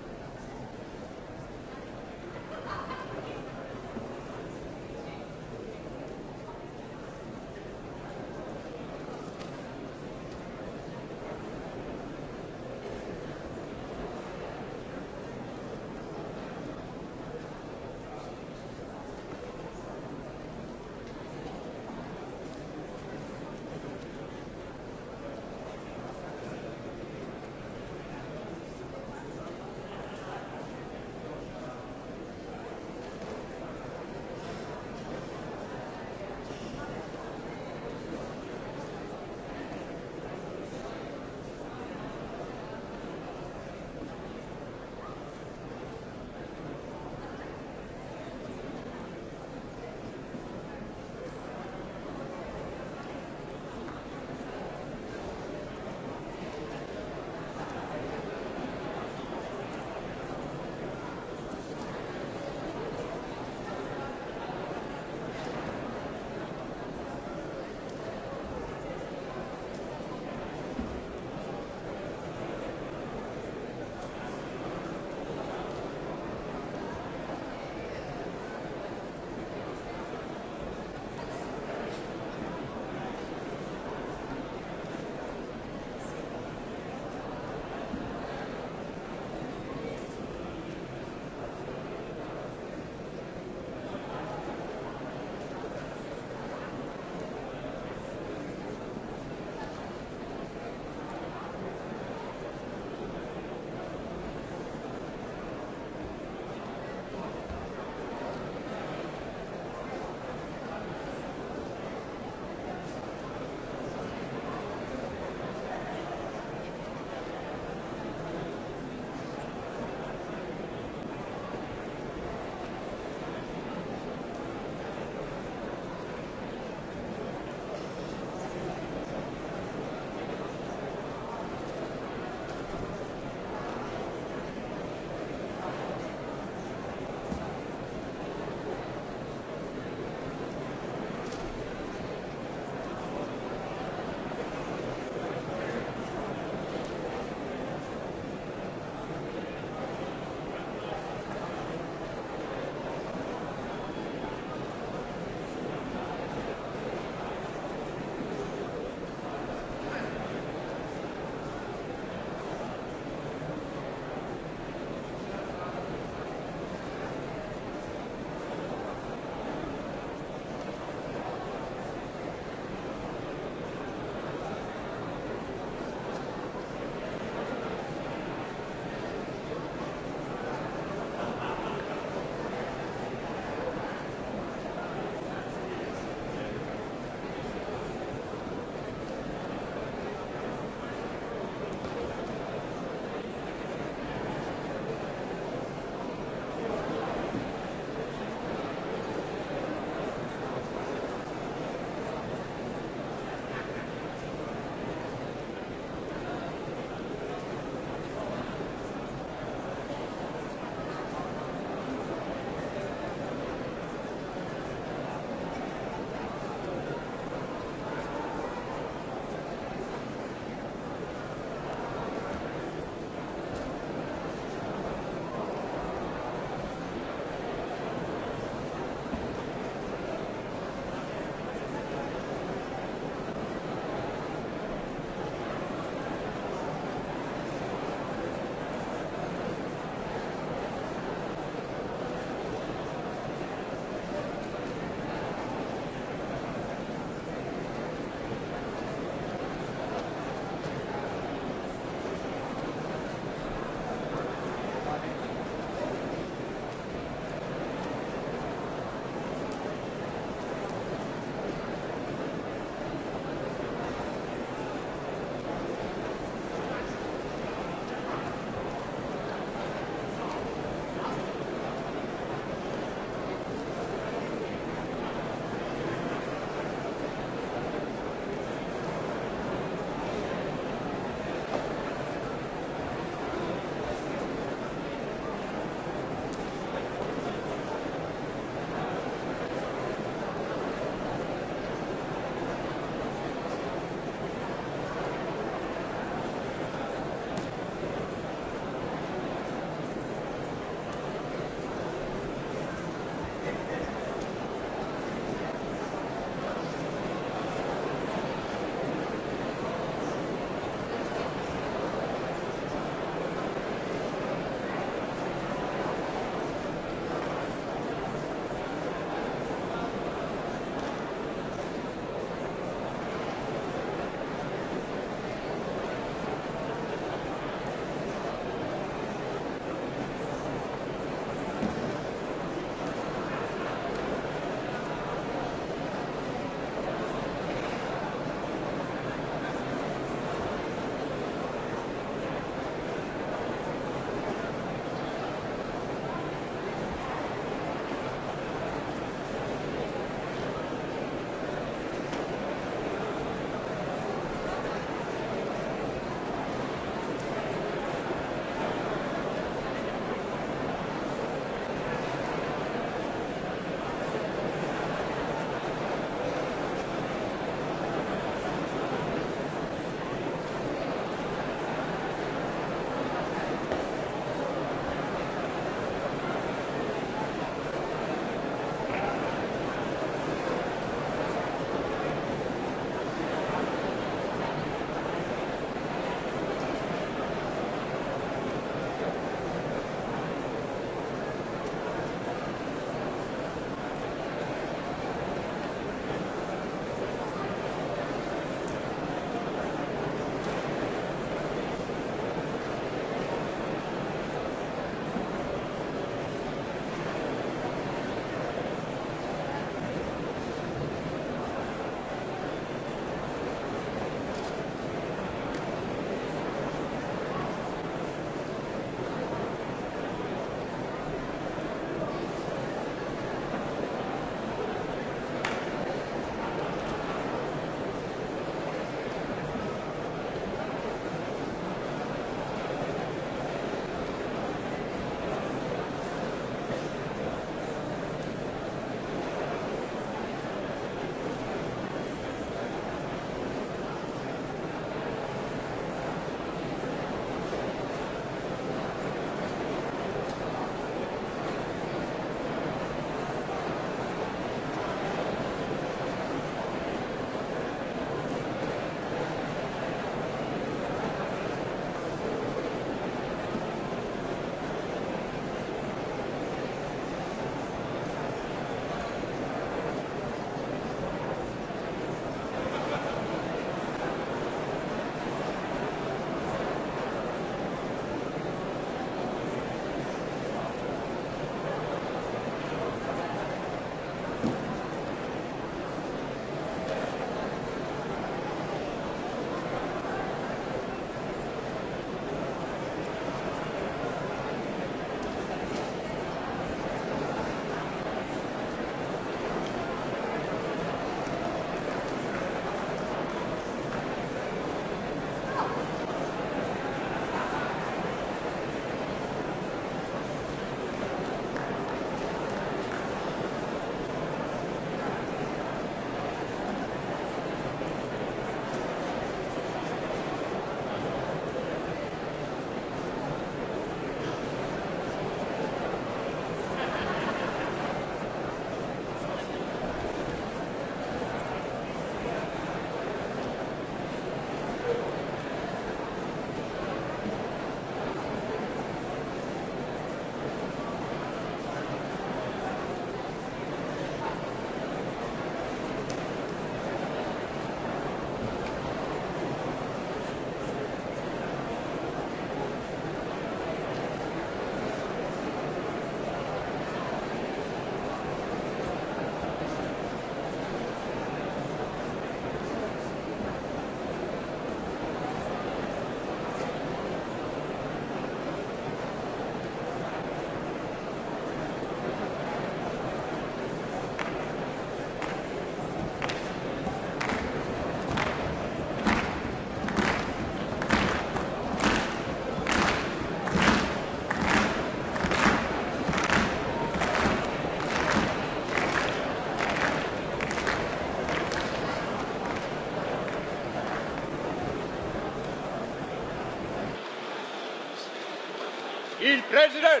President!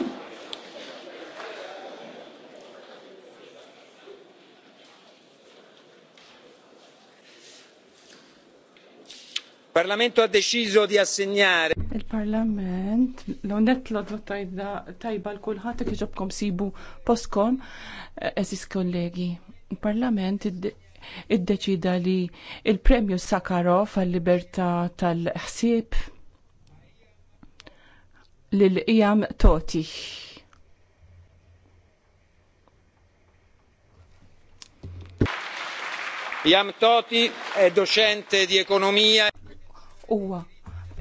Il Parlamento ha deciso di assegnare. Il-Parlament, l-onet l tajba l-kulħat kħiġobkom sibu poskom, eh, eżis kollegi. Il-Parlament iddeċida li il-premju Sakharov għal libertà tal-ħsieb lil qijam toti. Jam Toti è docente di economia. Uwa,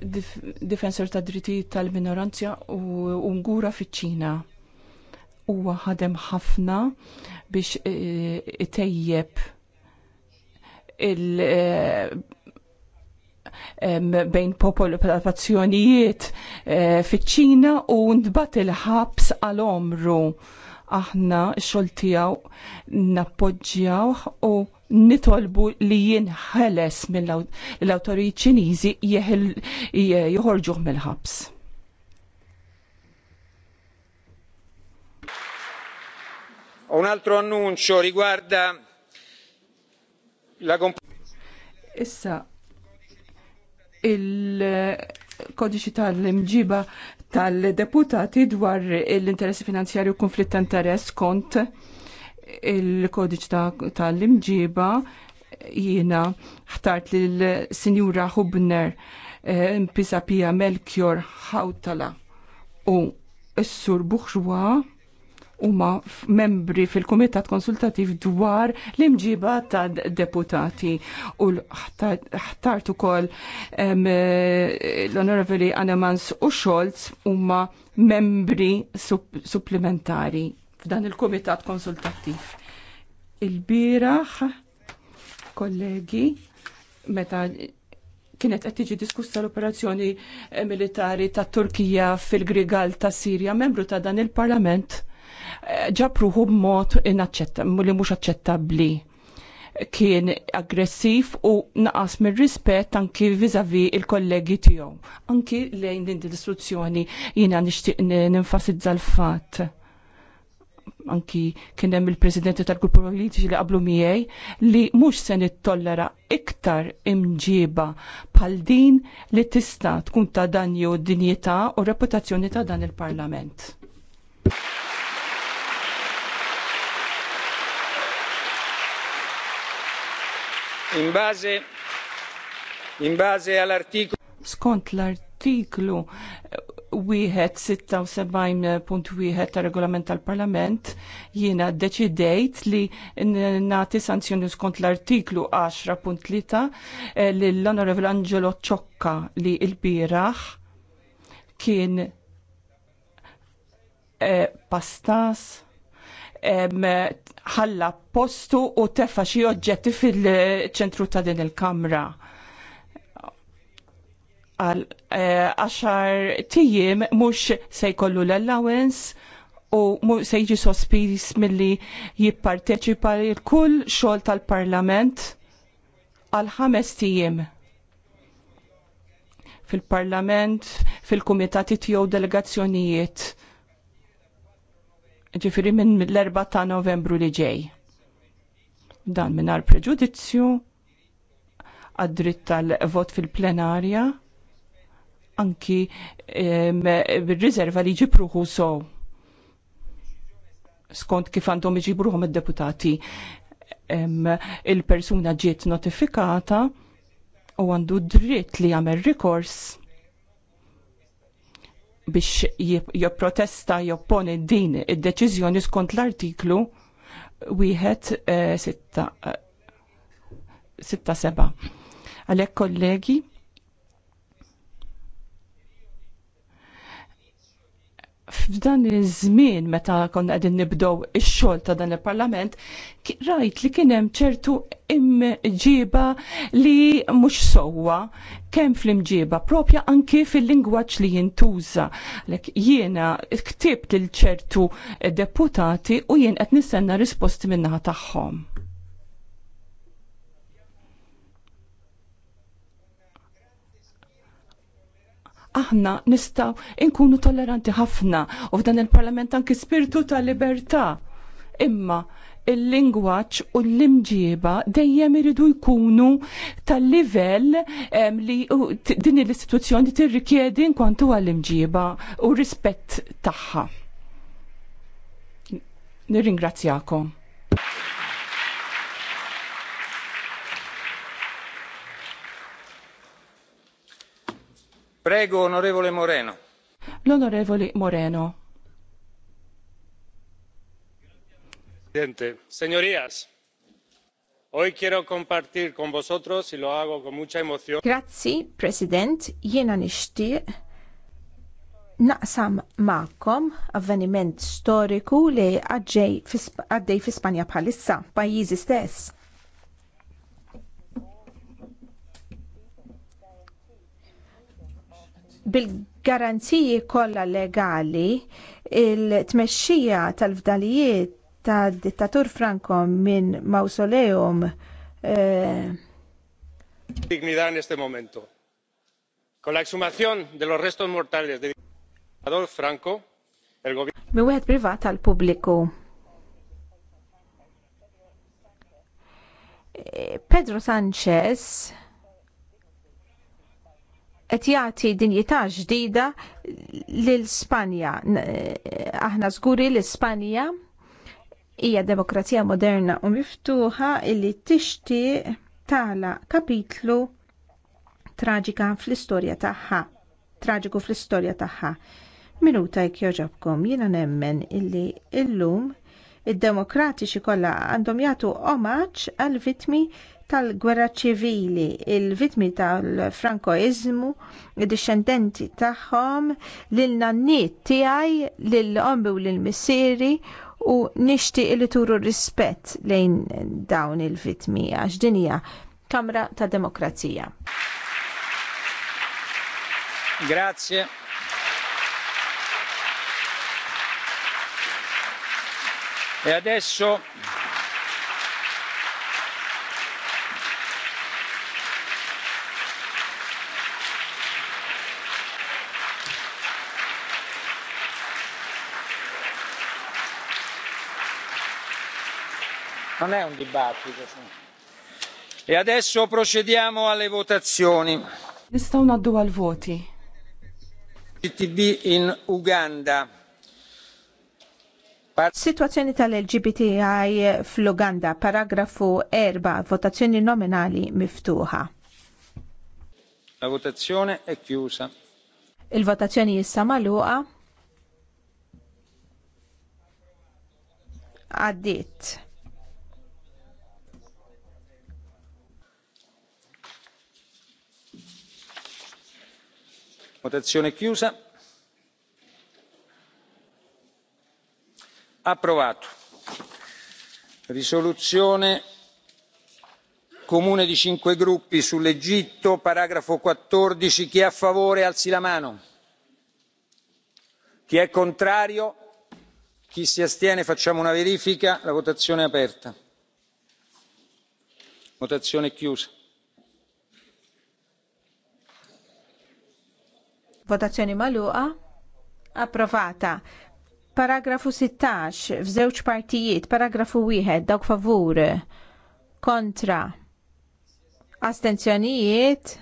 dif difensor ta' drittijiet tal-minoranzja u ungura fiċ-Ċina. Huwa ħadem ħafna biex itejjeb e, e, il- e, bejn popolazzjonijiet eh, fiċ-Ċina u ndbat il-ħabs għal-omru. Aħna x-xogħol tiegħu nappoġġjaw u nitolbu li jinħeles mill-awtorijiet Ċiniżi joħorġuh mill-ħabs. Un altro annuncio riguarda la Issa il-kodiċi tal-imġiba tal-deputati dwar l-interessi finanzjarju u konflitt ta' interess kont il-kodiċi tal-imġiba jiena ħtart l-Sinjura Hubner eh, Pisapija Melchior Hautala u s-Sur Buxwa huma membri fil-Kumitat Konsultativ dwar l-imġiba ta' deputati u ħtart ukoll eh, l-Onorevoli Anemans u Scholz huma membri supplementari f'dan il-Kumitat Konsultativ. Il-biraħ, kollegi, meta kienet qed tiġi diskussa l-operazzjoni eh, militari tat Turkija fil-Grigal ta' Sirja, membru ta' dan il-Parlament ġabruħu b'mod li mhux aċċettabbli kien aggressiv u naqas mir rispett anki vizavi il-kollegi tiegħu. Anki lejn din l-istruzzjoni jiena nixtieq ninfasizza l-fatt anki kien hemm il-presidenti tal-grupp politiċi li qablu miegħi li mhux se nittollera iktar imġiba bħal din li tista' tkun ta' danju dinjità u reputazzjoni ta' dan il-Parlament. In base, all'articolo. Skont l-artiklu 176.1 ta' regolament tal-Parlament jiena deċidejt li nati sanzjoni skont l-artiklu 10.3 eh, l-Onorevole Angelo Ciocca li il-biraħ kien eh, pastas ħalla postu u tefa xi oġġetti fil-ċentru ta' din il-kamra. Għal eh, għaxar tijiem mux se jkollu l-allowance u se jiġi sospis milli jipparteċipa l-kull xogħol tal-parlament għal ħames tijiem fil-parlament, fil-kumitati tijow delegazzjonijiet ġifiri minn l-4 ta' novembru li ġej. Dan minn għal preġudizzju għad-dritt tal-vot fil-plenarja anki bil-rizerva li ġipruħu sow skont kif għandhom iġibruhom id-deputati il-persuna ġiet notifikata u għandu dritt li jagħmel rikors biex jipprotesta jopponi din id-deċiżjoni skont l-artiklu wieħed Għalek eh, eh, seba. Għalhekk kollegi, f'dan iż-żmien meta konna qegħdin nibdew ix-xogħol ta' dan il-Parlament, rajt li kien hemm ċertu imġiba li mhux sowwa kemm fl-imġiba propja anki fil-lingwaġġ li jintuża. Lek jiena ktibt il ċertu deputati u jien qed nistenna risposti min-naħa tagħhom. aħna nistaw inkunu tolleranti ħafna u f'dan il-parlament anki spiritu ta' libertà. Imma il-lingwaċ u l-imġieba dejjem iridu jkunu tal-livell li din l-istituzzjoni tirrikjedi nkwantu għall-imġieba u rispett tagħha. Nirringrazzjakom. Prego, onorevole Moreno. L'onorevole Moreno. Presidente, señorías, hoy quiero compartir con vosotros y lo hago con mucha emoción. Grazzi, President, jiena nixtieq naqsam ma'kom avveniment storiku li għaddej fi Spanja bħalissa, pajjiżi stess bil-garanziji kollha legali il-tmexxija tal-fdalijiet tad dittatur Franco minn mausoleum eh, Dignità in este momento. Con la exhumación de los restos mortales de Adolf Franco, el gobierno Miwed privat għal pubbliku. Eh, Pedro Sanchez qed jagħti dinjità ġdida lill Spanja. Aħna żguri l Spanja hija demokrazija moderna u miftuħa illi tixtieq tala kapitlu traġika fl-istorja tagħha. Traġiku fl-istorja tagħha. Minuta jekk joġobkom jiena nemmen illi illum id-demokratiċi kollha għandhom jagħtu omaġġ għal vittmi tal-gwerra ċivili, il-vitmi tal-frankoizmu, id-discendenti tagħhom, lill nanniet tiegħi, lill-ombi u lill-missieri u nixtieq li turu rispett lejn dawn il-vitmi għax din hija Kamra ta' Demokrazija. Grazie. E adesso non è un dibattito. E adesso procediamo alle votazioni. Nistgħu ngħaddu għal voti. GTB in Uganda. Situazzjoni tal-LGBTI fl-Uganda, paragrafu 4, votazzjoni nominali miftuħa. La votazione è chiusa. Il-votazzjoni jissa maluqa. Għaddiet. votazione chiusa approvato risoluzione comune di cinque gruppi sull'egitto paragrafo quattordici chi è a favore alzi la mano chi è contrario chi si astiene facciamo una verifica la votazione è aperta votazione chiusa Votazzjoni magħluqa. Approvata. Paragrafu 16 f'żewġ partijiet, paragrafu wieħed dawk favur kontra astenzjonijiet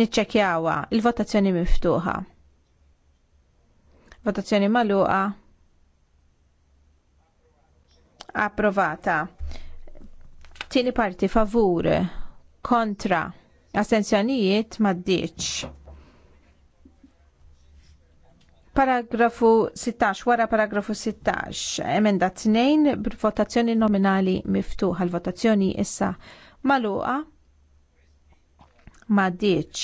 niċċekjawha il-votazzjoni miftuħa. Votazzjoni magħluqa. Approvata. Tieni parti favur kontra astenzjonijiet maddiċ. Paragrafu 16, wara paragrafu 16, emenda 2 votazzjoni nominali miftuħa l-votazzjoni issa maluqa ma diċ.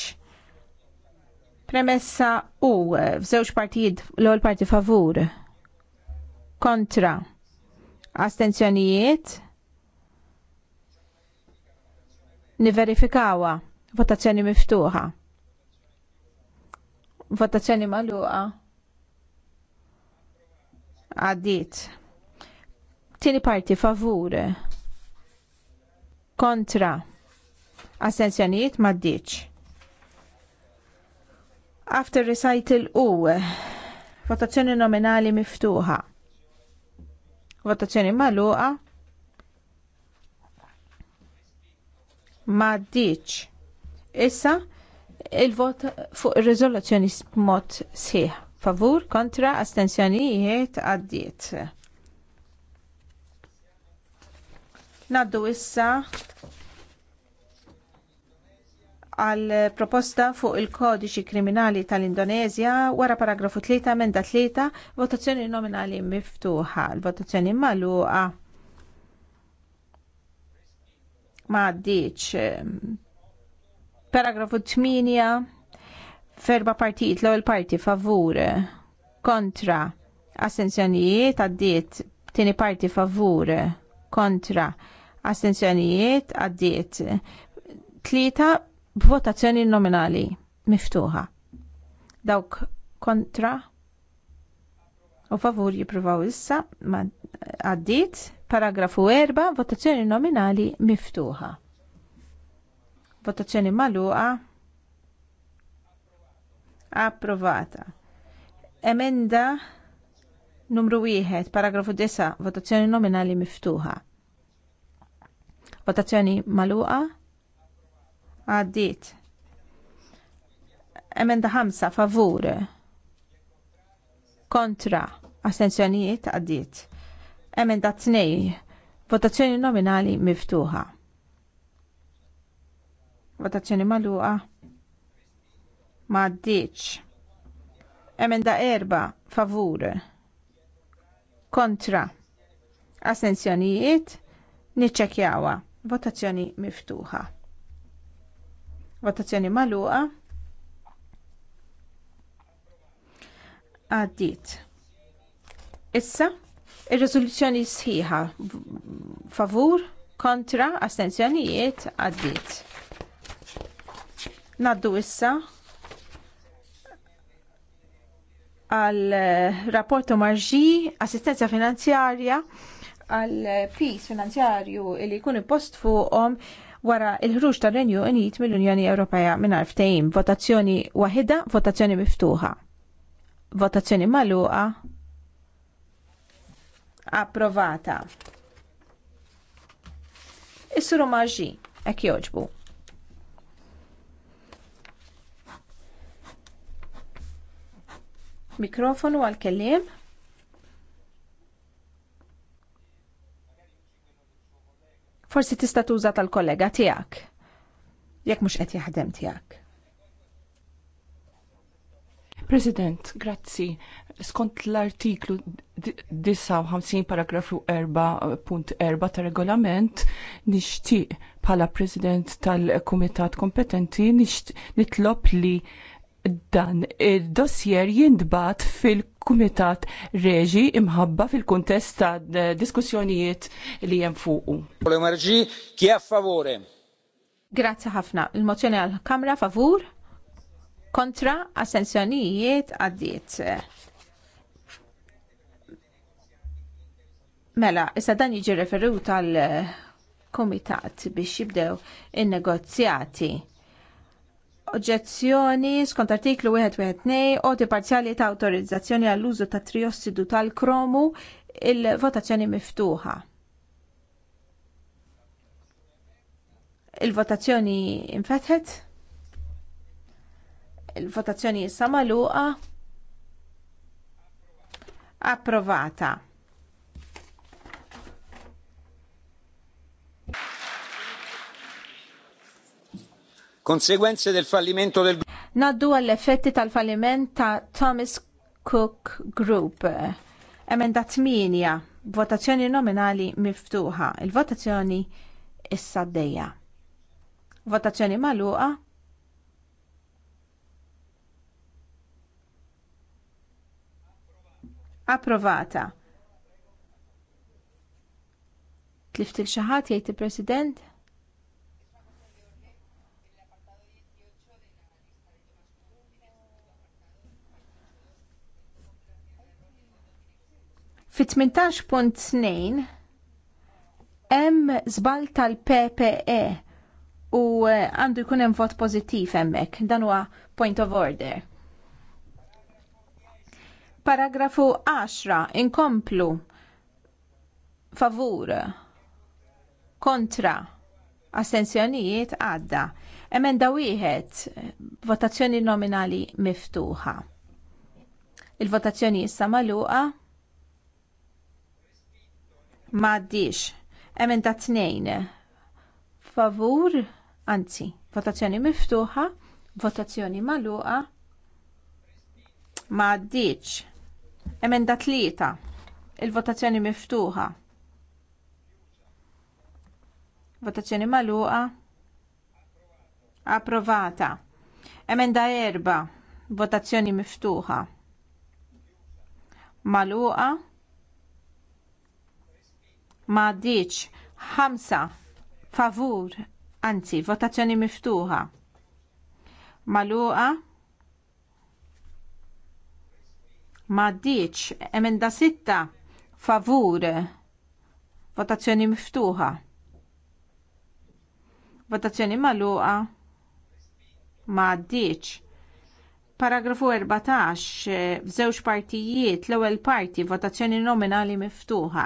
Premessa u f'żewġ partijiet l għol parti favur kontra astenzjonijiet niverifikawa votazzjoni miftuħa votazzjoni magħluqa Għadiet. Tini parti favur kontra ma ddiċ. After recital U votazzjoni nominali miftuħa. Votazzjoni magħluqa. ddiċ. Issa il-vot fuq ir-riżoluzzjoni mod sħiħ favur kontra astensjonijiet għaddiet. Naddu issa għal proposta fuq il-kodiċi kriminali tal-Indonezja wara paragrafu 3 emenda 3 votazzjoni nominali miftuħa l-votazzjoni maluqa ma għaddiċ paragrafu 8 ferba partijiet l-ewwel parti favur kontra assenzjonijiet għaddiet tieni parti favur kontra assenzjonijiet għaddiet tlieta b'votazzjoni nominali miftuħa. Dawk kontra u favur jippruvaw issa ma għaddiet paragrafu 4 votazzjoni nominali miftuħa. Votazzjoni magħluqa approvata. Emenda numru 1, paragrafu 9, votazzjoni nominali miftuħa. Votazzjoni maluqa Għaddit. Emenda 5, favur. Kontra, Astenzjonijiet għaddit. Emenda 2, votazzjoni nominali miftuħa. Votazzjoni maluqa Ma m'għaddiex. Emenda erba' favur kontra asenzjonijiet, niċċekjawha. Votazzjoni miftuħa. Votazzjoni magħluqa. Għaddiet. Issa, ir-riżoluzzjoni sħiħa favur, kontra, astenzjonijiet għaddit. Naddu issa għal eh, rapporto marġi, assistenza finanzjarja, għal eh, pis finanzjarju li jkun post fuqhom wara il-ħruġ tar renju Unit mill-Unjoni Ewropea mingħajr ftehim votazzjoni waħida, votazzjoni miftuħa. Votazzjoni magħluqa approvata. Is-suru maġi, ek joġbu. Mikrofonu għal kelliem. Forsi tista' tuża tal-kollega tiegħek. Jekk mhux qed jaħdem tiegħek. President, grazzi. Skont l-artiklu 59 paragrafu 4.4 ta' regolament nixtieq bħala President tal-Kumitat kompetenti nitlob li dan id dossier jindbat fil-Kumitat Reġi imħabba fil-kuntest ta' diskussjonijiet li hemm fuqu. favore? Grazzi ħafna. Il-mozzjoni għal-Kamra favur kontra assenzjonijiet għaddiet. Mela, issa dan jiġi referu tal komitat biex jibdew in-negozjati oġġezzjoni skont artiklu 112 oti parzjali ta' autorizzazzjoni għall-użu ta' triossidu tal-kromu il-votazzjoni miftuħa. Il-votazzjoni infetħet. Il-votazzjoni issa magħluqa. Approvata. Konsegwenze del fallimento del Naddu għall-effetti tal-falliment ta' Thomas Cook Group. Emenda 8, votazzjoni nominali miftuħa. Il-votazzjoni issa d Votazzjoni maluqa. Approvata. Tlift il-xaħat jgħid il-President? Fit-18.2 hemm żball tal-PPE u eh, għandu jkun hemm vot pożittiv hemmhekk. Dan huwa point of order. Paragrafu 10 inkomplu favur kontra astensjonijiet għadda. Emenda wieħed votazzjoni nominali miftuħa. Il-votazzjoni issa magħluqa. Maddix. Emenda tnejn. Favur, anzi, votazzjoni miftuħa, votazzjoni maluqa. Maddix. Emenda tlieta. Il-votazzjoni miftuħa. Votazzjoni maluqa. Approvata. Emenda erba. Votazzjoni miftuħa. Maluqa ma diċ ħamsa favur anzi votazzjoni miftuħa maluqa ma diċ emenda sitta favur votazzjoni miftuħa votazzjoni magħluqa ma Paragrafu 14, f'żewġ partijiet, l-ewwel parti votazzjoni nominali miftuħa.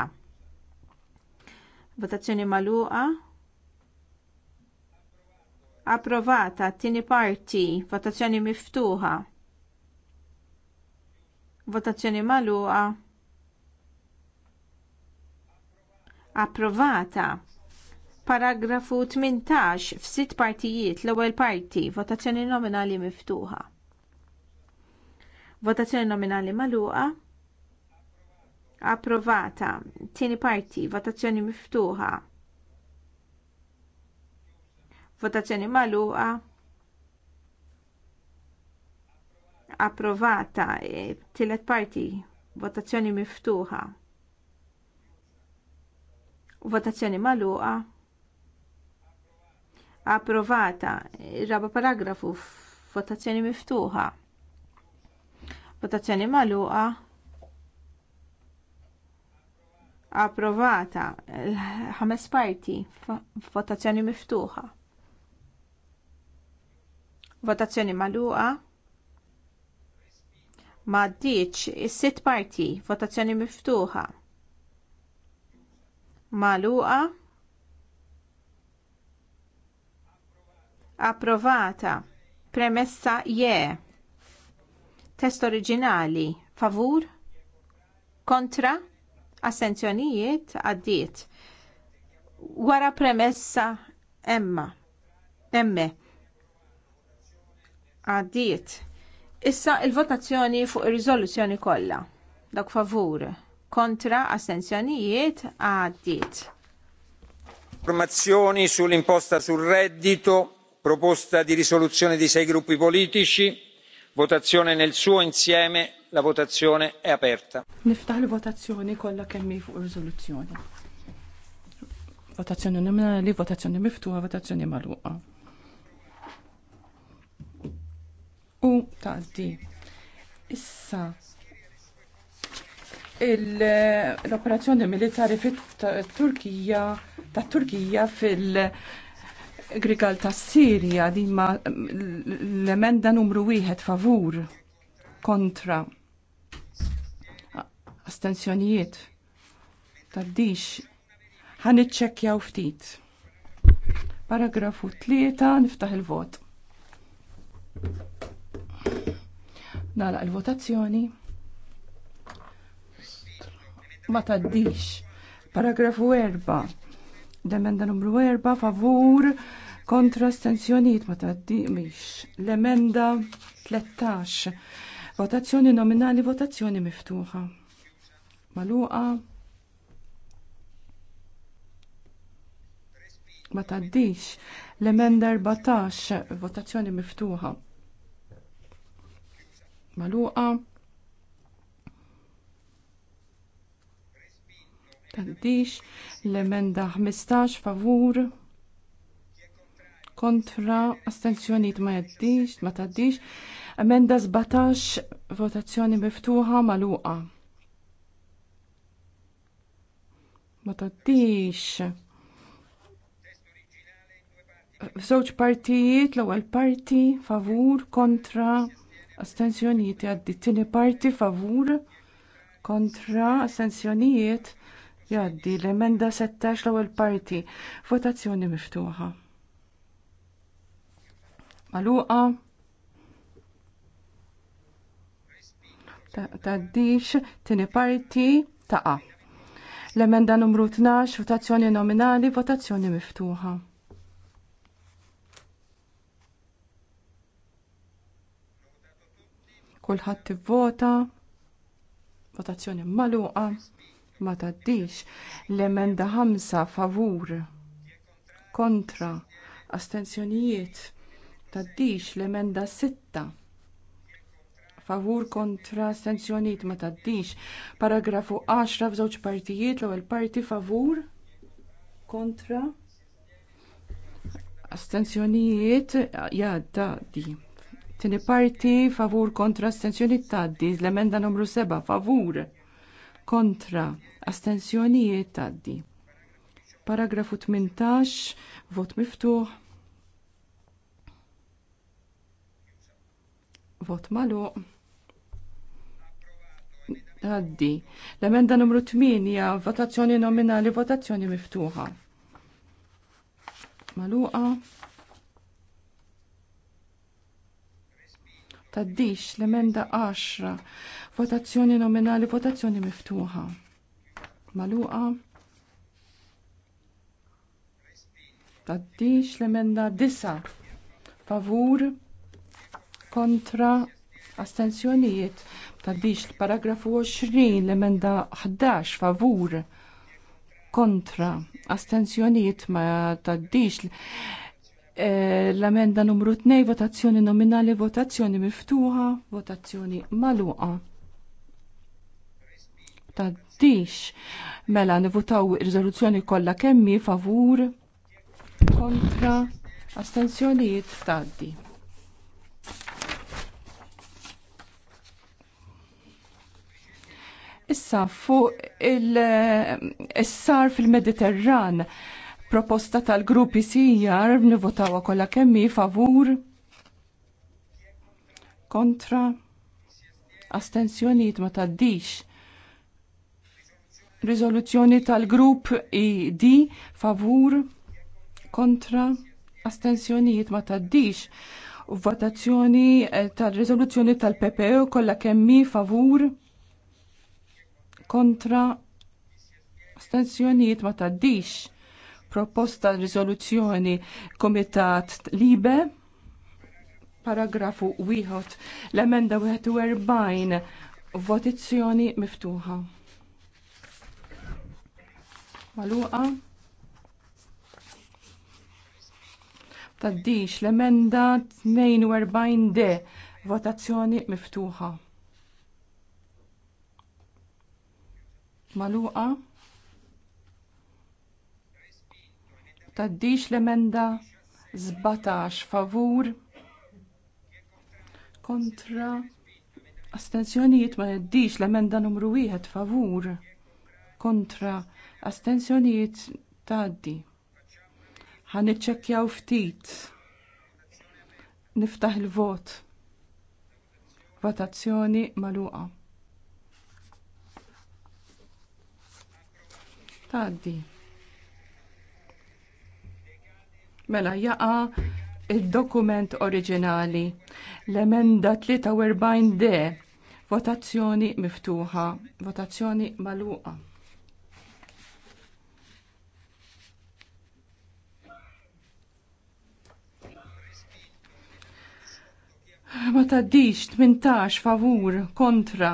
Votazzjoni maluqa. Approvata. Tini parti. Votazzjoni miftuħa. Votazzjoni maluqa. Approvata. Paragrafu 18 f'sitt partijiet l-ewwel parti, votazzjoni nominali miftuħa. Votazzjoni nominali magħluqa approvata. Tieni parti, votazzjoni miftuħa. Votazzjoni magħluqa. Approvata. E, tielet parti, votazzjoni miftuħa. Votazzjoni magħluqa. Approvata. E, raba paragrafu, votazzjoni miftuħa. Votazzjoni magħluqa approvata ħames parti votazzjoni miftuħa votazzjoni magħluqa m'għaddiex is-sitt parti votazzjoni miftuħa magħluqa approvata premessa je yeah. test oriġinali favur kontra assenzjonijiet għaddiet. Wara premessa emma. Emme. Għaddiet. Issa il-votazzjoni fuq ir rizoluzzjoni kollha. Dak favur. Kontra assenzjonijiet għaddiet. Informazzjoni sull'imposta sul reddito, proposta di risoluzione di sei gruppi politici votazzjoni nel suo insieme la votazione è aperta niftaħ il-votazzjoni kollha kemm hi fuq ir-riżoluzzjoni votazzjoni nominali votazzjoni miftuħa votazzjoni magħluqa u tgħaddi issa l-operazzjoni militari fit-Turkija tat-Turkija fil- Grigal ta' Sirja din ma l-emenda numru wieħed favur kontra astensjonijiet taddix ħan iċċekkjaw ftit. Paragrafu 3 niftaħ il-vot. Nala il-votazzjoni. Ma tad-dix. Paragrafu 4 L-emenda numru 4 favur kontra stenzjoniet ma taddi miex. L-emenda 13 votazzjoni nominali votazzjoni miftuħa. Maluqa ma taddix. L-emenda 14 votazzjoni miftuħa. Maluqa Taddix l-emenda 15 favur kontra astenzjoniet ma jaddix, ma taddix. Emenda 17 votazzjoni miftuħa maluqa. Ma taddix. F'żewġ partijiet, l-ewwel parti favur kontra astenzjonijiet għaddi, tieni parti favur kontra astenzjonijiet Jaddi l-emenda 16 l-ewwel parti. Votazzjoni miftuħa. Maluqa. Taddix tieni parti taqa. L-emenda numru 12, votazzjoni nominali, votazzjoni miftuħa. Kulħadd tivvota. Votazzjoni maluqa ma taddix. L-emenda 5 favur kontra astenzjonijiet taddix. L-emenda 6 favur kontra astenzjonijiet ma taddix. Paragrafu 10 f'żewġ partijiet l-ewwel parti favur kontra astenzjonijiet jgħadda di. Tini parti favur kontra astenzjonijiet taddi. L-emenda numru 7 favur kontra astensjonijiet tgħaddi. Paragrafu 18, vot miftuħ. Vot magħluq. Għaddi. L-emenda numru 8, votazzjoni nominali, votazzjoni miftuħa. Maluqa. Taddix l-emenda 10. Votazzjoni nominali, votazzjoni miftuħa. Maluqa. Taddix l-emenda 9. Favur kontra astensjonijiet. Taddix l-paragrafu 20, l-emenda 11. Favur kontra astensjonijiet ma taddix Eh, l-amenda numru 2, votazzjoni nominali, votazzjoni miftuħa, votazzjoni maluqa. Taddix. Mela nivutaw ir-riżoluzzjoni kollha kemmi favur kontra astensjonijiet taddi. Issa fuq il-sar eh, fil-Mediterran proposta tal-gruppi sijar e nivvotawa kollha kemmi favur kontra astenzjonijiet ma taddix. Riżoluzzjoni tal-grupp ID favur kontra astenzjonijiet ma taddix. Votazzjoni tal-riżoluzzjoni tal ppo kollha kemmi favur kontra astensjonijiet ma taddix proposta risoluzzjoni komitat libe paragrafu wieħed l-emenda 41 votazzjoni miftuħa. Maluqa. Taddix l-emenda 42 d votazzjoni miftuħa. Maluqa. Taddix l-emenda 17 favur kontra astenzjonijiet ma jeddix l-emenda numru 1 favur kontra astenzjonijiet taddi. Ħan iċċekkjaw ftit. Niftaħ il-vot. Votazzjoni maluqa. Taddi. Mela jaqa il-dokument oriġinali l-emenda 43D votazzjoni miftuħa, votazzjoni maluqa. Ma taddix 18 favur kontra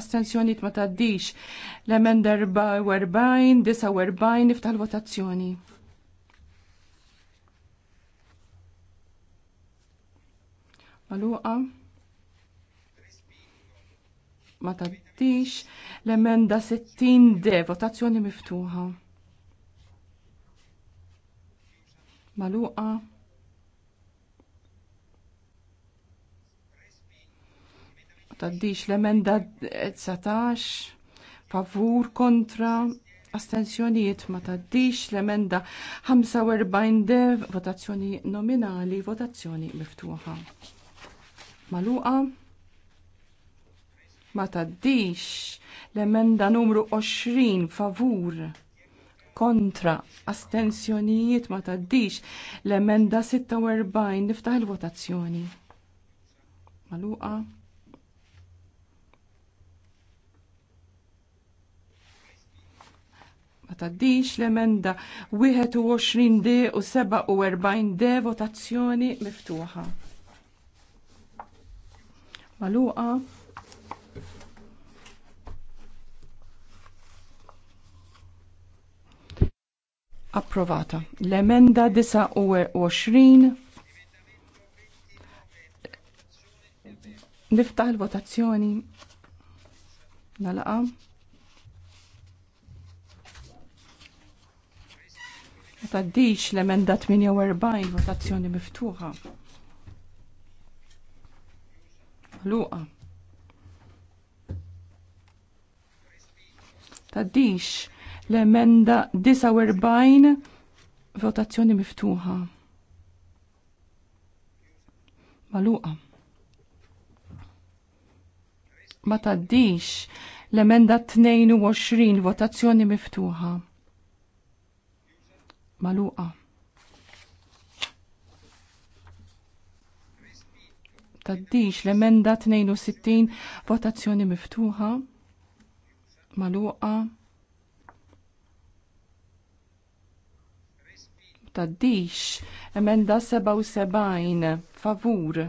astensjoniet ma taddix l-emenda 44, 49 niftaħ votazzjoni. Maluqa. Ma taddix. L-emenda 60 d votazzjoni miftuħa. Maluqa. Ma taddix l-emenda 19 favur kontra astensjonijiet ma taddix l-emenda 45 de votazzjoni nominali, votazzjoni miftuħa maluqa ma taddix l-emenda numru 20 favur kontra astensjonijiet ma taddix l-emenda 46 niftaħ il-votazzjoni maluqa ma taddix l-emenda 21 d u 47 d votazzjoni miftuħa maluqa. Approvata. L-emenda 29. E Niftaħ il-votazzjoni. Nalaqa. Taddix l-emenda 48, votazzjoni miftuħa maħluqa. Taddix l-emenda 49 votazzjoni miftuħa. Maluqa. Ma taddix l-emenda 22 votazzjoni miftuħa. Maluqa. taddix l-emenda 62 votazzjoni miftuħa maluqa taddix emenda 77 favur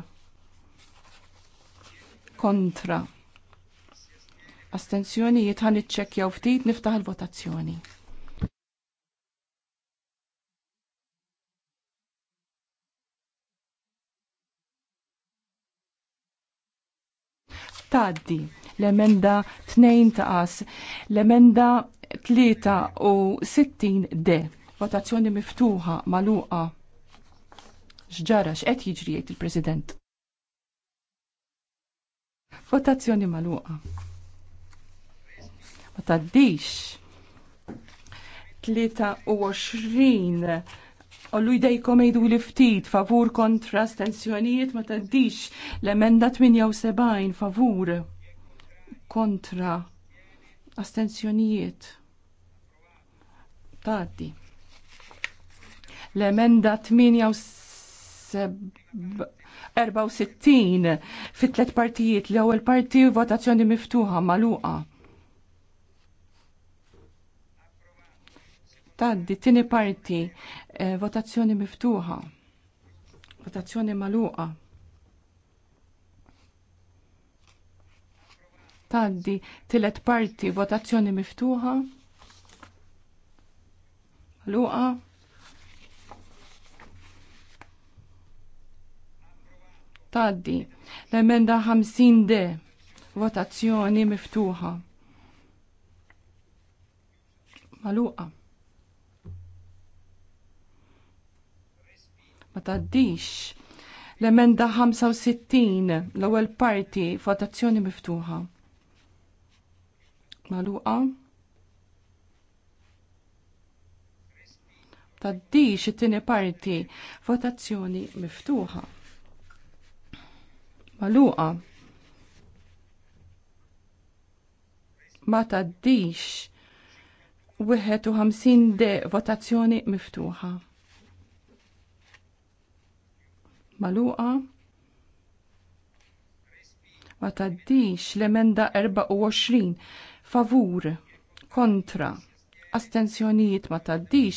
kontra astenzjonijiet ħan iċċekkjaw ftit niftaħ il-votazzjoni. tgħaddi. L-emenda 2 qas. l-emenda 3 u 60 de, Votazzjoni miftuħa maluqa. X'ġarax qed jiġri il-President. Votazzjoni maluqa. Ma tgħaddix: 23 Ollu jdejkom ejdu li ftit favur kontra stenzjonijiet ma taddix l-emenda 78 favur kontra astenzjonijiet. Tati. L-emenda 64 fit tlet partijiet l ewwel parti votazzjoni miftuħa maluqa. Taddi, tini parti Eh, votazzjoni miftuħa. Votazzjoni maluqa. Taddi tillet parti votazzjoni miftuħa. Maluqa. Taddi l-emenda 50 d votazzjoni miftuħa. Maluqa. ma taddix. L-emenda 65, l-ewwel parti, votazzjoni miftuħa. Maluqa. Taddix it-tieni parti, votazzjoni miftuħa. Maluqa. Ma taddix 51 de votazzjoni miftuħa. maluqa ma taddix l-emenda 24 favur kontra astensjonijiet ma taddix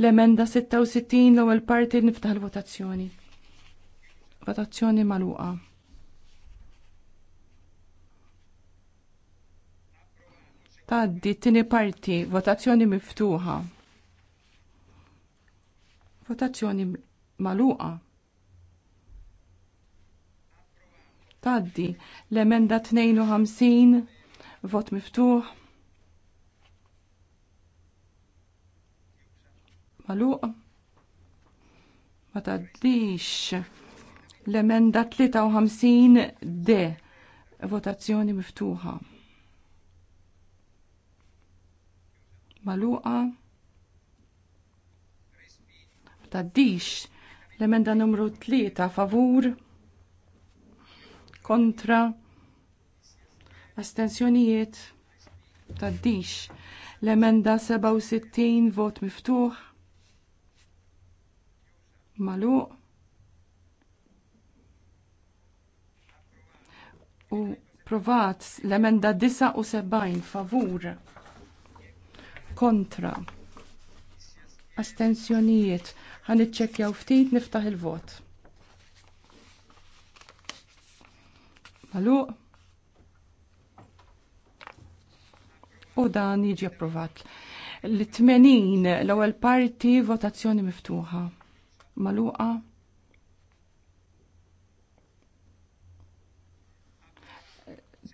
l-emenda 66 l-ewwel parti niftaħ il-votazzjoni. Votazzjoni maluqa. Taddi t-tini parti, votazzjoni miftuħa. Votazzjoni maluqa. taddi. L-emenda 52, vot miftuħ. Maluq. Ma taddix. L-emenda 53 de, Votazzjoni miftuħa. Maluqa. Ma taddix. L-emenda numru 3 favur kontra astensjonijiet taddix l-emenda 67 vot miftuħ magħluq u provat l-emenda 79 favur kontra astensjonijiet ħaniċċekkjaw ftit niftaħ il-vot Maluq. U dan jiġi approvat. L-80 l-ewwel parti votazzjoni miftuħa. Maluqa.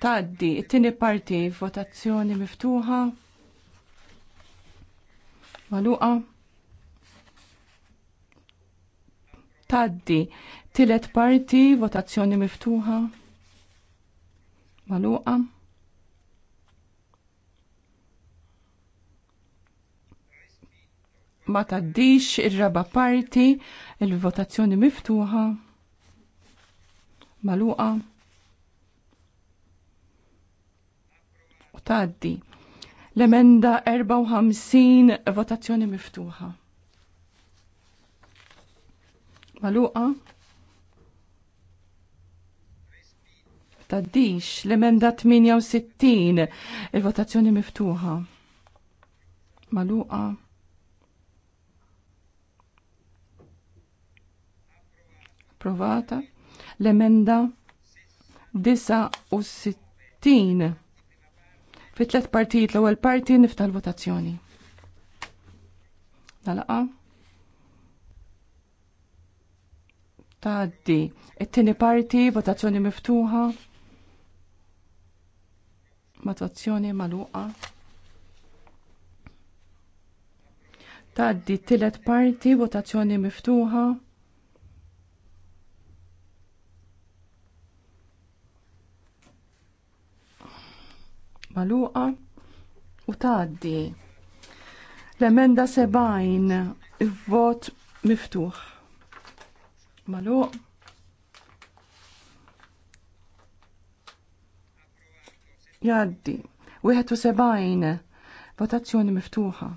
Taddi, it-tieni parti votazzjoni miftuħa. Maluqa. Taddi, tillet parti votazzjoni miftuħa maluqa. Ma taddix ir-raba parti, il-votazzjoni miftuħa, maluqa. U taddi. L-emenda 54 votazzjoni miftuħa. Maluqa. taddix l-emenda 68 il-votazzjoni miftuħa. Maluqa. Provata. L-emenda 69 fit tlet partijiet l-ewwel parti niftal l-votazzjoni. Nalaqa. Taddi. It-tieni parti votazzjoni miftuħa votazzjoni maluqa. Taddi tilet parti, votazzjoni miftuħa. Maluqa u taddi. L-emenda sebajn, il-vot miftuħ. Maluq. jaddi. 71 votazzjoni miftuħa.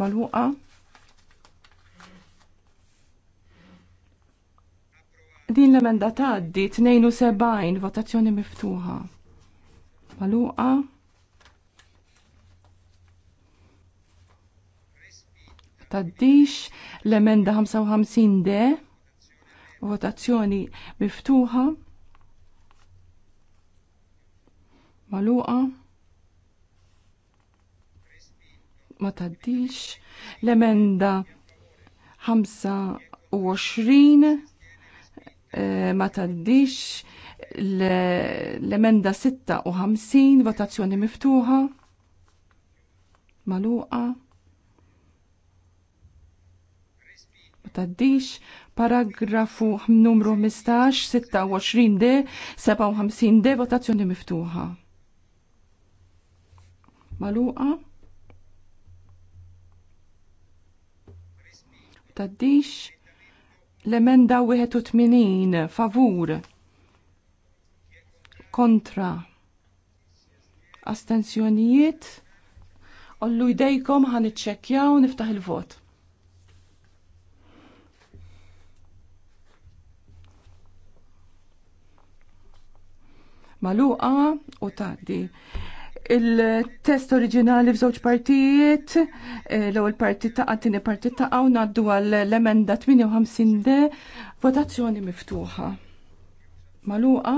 Maluqa. Din l-emenda taddi 72 votazzjoni miftuħa. Maluqa. Taddix l-emenda 55 de votazzjoni miftuħa. maluqa ma taddilx l-emenda 25 eh, ma taddix l-emenda 56 votazzjoni miftuħa maluqa ma taddix paragrafu numru 15 26 d 57 d votazzjoni miftuħa maluqa taddix l-emenda 81 favur kontra astensjonijiet ollu jdejkom ħan iċċekjaw niftaħ il-vot. Maluqa u taddi il-test oriġinali f'żewġ partijiet, eh, l-ewwel parti ta' għattini parti ta' għaw naddu għall-emenda 58 d votazzjoni miftuħa. Maluqa?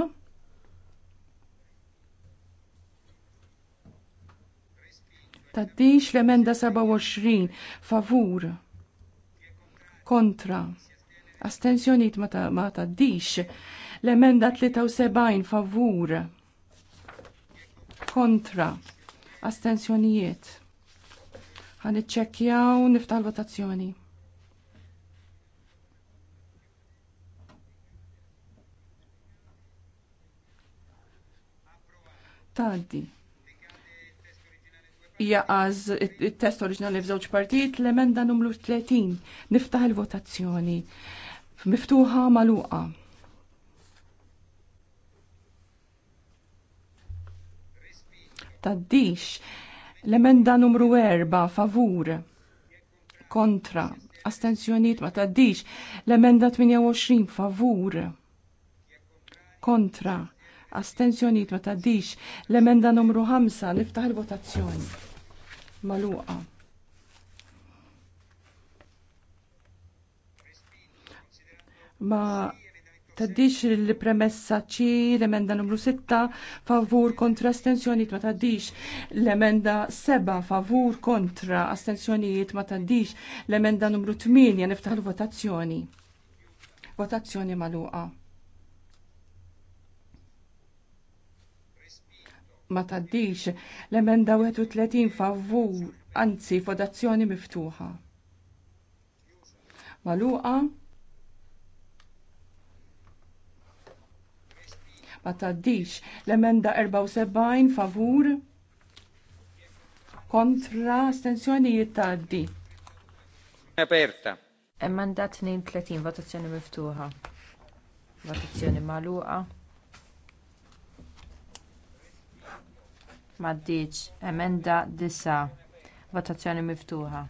Taddix l-emenda 27 favur kontra astensjoniet ma taddix l-emenda 73 favur kontra astensjonijiet. Għan iċċekjaw niftaħ l votazzjoni. Taddi. għaz il-test oriġinali f'żewġ partijiet l-emenda numru 30. Niftaħ il-votazzjoni. Miftuħa maluqa. taddix. L-emenda numru 4 favur kontra astensjoniet ma taddix. L-emenda 28 favur kontra astensjoniet ma taddix. L-emenda numru 5 niftaħ il-votazzjoni. Maluqa. Ma Taddix il-premessa ċi l-emenda numru 6 favur kontra astensjoniet ma taddix l-emenda 7 favur kontra astensjoniet ma taddix l-emenda numru 8 niftaħ l-votazzjoni. Votazzjoni maluqa. Ma taddix l-emenda 31 favur anzi votazzjoni miftuħa. Maluqa ma taddix. L-emenda 74 favur kontra astensjonijiet jittaddi. Aperta. Emenda 32 votazzjoni miftuħa. Votazzjoni magħluqa. Maddiċ, emenda 9, votazzjoni miftuħa.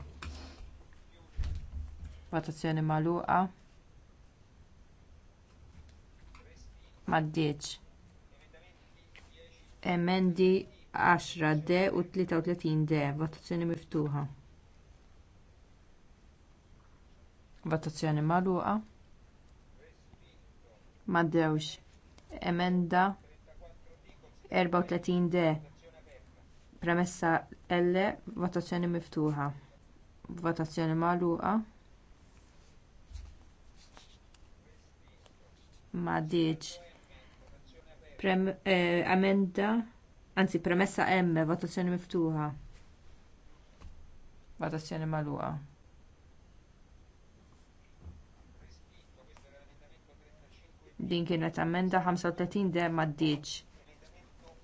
Votazzjoni magħluqa. Maddiċ emendi 10 d u 33 d votazzjoni miftuħa votazzjoni magħluqa m'għaddewx emenda 34 d premessa l votazzjoni miftuħa votazzjoni magħluqa m'għaddiex emenda eh, anzi premessa M, votazzjoni miftuħa votazzjoni magħluqa din kienet emenda 35 dejjem maddiċ.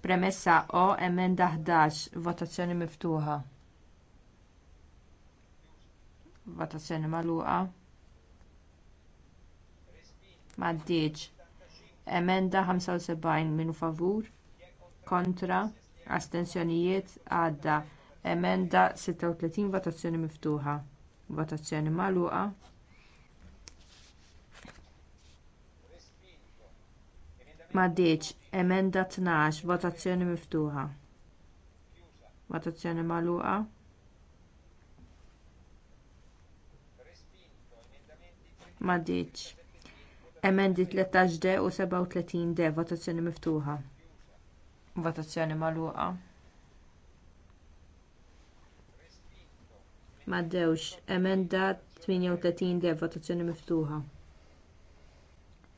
premessa o emenda 11 votazzjoni miftuħa votazzjoni magħluqa Maddiċ emenda 75 minn favur kontra astensjonijiet għadda emenda 36 votazzjoni miftuħa votazzjoni magħluqa m'għaddietx emenda 12 votazzjoni miftuħa votazzjoni magħluqa m'għaddietx Emendi 13 d u 37 d votazzjoni miftuħa. Votazzjoni magħluqa. M'għaddewx. Emenda 38 d votazzjoni miftuħa.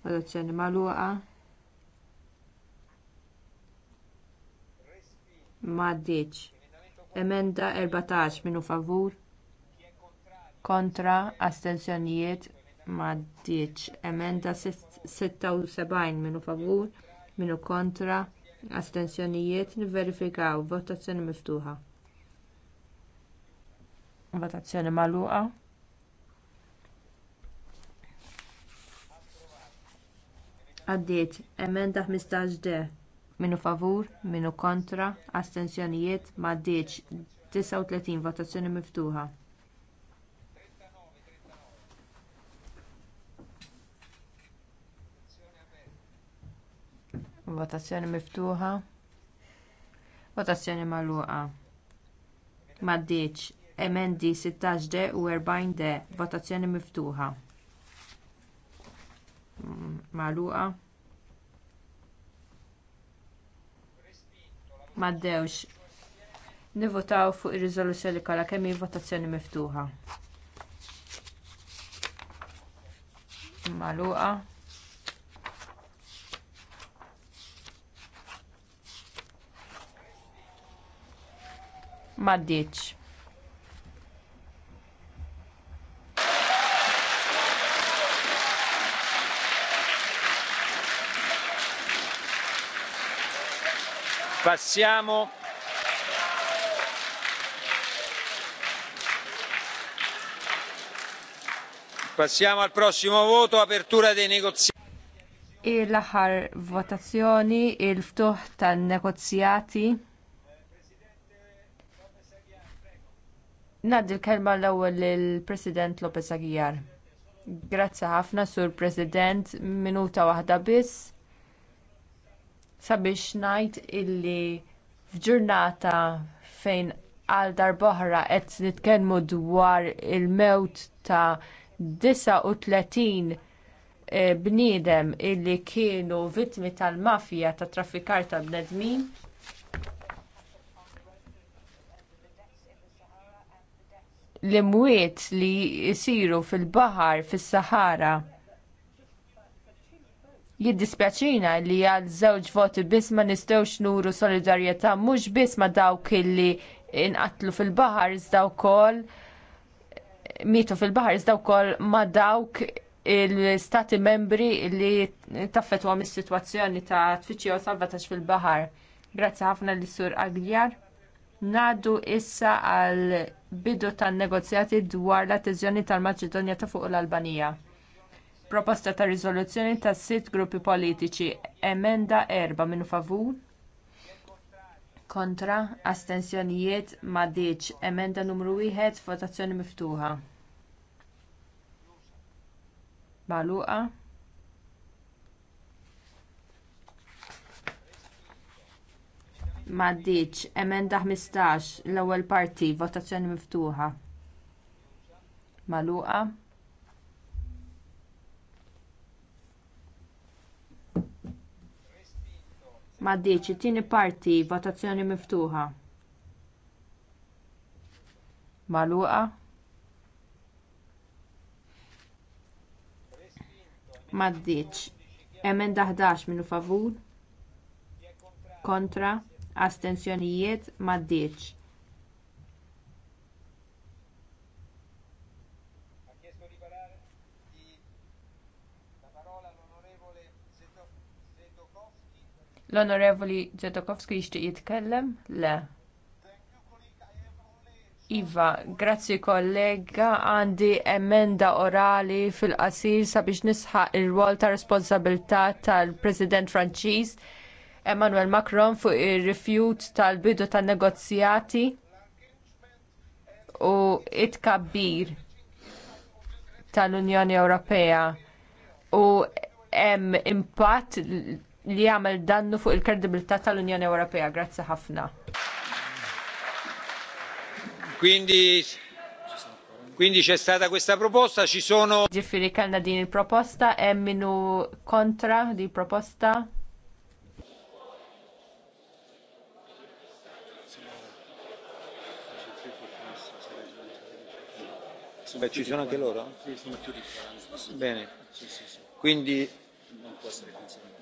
Votazzjoni magħluqa. M'għaddiċ. Emenda 14 minu favur. Kontra astensjonijiet m'għaddiex emenda 76 minu favur minu kontra astensjonijiet nivverifikaw votazzjoni miftuħa votazzjoni magħluqa għaddiet emenda 15 d minu favur minu kontra astensjonijiet m'għaddiex 39 votazzjoni miftuħa Votazzjoni miftuħa. Votazzjoni magħluqa. Maddiċ. Emendi 16 d u 40 d. Votazzjoni miftuħa. Magħluqa. Maddewx. Nivvotaw fuq ir-riżoluzzjoni kollha kemm hi votazzjoni miftuħa. Magħluqa. m'għaddietx Passiamo Passiamo al prossimo voto, apertura dei negoziati. Il-aħħar votazzjoni, il-ftuħ tan-negozjati. Naddi l-kelma l-ewwel lill-President Lopez Aguilar. Grazzi ħafna sur President, minuta waħda biss. Sabiex ngħid illi f'ġurnata fejn għal darboħra qed nitkellmu dwar il-mewt ta' 39 eh, bniedem illi kienu vittmi tal-mafja tat traffikar ta' bnedmin l-imwiet li jsiru fil-baħar fis-Sahara. Jiddispjaċina li għal żewġ voti biss ma nistgħux nuru solidarjetà mhux biss ma dawk li inqatlu fil-baħar iżda wkoll mitu fil-baħar iżda wkoll ma dawk il-stati membri li taffetwa is sitwazzjoni ta' tfittxija u salvataġġ fil-baħar. Grazzi ħafna lis sur Agljar. Ngħaddu issa għal bidu tan-negozjati dwar l-attiżjoni tal-Maċedonja ta' fuq l-Albanija. Proposta ta' riżoluzzjoni ta' sitt gruppi politiċi, emenda erba' minn favur, kontra, astensjonijiet m'għaddiex, emenda numru wieħed, votazzjoni miftuħa. Magħluqa. m'għaddietx emenda 15 l-ewwel parti votazzjoni miftuħa magħluqa m'għaddietx it-tieni parti votazzjoni miftuħa magħluqa m'għaddietx emenda 11 minu favur kontra astensjonijiet m'għaddiex L-Onorevoli Ġetokowski jixtieq jitkellem? Le. Iva, grazzi kollega, għandi emenda orali fil-qasir sabiex nisħaq ir-rwol ta' responsabilità tal-President Franċiż Emmanuel Macron fuq ir-rifjut tal-bidu tan-negozjati u it-kabbir tal-Unjoni Ewropea u hemm impatt li jagħmel dannu fuq il-kredibilità tal-Unjoni Ewropea. Grazzi ħafna. Quindi Quindi c'è stata questa proposta, ci sono... Ġifiri kalna din il-proposta, hemm meno kontra di proposta. Beh, ci sono anche loro? Sì, sono Bene. Quindi,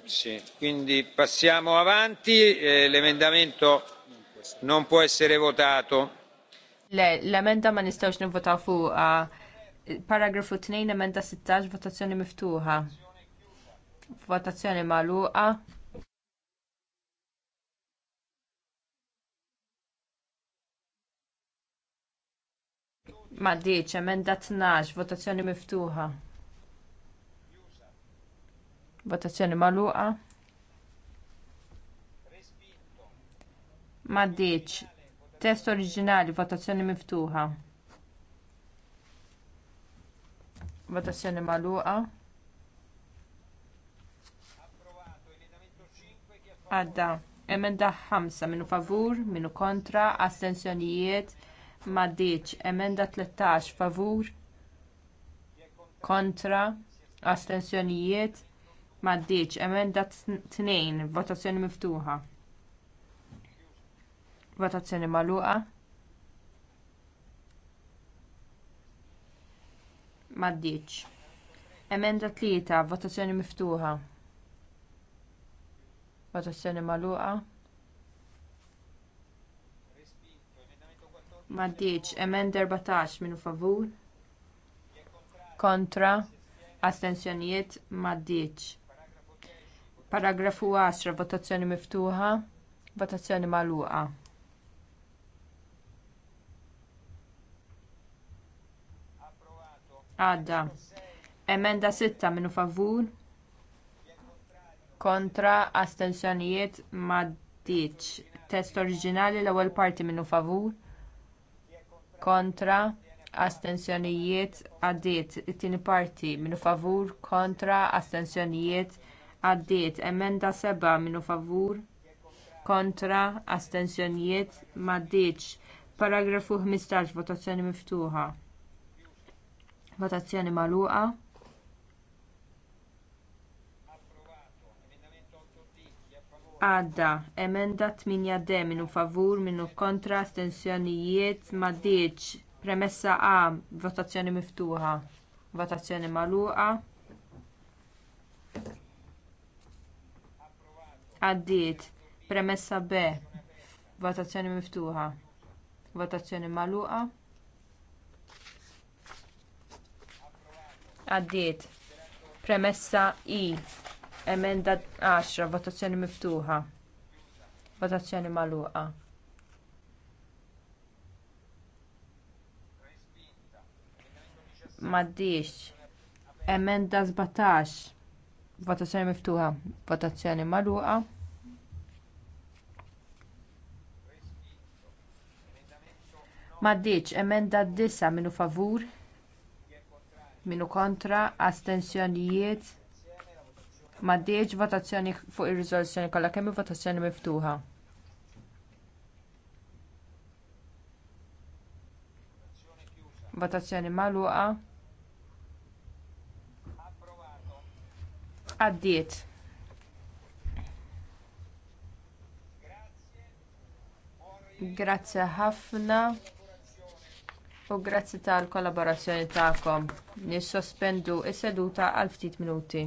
sì. Quindi passiamo avanti, eh, l'emendamento non può essere votato. Le, l-emenda ma nistgħux nivvotaw fuq paragrafu 2 emenda 16 votazzjoni miftuħa. Votazzjoni maluqa. Maddiċ, emenda 12, votazzjoni miftuħa. Votazzjoni magħluqa. diċ, test oriġinali, votazzjoni miftuħa. Votazzjoni magħluqa. Għadda, emenda 5, minu favur, minu kontra, astensjonijiet, m'għaddiex emenda 13 favur kontra astensjonijiet m'għaddiex emenda 2 votazzjoni miftuħa votazzjoni magħluqa m'għaddiex emenda 3 votazzjoni miftuħa votazzjoni magħluqa Maddiċ, emenda 14 minu favur. Kontra, astensjonijiet, maddiċ. Paragrafu 10, votazzjoni miftuħa, votazzjoni magħluqa. Għadda. Emenda 6 minu favur. Kontra, astensjonijiet, maddiċ. Test oriġinali l-ewwel parti minnu favur kontra astensjonijiet għaddiet it-tieni parti minu favur kontra astensjonijiet għaddiet emenda 7 minu favur kontra astensjonijiet m'għaddiex paragrafu 15 votazzjoni miftuħa votazzjoni magħluqa għadda emenda 8 d minu favur minu kontra astensjonijiet m'għaddiex premessa a votazzjoni miftuħa votazzjoni magħluqa għaddiet premessa b votazzjoni miftuħa votazzjoni magħluqa għaddiet premessa i Emenda 10, votazzjoni miftuħa. Votazzjoni magħluqa. M'għaddix, Emenda 17. Votazzjoni miftuħa. Votazzjoni magħluqa. M'għaddix emenda 9 minu favur, minu kontra, astensjonijiet, M'għaddiex votazzjoni fuq ir-riżoluzzjoni kollha kemm il votazzjoni miftuħa. Votazzjoni magħluqa. Għaddiet. Grazzi ħafna u grazzi tal-kollaborazzjoni tagħkom. Nissospendu s-seduta għal ftit minuti.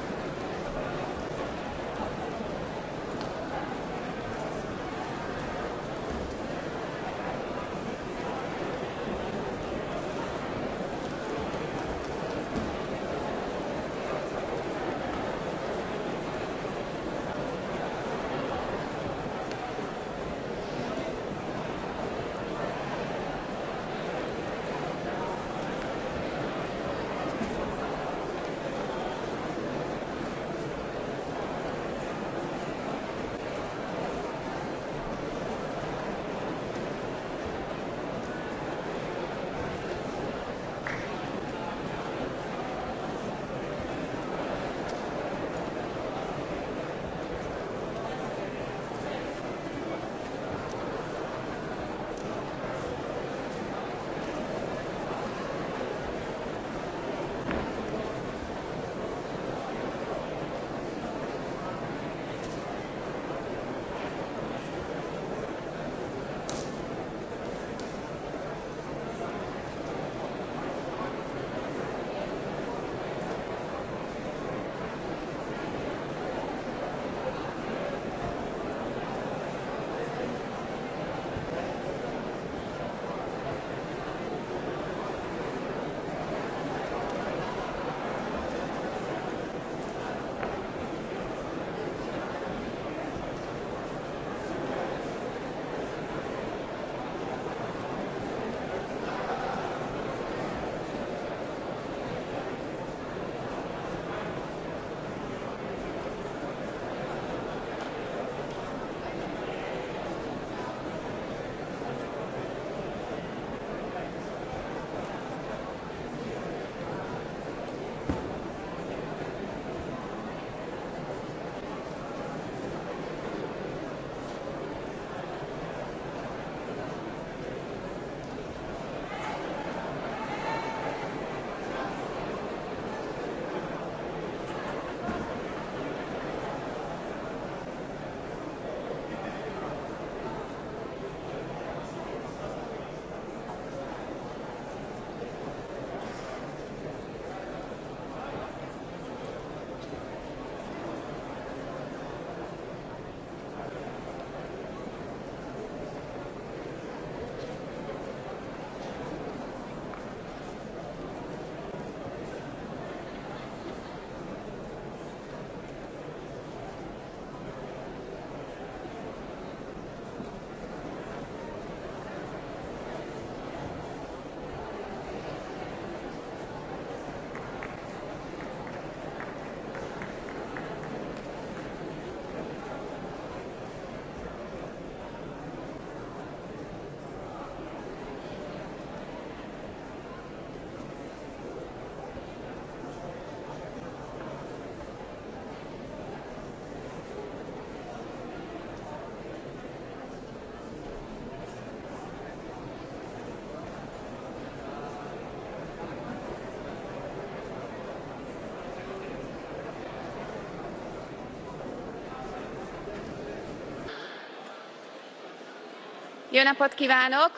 Jó napot kívánok!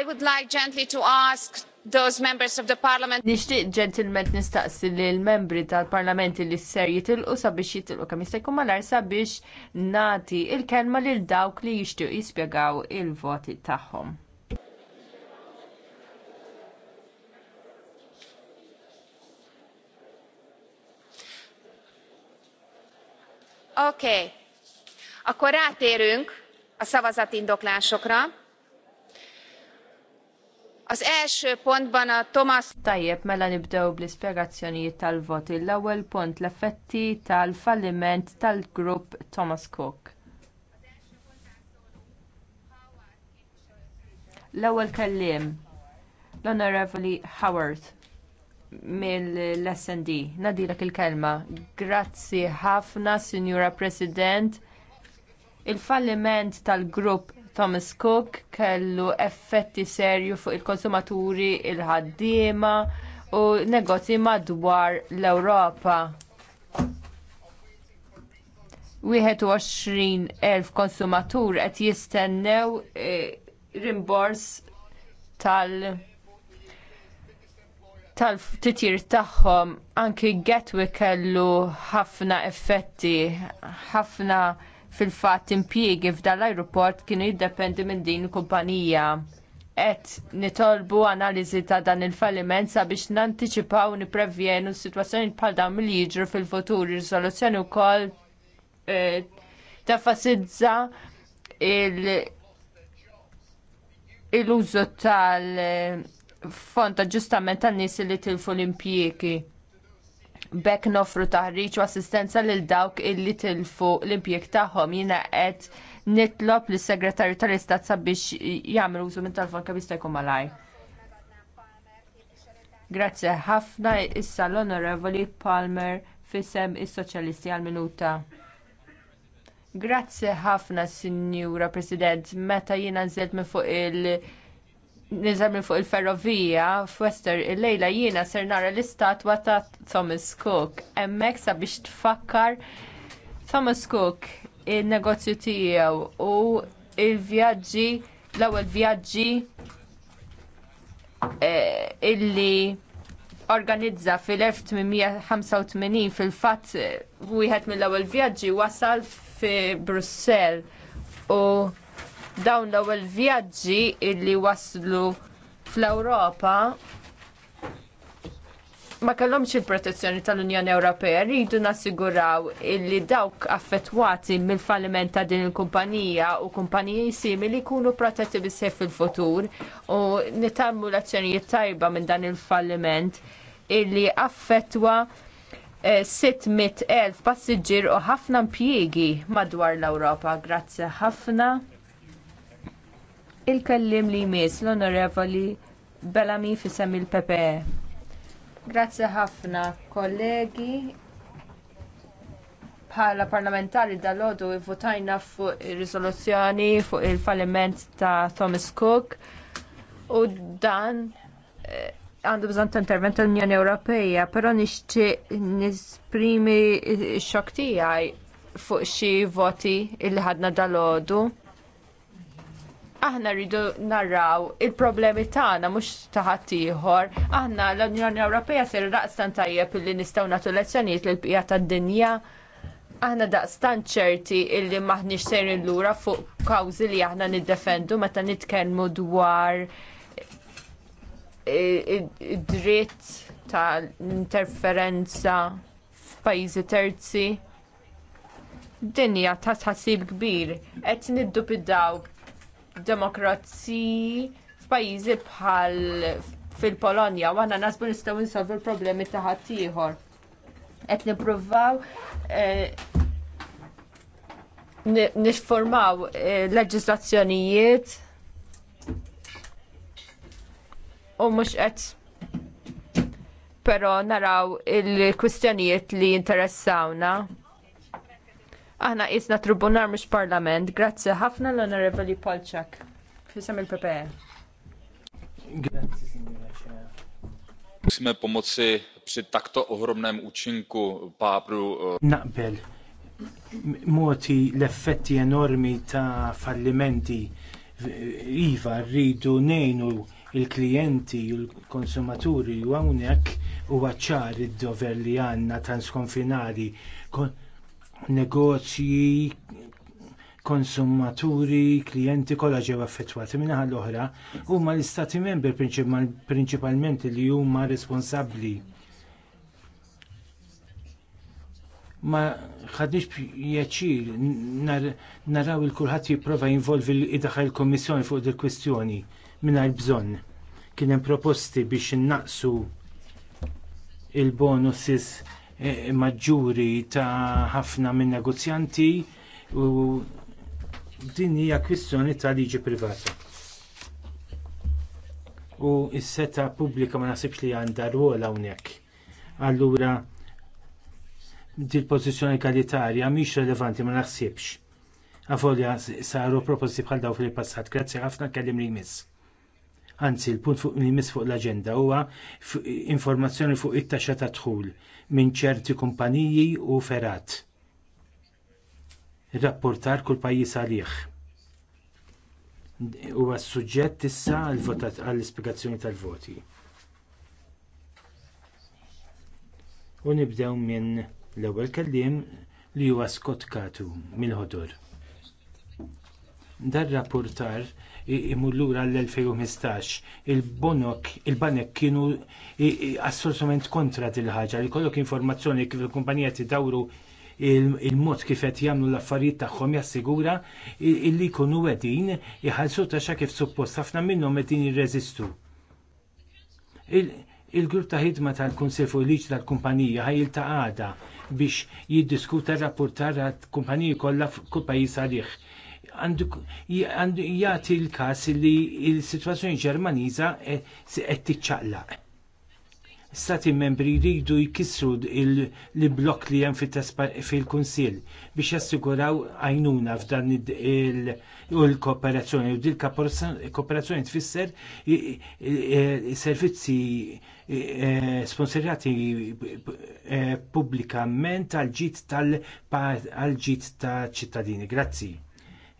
I would like gently to ask those members of the parliament. Nixtieq ġentilment nistaqsi lil membri tal-parlament li ser jitilqu sabiex jitilqu kemm jista' jkun malar sabiex nagħti l kelma lil dawk li jixtiequ jispjegaw il-voti tagħhom. Okay. Akkor rátérünk a szavazatindoklásokra. Az első pontban a Thomas... Tajjeb, mela nibdew bl-ispjegazzjonijiet tal-voti. L-ewwel punt l-effetti tal-falliment tal-grupp Thomas Cook. L-ewwel kelliem l-Honorevoli Howard mill-SND. Nadilek il-kelma. Grazzi ħafna, Sinjura President Il-falliment tal-grupp Thomas Cook kellu effetti serju fuq il-konsumaturi, il-ħaddiema u negozji madwar l-Ewropa. 21,000 konsumatur qed jistennew eh, rimbors tal- tal-titjir tagħhom anki Gatwick kellu ħafna effetti, ħafna fil-fatt impjiegi f'dan l-ajruport kienu jiddependi minn din il-kumpanija. Qed nitolbu analiżi ta' dan il-falliment sabiex nanticipaw u niprevjenu situazzjoni bħal dawn li jiġru fil-futur. Ir-riżoluzzjoni wkoll eh, tafasizza il- il-użu tal-fond eh, aġġustament tan-nies li tilfu l-impjiegi bekk nofru taħriġ u assistenza lil dawk illi tilfu l-impjeg tagħhom jiena qed nitlob lis segretarju tal-Istat sabiex jagħmel użu minn telefon kemm jista' jkun malaj. Grazzi ħafna issa l-Onorevoli Palmer fisem is-Soċjalisti għall minuta Grazzi ħafna, Sinjura President, meta jiena nżilt minn fuq il- nizar minn fuq il-ferrovija f'Wester il-lejla jiena ser nara l-istatwa ta' Thomas Cook. Hemmhekk sabiex tfakkar Thomas Cook in negozju tiegħu u l vjaġġi l-ewwel vjaġġi eh, illi organizza fil-1885 fil-fatt wieħed mill-ewwel vjaġġi wasal fi Brussel u dawn l-ewwel vjaġġi illi waslu fl-Ewropa ma kellhomx il-protezzjoni tal-Unjoni Ewropea, rridu nassiguraw illi dawk affettwati mill-falliment ta' din il-kumpanija u kumpaniji simili jkunu protetti bisseħ fil-futur u nitammu l-azzjonijiet tajba minn dan il-falliment illi affettwa 600.000 eh, passiġġier u ħafna impjiegi madwar l-Ewropa. Grazzi ħafna. Il-kellim li jmiss l-onorevoli Bellamy fisem il-PPE. Grazzi ħafna kollegi. Bħala parlamentari dal-ħodu votajna fuq il-rizoluzzjoni fuq il-falliment ta' Thomas Cook u dan eh, għandu bżon ta' intervent tal-Unjoni Ewropeja, però nixtieq nisprimi x tiegħi fuq xi voti li ħadna dal-għodu aħna rridu narraw il-problemi tagħna mhux ta' ħaddieħor. Aħna l-Unjoni Ewropea ser raqstan tajjeb li nistgħu nagħtu lezzjonijiet lil bqija tad-dinja. Aħna daqstan ċerti illi maħniex serin lura fuq kawżi li aħna niddefendu meta nitkellmu dwar id-dritt ta' interferenza f'pajjiżi terzi. Dinja ta' tħassib kbir qed niddu bid-dawk demokraziji f'pajjiżi bħal fil-Polonja u aħna nasbu nistgħu nsolvu l-problemi ta' ħaddieħor. Qed nippruvaw eh, nixformaw eh, leġislazzjonijiet u mhux qed però naraw il-kwistjonijiet li jinteressawna. Aħna isna tribunar mhux parlament. Grazzi ħafna l-Onorevoli Polczak. Fisem il-PPE. Grazzi, signora Musíme pomoci při takto ohromném účinku pádu. Eh, Naqbel. Moti l-effetti enormi ta' fallimenti iva rridu nejnu il-klijenti u l-konsumaturi u hawnhekk huwa ċar id-dover li għandna transkonfinali kon negozji, konsumaturi, klijenti kollha ġew affettwati minnaħa l-oħra huma l-istati membri prinċipalment li huma responsabbli. Ma ħadniex pjaċir naraw il kulħadd jipprova jinvolvi id-daħħal il-Kommissjoni fuq il kwistjoni mingħajr bżonn. Kien hemm proposti biex innaqsu il-bonuses Eh, maġġuri ta' ħafna minn negozjanti u din hija kwistjoni ta' liġi privata. U s-seta pubblika ma nasibx li għandha rwol hawnhekk. Allura il pożizzjoni kalitarja mhix relevanti ma naħsibx. Avolja saru proposti bħal daw fil-passat. Grazzi ħafna kellim li jmiss. Anzi, l punt fuq li mis fuq l-agenda huwa informazzjoni fuq it-taxxa ta' dħul minn ċerti kumpaniji u ferat. Rapportar kull pajjiż għalih. Huwa suġġett issa għall-ispjegazzjoni tal-voti. U nibdew minn l-ewwel kelliem li huwa Scott Katu mill-ħodur. Dar rapportar imur lura l-2015. Il-bonok, il-banek kienu assolutament kontra din il ħaġa li kollok informazzjoni kif il-kumpanija tidawru il-mod kif qed jagħmlu l-affarijiet tagħhom jassigura illi jkunu qegħdin iħallsu taxxa kif suppost ħafna minnhom qegħdin jirreżistu. Il-grupp ta' ħidma tal-Kunsill fuq il-liġ tal-kumpanija ħaj għada biex jiddiskuta rrappurtar għat kumpaniji kollha kull pajjiż għalih jagħti l-każ li l-sitwazzjoni Ġermaniża e- qed tiċċaqlaq. Stati membri jridu jkissru l-blokk li hemm fil-Kunsill biex jassiguraw għajnuna f'dan il-kooperazzjoni u dil-kooperazzjoni tfisser servizzi e- sponsorjati e- pubblikament għal ġid tal-ċittadini. Grazzi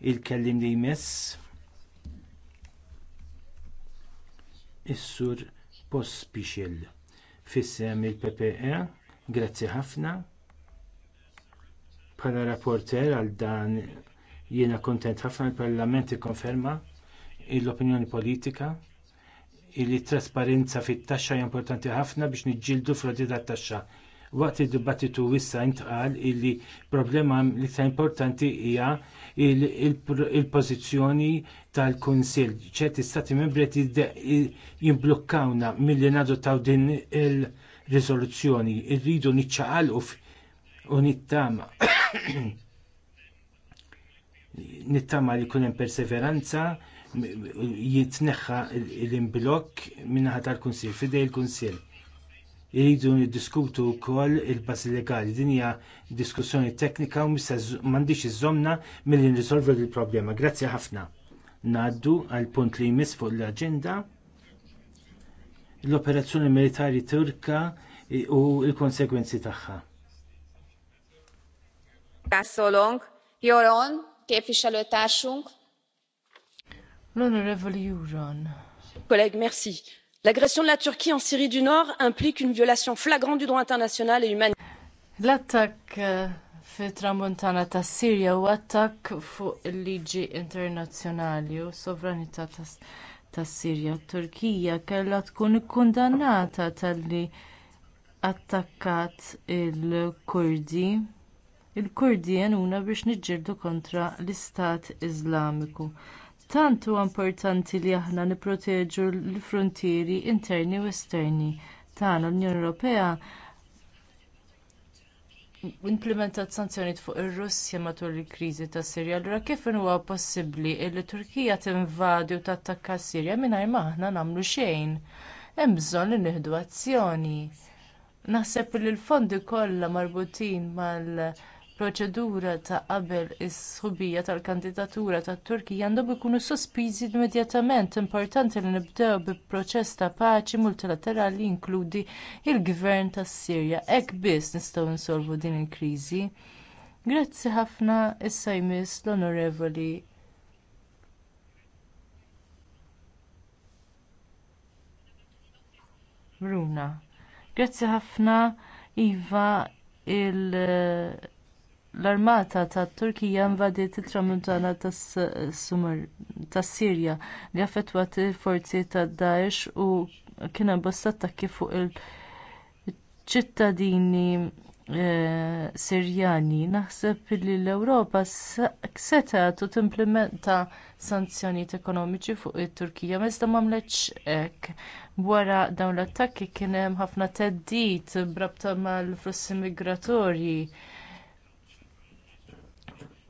il-kellim li jmiss. Is-sur Pospixil fissem il-PPE, grazzi ħafna. Bħala rapporter għal dan jiena kuntent ħafna il-Parlament ikkonferma l-opinjoni politika li t trasparenza fit-taxxa hija importanti ħafna biex niġġieldu frodi tat-taxxa. Waqt id-dibattitu wissa intqal illi problema l-iktar importanti hija il-pożizzjoni tal-Kunsill. ċerti stati membri qed jimblukkawna milli nadottaw din il-riżoluzzjoni. Irridu niċċaqalqu u nittama. nittama li jkun hemm perseveranza jitneħħa l-imblokk min-naħa tal-Kunsill, fidej il-Kunsill Iridu niddiskutu wkoll il-bażi legali. Din hija diskussjoni teknika u m'għandix iżżomna milli nrisolvu il-problema. Grazzi ħafna. Ngħaddu għal punt li jmiss fuq l-aġenda l-operazzjoni militari Turka u l-konsegwenzi tagħha. Joron, Kolleg, merci l'aggression de la turquie en syrie du nord implique une violation flagrante du droit international et humanitaire. l-attakk eh, fit-tramuntana tas-sirja huwa attak fuq il-liġi internazzjonali u s-sovranità tas-sirja turkija kellha tkun ikkundannata talli attakkat il-kurdi il-kurdi jenuna biex niġġieldu kontra l-istat iżlamiku tant huwa importanti li aħna nipproteġu l-fruntieri interni u esterni tagħna l-Unjoni Ewropea implementat sanzjonijiet fuq ir-Russja matul il-kriżi tas-Sirja. Allura kif huwa possibbli li Turkija tinvadi u tattakka s-Sirja mingħajr ma aħna nagħmlu xejn? Hemm bżonn li nieħdu azzjoni. Naħseb li l-fondi kollha marbutin mal- proċedura ta' qabel is-sħubija tal-kandidatura tat-Turkija għandhom ikunu sospiżi immedjatament. Importanti li nibdew bi proċess ta' paċi multilaterali jinkludi l gvern tas-Sirja. Hekk biss nistgħu nsolvu din il-kriżi. Grazzi ħafna issa jmiss l-Onorevoli Bruna. Grazzi ħafna Iva il- l-armata tat turkija invadiet it-tramuntana tas-sirja li affettwat il-forzi tad daesh u kien hemm bosta attakki fuq il-ċittadini eh, sirjani naħseb li l-ewropa setgħet u timplementa sanzjonijiet ekonomiċi fuq it-turkija iżda m'għamletx hekk wara dawn l-attakki kien hemm ħafna theddid b'rabta mal-flussi migratorji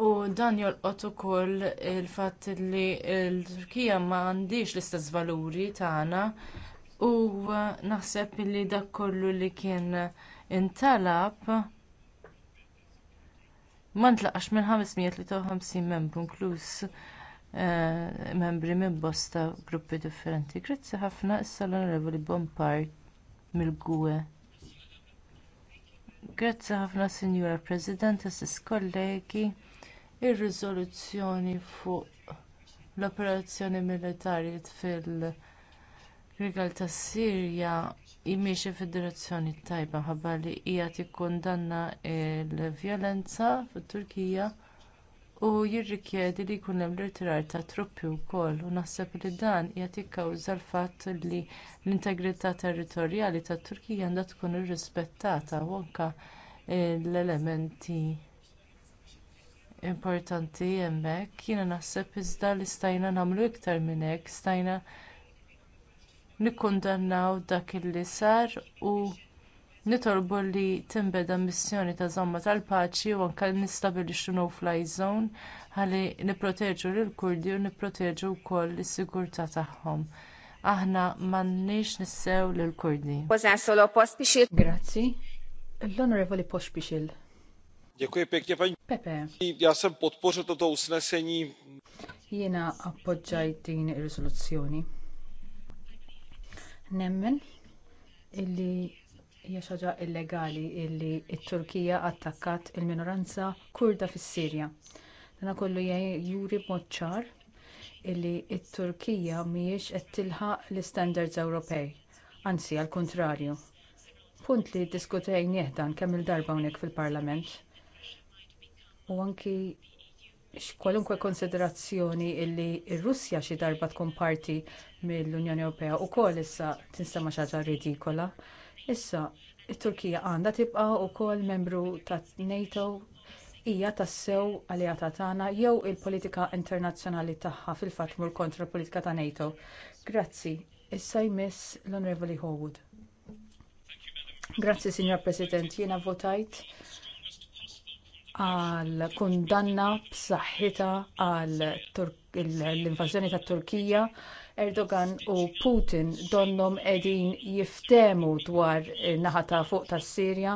U dan jolqot ukoll il-fatt li l-Turkija ma għandix l-istess valuri tagħna u naħseb li dak kollu li kien intalab ma ntlaqax minn 553 membru inkluż eh, membri minn bosta gruppi differenti. Grazzi ħafna issa l-Onorevoli Bompard mill-Gwe. Grazzi ħafna Sinjura President, Assis Kollegi ir-riżoluzzjoni fuq l-operazzjoni militari fil-grigal tas-sirja mhixi fid-direzzjoni tajba ħabba li hija tikkundanna l-vjolenza fit-turkija u jirrikjedi li jkun hemm ritirar ta' truppi wkoll u naħseb li dan qiegħed jikkawża l-fatt li l-integrità territorjali tat-turkija għandha tkun irrispettata u anke l-elementi importanti hemmhekk jiena naħseb iżda li stajna nagħmlu iktar minn hekk stajna nikkundannaw dak li sar u nitolbu li tinbeda missjoni ta' żamma tal-paċi u anke nistabbilixxu no fly zone ħalli nipproteġu lill-kurdi u nipproteġu wkoll is-sigurtà tagħhom aħna m'għandniex nissew lill-kurdi. Grazzi. L-Onorevoli Pospixil paní. Pepe. Já jsem podpořil toto usnesení. Jiena appoġġajt din ir-riżoluzzjoni. Nemmen illi hija xi ħaġa illegali illi t-Turkija attakkat il-minoranza Kurda fis-Sirja. Dan kollu juri b'mod ċar illi t-Turkija mhijiex qed tilħaq l-istandards Ewropej, anzi għall-kuntrarju. Punt li ddiskutejnieh dan kemm il-darba hawnhekk fil-Parlament u anki kwalunkwe konsiderazzjoni li r-Russja xi darba tkun parti mill-Unjoni Ewropea wkoll issa tinsema' xi ħaġa ridikola. Issa it-Turkija għandha tibqa' wkoll membru ta' NATO hija tassew alleata tagħna jew il-politika internazzjonali tagħha fil-fatt mur kontra l-politika ta' NATO. Grazzi. Issa jmiss l-Onorevoli Howard. Grazzi, Signor President. Jiena votajt għal kundanna b'saħħitha għal l-invażjoni tat-Turkija, Erdogan u Putin donhom qegħdin jiftehmu dwar naħa ta' fuq tas-Sirja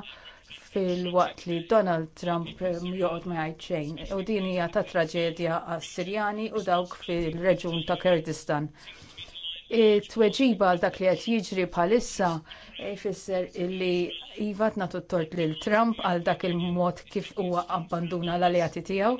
fil-waqt li Donald Trump joqgħod ma jgħid xejn. U din hija ta' traġedja għas-Sirjani u dawk fil-reġjun ta' Kurdistan tweġiba għal dak li qed jiġri bħalissa e, jfisser illi iva tnatu t-tort lil Trump għal dak il-mod kif huwa abbanduna l-aljati tiegħu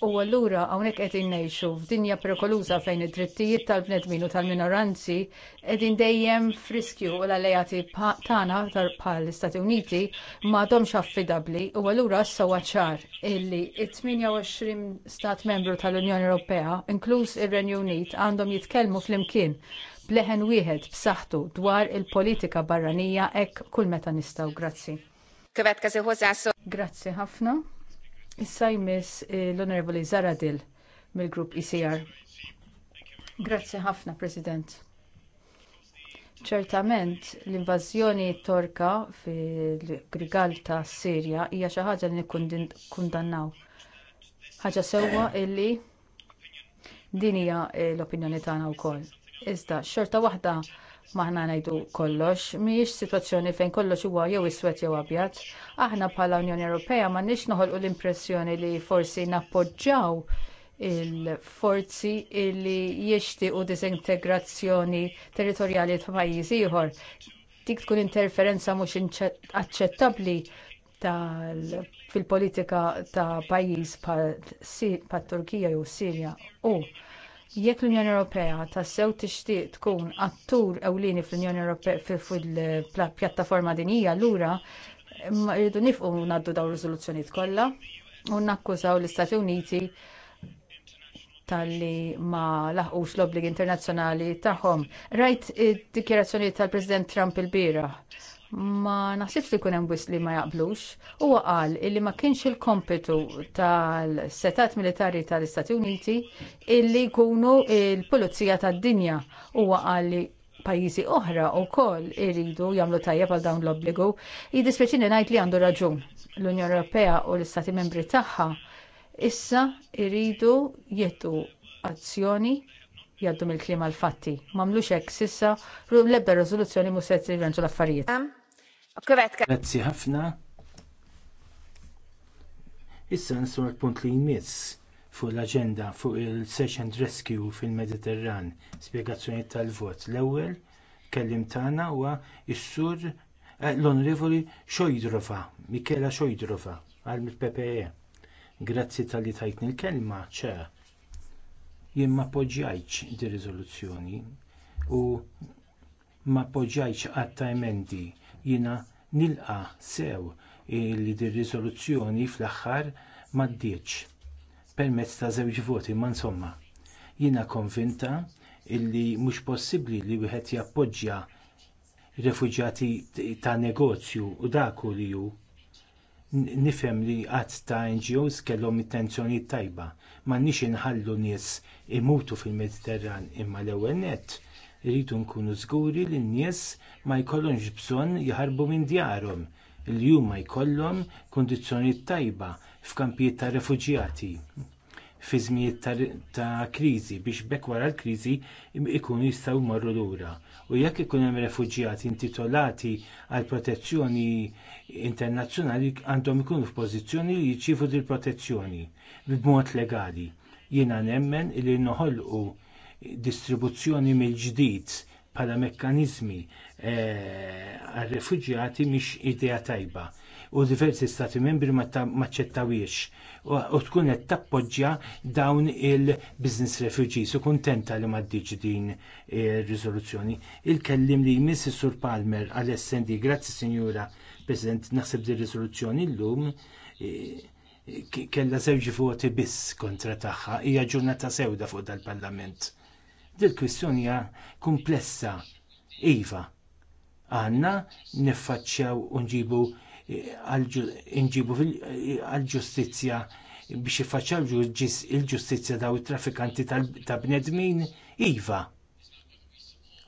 U allura hawnhekk qegħdin ngħixu f'dinja perikoluża fejn id-drittijiet tal-bnedmin u tal-minoranzi qegħdin dejjem friskju u l-alleati tagħna bħal istati Uniti ma m'għadhomx affidabbli u allura sewwa ċar illi t 28 stat membru tal-Unjoni Ewropea, inkluż ir-Renju Unit, għandhom jitkellmu flimkien bleħen wieħed b'saħħtu dwar il-politika barranija hekk kull meta nistgħu. Grazzi. Grazzi ħafna. Issa jmiss eh, l-Onorevoli Zaradil mill-grupp ICR. E Grazzi ħafna, President. Ċertament l-invażjoni torka fil-Grigal ta' Sirja hija xi ħaġa li nikkundannaw. Ħaġa sewwa illi din hija eh, l-opinjoni tagħna wkoll. Iżda xorta waħda maħna ngħidu kollox, mhijiex sitwazzjoni fejn kollox huwa jew iswed jew abjad. Aħna bħala Unjoni Ewropea m'għandniex noħolqu l-impressjoni li forsi nappoġġaw il-forzi li jixtiequ disintegrazzjoni territorjali ta' pajjiż ieħor. Dik tkun interferenza mhux aċċettabbli fil-politika ta' pajjiż pa' Turkija u Sirja u Jekk l-Unjoni Ewropea tassew tixtieq tkun attur ewlieni fl-Unjoni Ewropea fil-pjattaforma dinija allura rridu nifqu ngħaddu dawn riżoluzzjonijiet kollha u nakkużaw l-Istati Uniti talli ma laħqux l obbligi internazzjonali tagħhom. Rajt id-dikjerazzjoni tal-President Trump ilbieraħ ma naħsibx li jkun hemm li ma jaqblux. Huwa qal illi ma kienx il-kompitu tal-setat militari tal-Istati Uniti illi jkunu l pulizija tad-dinja. Huwa qal li pajjiżi oħra wkoll iridu jagħmlu tajjeb għal dawn l-obbligu. Jiddispjaċini ngħid li għandu raġun. L-Unjoni Ewropea u l-Istati Membri tagħha issa jridu jettu azzjoni jgħaddu mill-klima l-fatti. Mamlux hekk sissa l-ebda riżoluzzjoni mhux se l-affarijiet. Grazzi ħafna. Issa nsor punt li jmiss fuq l aġenda fuq il-Search and Rescue fil-Mediterran, spiegazzjoni tal-vot. L-ewwel kellim tagħna u s-sur eh, l-Onorevoli Xojdrova, Michela Xojdrova, għal mill-PPE. Grazzi tal-li tajtni l-kelma, ċe. Jien ma poġġajċ di riżoluzzjoni u ma poġġajċ għatta emendi Jiena nilqa sew li dir riżoluzzjoni fl-aħħar m'għaddiex permezz ta' żewġ voti ma' insomma. Jiena konvinta li mhux possibbli li wieħed jappoġġja refuġjati ta' negozju u daku li hu nifhem li qatt ta' NGOs kellhom intenzjonijiet tajba, m'għandniex inħallu nies imutu fil-Mediterran imma l-ewwel nett Rridu nkunu żguri li n-nies ma jkollhomx bżonn jaħarbu minn djarhom li huma jkollhom kundizzjonijiet tajba f'kampijiet ta' refuġjati fi żmijiet ta' kriżi biex bekk wara l-kriżi ikunu jistgħu jmorru lura. U jekk ikun hemm refuġjati intitolati għal protezzjoni internazzjonali għandhom ikunu f'pożizzjoni li jiċċievu din protezzjoni b'mod legali. Jiena nemmen li noħolqu distribuzzjoni mill-ġdid bħala mekkaniżmi eh, għar-refuġjati mhix idea tajba u diversi stati membri maċċettawiex u tkun qed tappoġġja dawn il-business refugees u kuntenta li m'għaddix din ir-riżoluzzjoni. Il-kellim li jmiss is-Sur Palmer għal SND, grazzi Sinjura President, naħseb din riżoluzzjoni llum eh, kellha żewġ voti biss kontra tagħha, hija ġurnata sewda fuq dal-Parlament Dil hija komplessa, iva. Għanna niffaċċjaw u nġibu għall eh, għal-ġustizzja eh, biex jiffaċċjaw il-ġustizzja daw it-traffikanti ta' bnedmin, iva.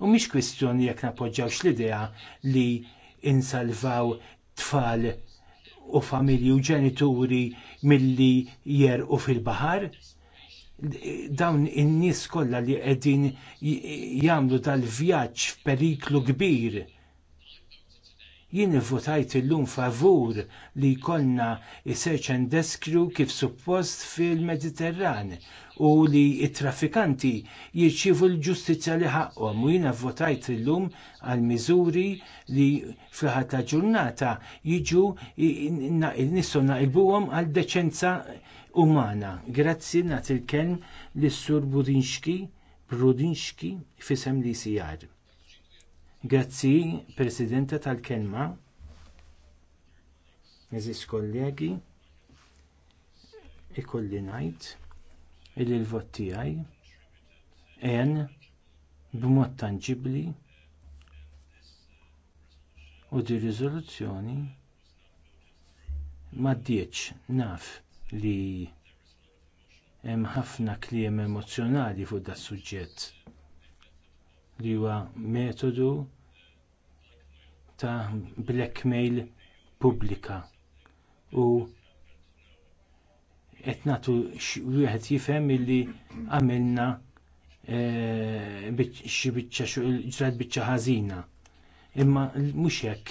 U mhix kwistjoni jekk napoġġawx l-idea li insalvaw tfal u familji u ġenituri milli jerqu fil-baħar, dawn in-nies kollha li qegħdin jagħmlu dal-vjaġġ f'periklu kbir. Jien votajt illum favur li jkollna search and rescue kif suppost fil-Mediterran u li t traffikanti jirċievu l-ġustizzja li ħaqhom u jiena votajt illum għal miżuri li fl-ħat ta' ġurnata jiġu naqil naqilbuhom għal deċenza umana. Grazzi nat il-kelm l-sur Budinski, Brudinski fisem li sijar. Grazzi, Presidenta tal-kelma, eżis kollegi, ikolli ngħid illi l-vot tiegħi għen b'mod tangibli. u di riżoluzzjoni ma' naf li hemm ħafna kliem emozjonali fuq das suġġett li huwa metodu ta' blackmail pubblika u qed nagħtu wieħed jifhem illi għamilna e, xi biċċa ġrat biċċa ħażina. Imma mhux hekk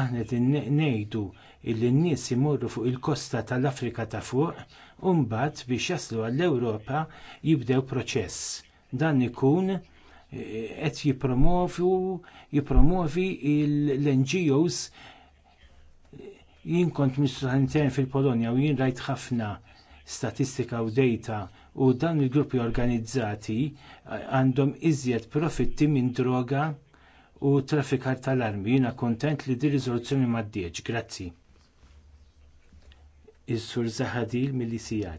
aħna qed ngħidu illi n-nies imorru fuq il-kosta tal-Afrika ta' fuq u mbagħad biex jaslu għall-Ewropa jibdew proċess. Dan ikun e, qed jippromovu jippromovi l-NGOs jien kont fil-Polonja u jien rajt ħafna statistika u dejta u dan il-gruppi organizzati għandhom iżjed profitti minn droga u traffikar tal-armi. Jiena kuntent li di riżoluzzjoni maddiex. Grazzi is-sur Zahadil mill-ICR.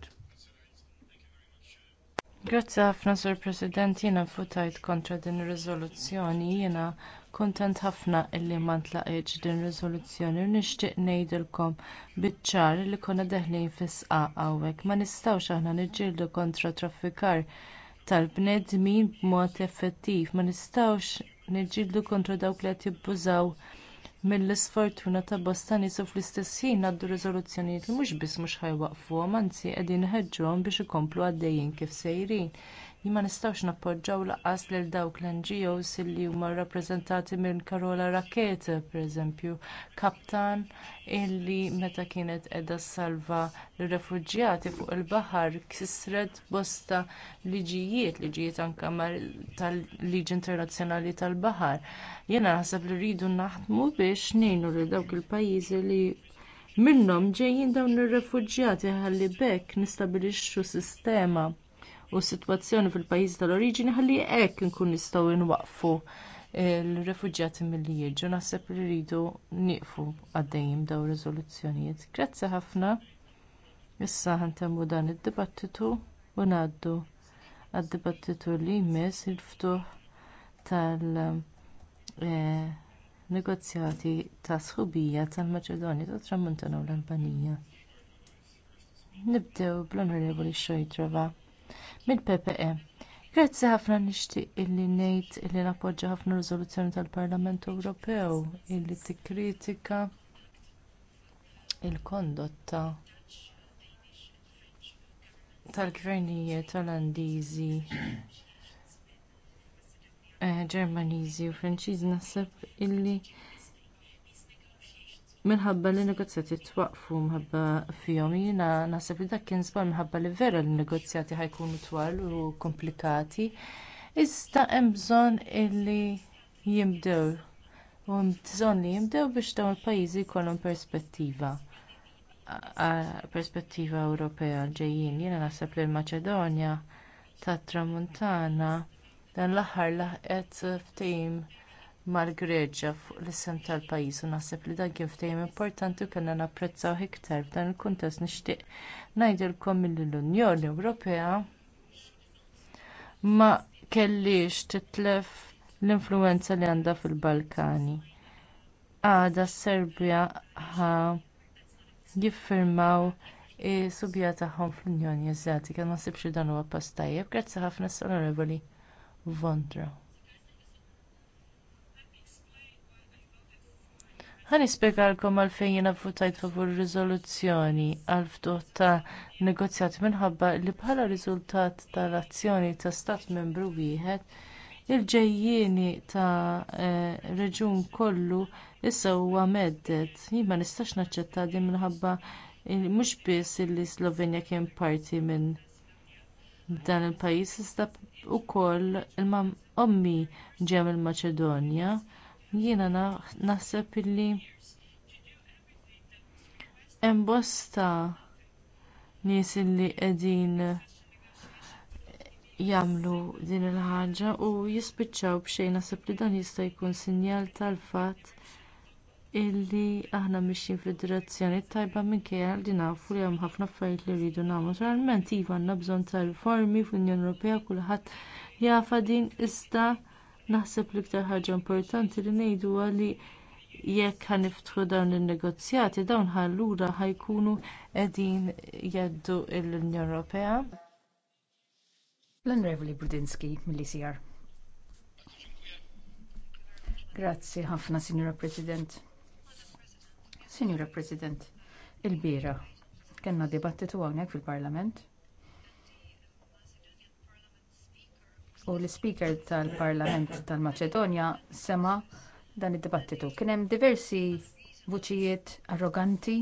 Grazzi ħafna Sur President, jiena nfutajt kontra din ir-riżoluzzjoni, jiena kuntent ħafna illi ma ntlaqitx din riżoluzzjoni u nixtieq ngħidilkom biċ-ċar li konna deħlin fis sqa hawnhekk. Ma nistgħux aħna niġġieldu kontra traffikar tal-bnedmin b'mod effettiv, ma nistgħux niġġieldu kontra dawk li qed jibbużaw mill-isfortuna ta' bosta nies fl-istess ħin għaddu riżoluzzjonijiet li mhux biss mhux ħajwaqfuhom anzi qegħdin iħeġġuhom biex ikomplu għaddejjin kif sejrin li ma nistgħux nappoġġjaw lanqas lil dawk l-ngos li huma rrappreżentati minn carola rackete pereżempju kaptan illi meta kienet qiegħda ssalva lir-refuġjati fuq il-baħar kisret bosta liġijiet liġijiet anke tal-liġi internazzjonali tal-baħar jiena naħseb li rridu naħdmu biex ngħinu lil dawk il-pajjiżi li minnhom ġejjin dawn ir-refuġjati ħalli b'hekk nistabbilixxu sistema u s-sitwazzjoni fil-pajjiż tal-oriġini ħalli hekk inkun nistgħu nwaqfu l-refuġjati milli jiġu naħseb li rridu nieqfu għaddejjin dawn riżoluzzjonijiet. Grazzi ħafna. Issa ħantemmu dan id-dibattitu u ngħaddu għad-dibattitu li jmiss il-ftuħ tal- eh, negozjati ta' sħubija tal-Maċedonja tat Tramuntana u l-Albanija. Nibdew bl-Onorevoli Xojtrova mill-ppe grazzi ħafna nixtieq illi ngħid illi nappoġġja ħafna riżoluzzjoni tal-parlament ewropew illi tikkritika l-kondotta tal-gvernijiet olandiżi eh, ġermaniżi u franċiżi naħseb illi minħabba li negozjati twaqfu minħabba fihom jiena naħseb li dak kien żball minħabba li vera li negozjati ħajkunu twal u komplikati iżda hemm bżonn illi jimdew u hemm bżonn li jimdew biex dawn il-pajjiżi jkollhom perspettiva perspettiva Ewropea ġejjin. Jiena naħseb li l-Maċedonja tat-Tramuntana dan l-aħħar laħqet ftehim mal-greċja fuq l-isem tal-pajjiż u naħseb li dan kien ftehim importanti u kellna napprezzawh iktar f'dan il-kuntest nixtieq ngħidilkom milli l-unjoni ewropea ma kellix titlef l-influwenza li għandha fil-balkani għada s-serbja ħa jiffirmaw is-subija tagħhom fl-unjoni eżatika naħseb li dan huwa pass tajjeb grazzi ħafna s-onorevoli vondra Għan ispiegalkom għalfejn jiena votajt favur riżoluzzjoni għal ftuħ ta' negozjat minħabba li bħala riżultat tal-azzjoni ta' stat membru wieħed il-ġejjieni ta' reġjun eh, reġun kollu issa huwa medded. Jien ma nistax naċċetta din minħabba mhux biss li Slovenja kien parti minn dan il-pajjiż iżda wkoll il-mam ommi ġew il-Maċedonja jiena naħseb illi hemm bosta nies illi qegħdin jagħmlu din il-ħaġa u jispiċċaw b'xejn naħseb li dan jista' jkun sinjal tal-fatt illi aħna mixjin fid-direzzjoni tajba minkejja li nafu li hemm ħafna affarijiet li rridu nagħmlu. Naturalment iva għandna bżonn ta' riformi fl-Unjoni Ewropea kulħadd jafa din iżda Naħseb l-iktar ħaġa importanti li ngħidu li jekk ħaniftħu dawn in-negozjati dawn allura ħajkunu qegħdin jgħaddu l-Unjoni Ewropea. L-Onorevoli Budinski mill-ICR. Grazzi ħafna, Sinjura President. Sinjura President, il-bira kellna dibattitu hawnhekk fil-Parlament u l-Speaker tal-Parlament tal-Maċedonja sema dan id-dibattitu. Kien hemm diversi vuċijiet arroganti,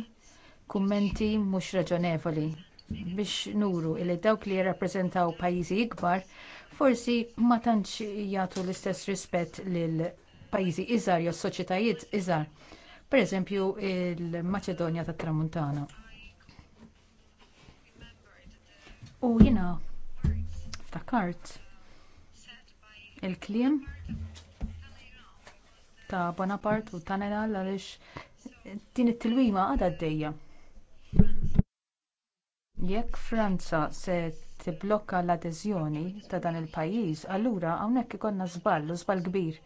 kummenti mhux raġonevoli biex nuru li dawk li jirrappreżentaw pajjiżi ikbar forsi ma tantx jagħtu l-istess rispett lil pajjiżi iżgħar jew soċjetajiet iżgħar. Pereżempju l maċedonja tat-Tramuntana. U jiena ftakart il-kliem ta' Bonaparte u Taneral għaliex din it-tilwima għadha għaddejja. Jekk Franza se tibblokka l-adeżjoni ta' dan il-pajjiż, allura hawnhekk ikollna żball u żball kbir.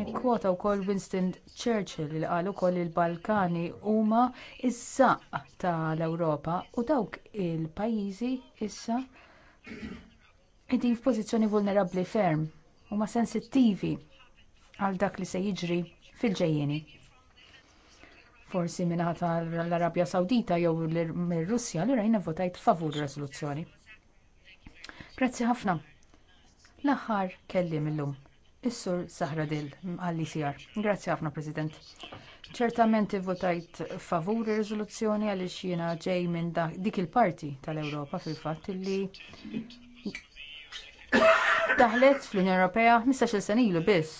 Nikkwota wkoll Winston Churchill li qal ukoll il-Balkani huma iż-żaq tal-Ewropa u dawk il-pajjiżi issa qegħdin f'pożizzjoni vulnerabbli ferm huma sensittivi għal dak li se jiġri fil-ġejjieni. Forsi minħata l-Arabja Sawdita jew mir-Russja li rajna votajt favur resoluzzjoni. Grazzi ħafna. L-aħħar kellim illum. Is-sur Sahradil għall-ICR. Grazzi ħafna, President. Ċertament votajt favur ir-riżoluzzjoni għaliex jiena ġej minn dik il-parti tal-Ewropa fil-fatt li daħlet fl-Unjoni Ewropea 15-il sena ilu biss.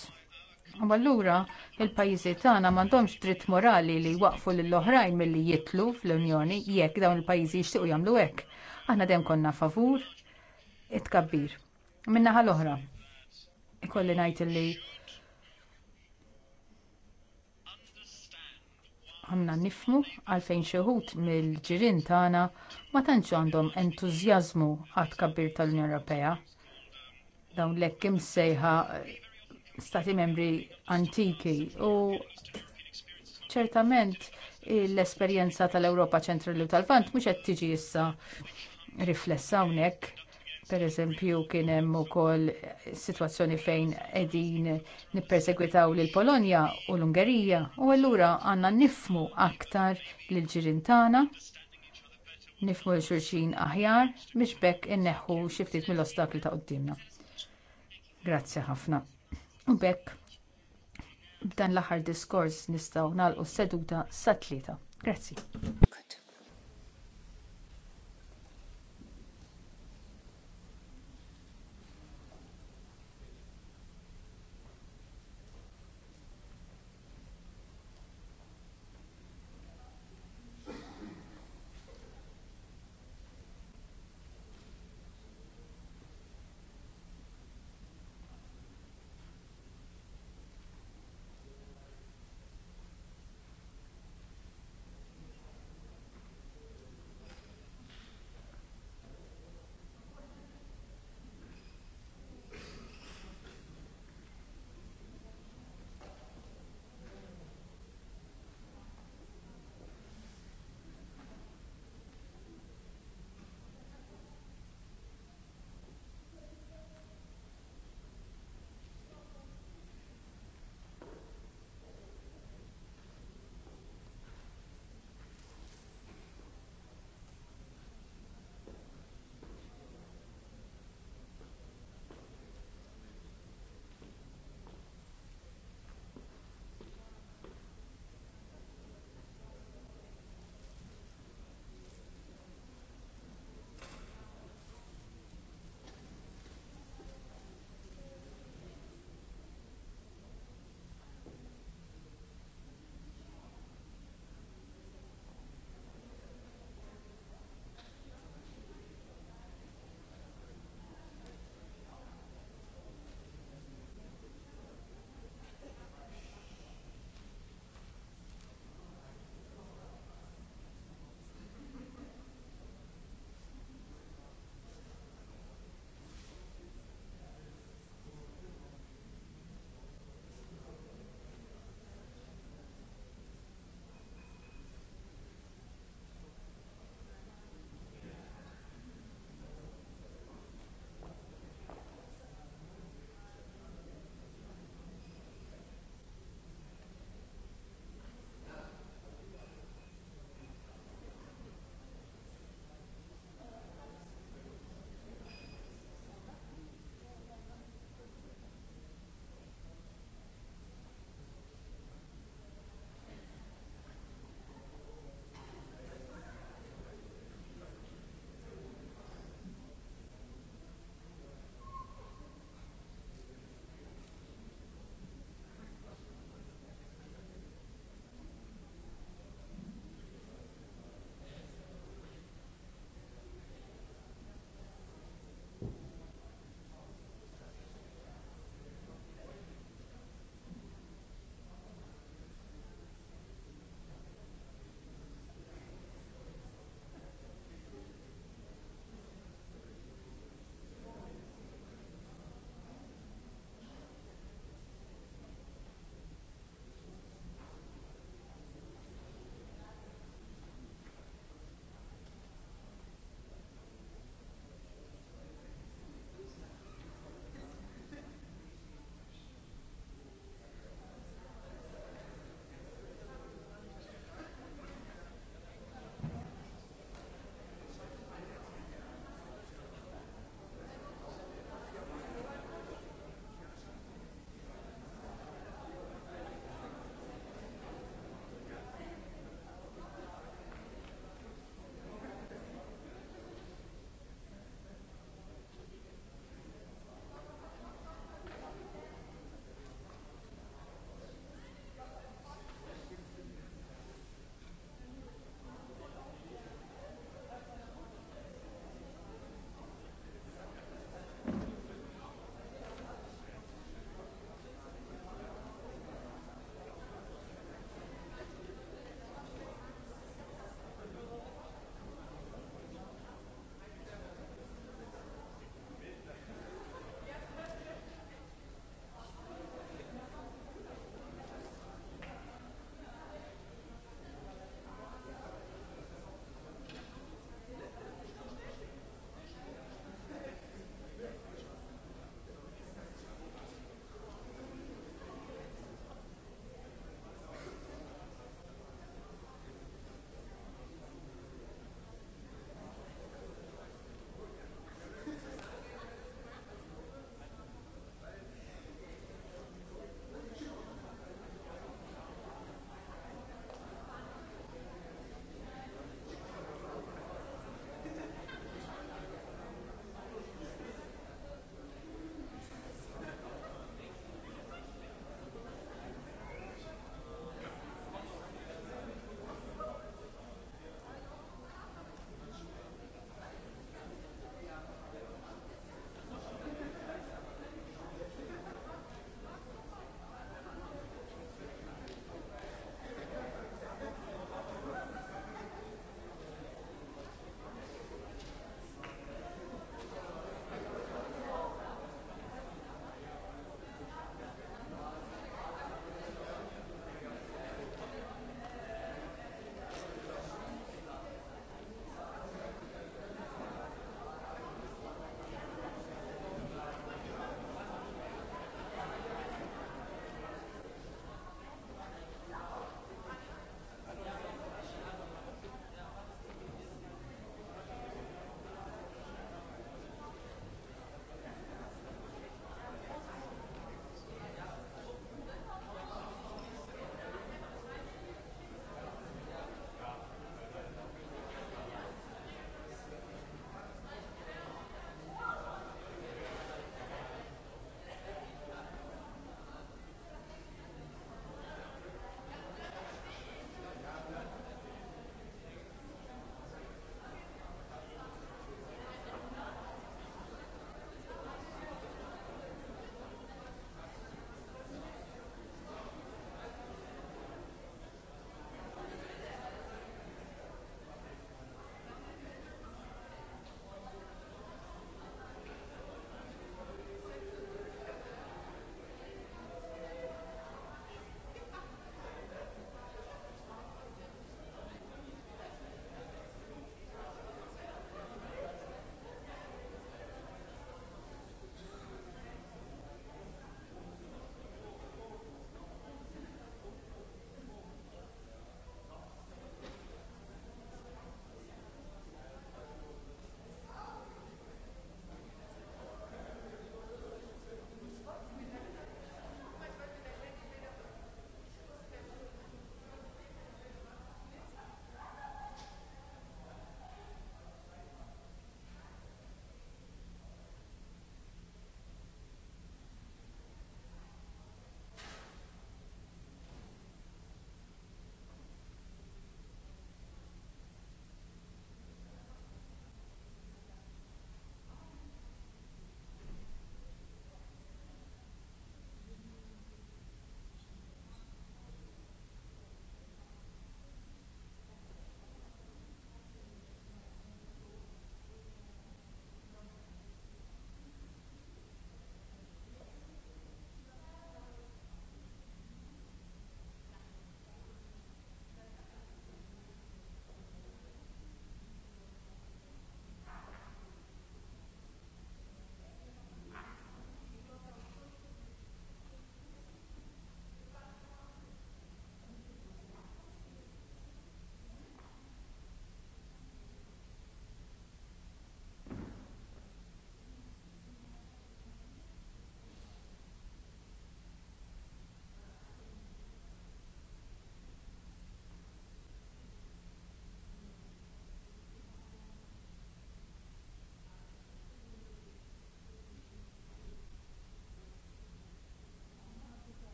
U allura il-pajjiżi tagħna m'għandhomx dritt morali li jwaqfu lill oħrajn milli jitlu fl-Unjoni jekk dawn il-pajjiżi jixtiequ jagħmlu hekk. Aħna dejjem konna favur it-tkabbir. Min-naħa l-oħra. Ikolli ngħid li ħamna nifmu għalfejn xi wħud mill-ġirien tagħna ma tantx għandhom entużjażmu għat tkabbir tal-Unjoni Ewropea dawn l-ekk imsejħa eh, stati membri antiki u ċertament l-esperjenza tal-Ewropa ċentrali u tal-Vant mhux qed tiġi issa riflessa hawnhekk. Pereżempju kien hemm ukoll sitwazzjoni fejn qegħdin nippersegwitaw lil Polonja u l-Ungerija u allura għandna nifmu aktar lil ġirien tagħna nifmu l xulxin aħjar biex bekk inneħħu xi ftit mill-ostakli ta' qudiemna. Grazzi ħafna. U bekk b'dan l-aħħar diskors nistgħu nagħlqu s-seduta sa tlieta. Grazzi.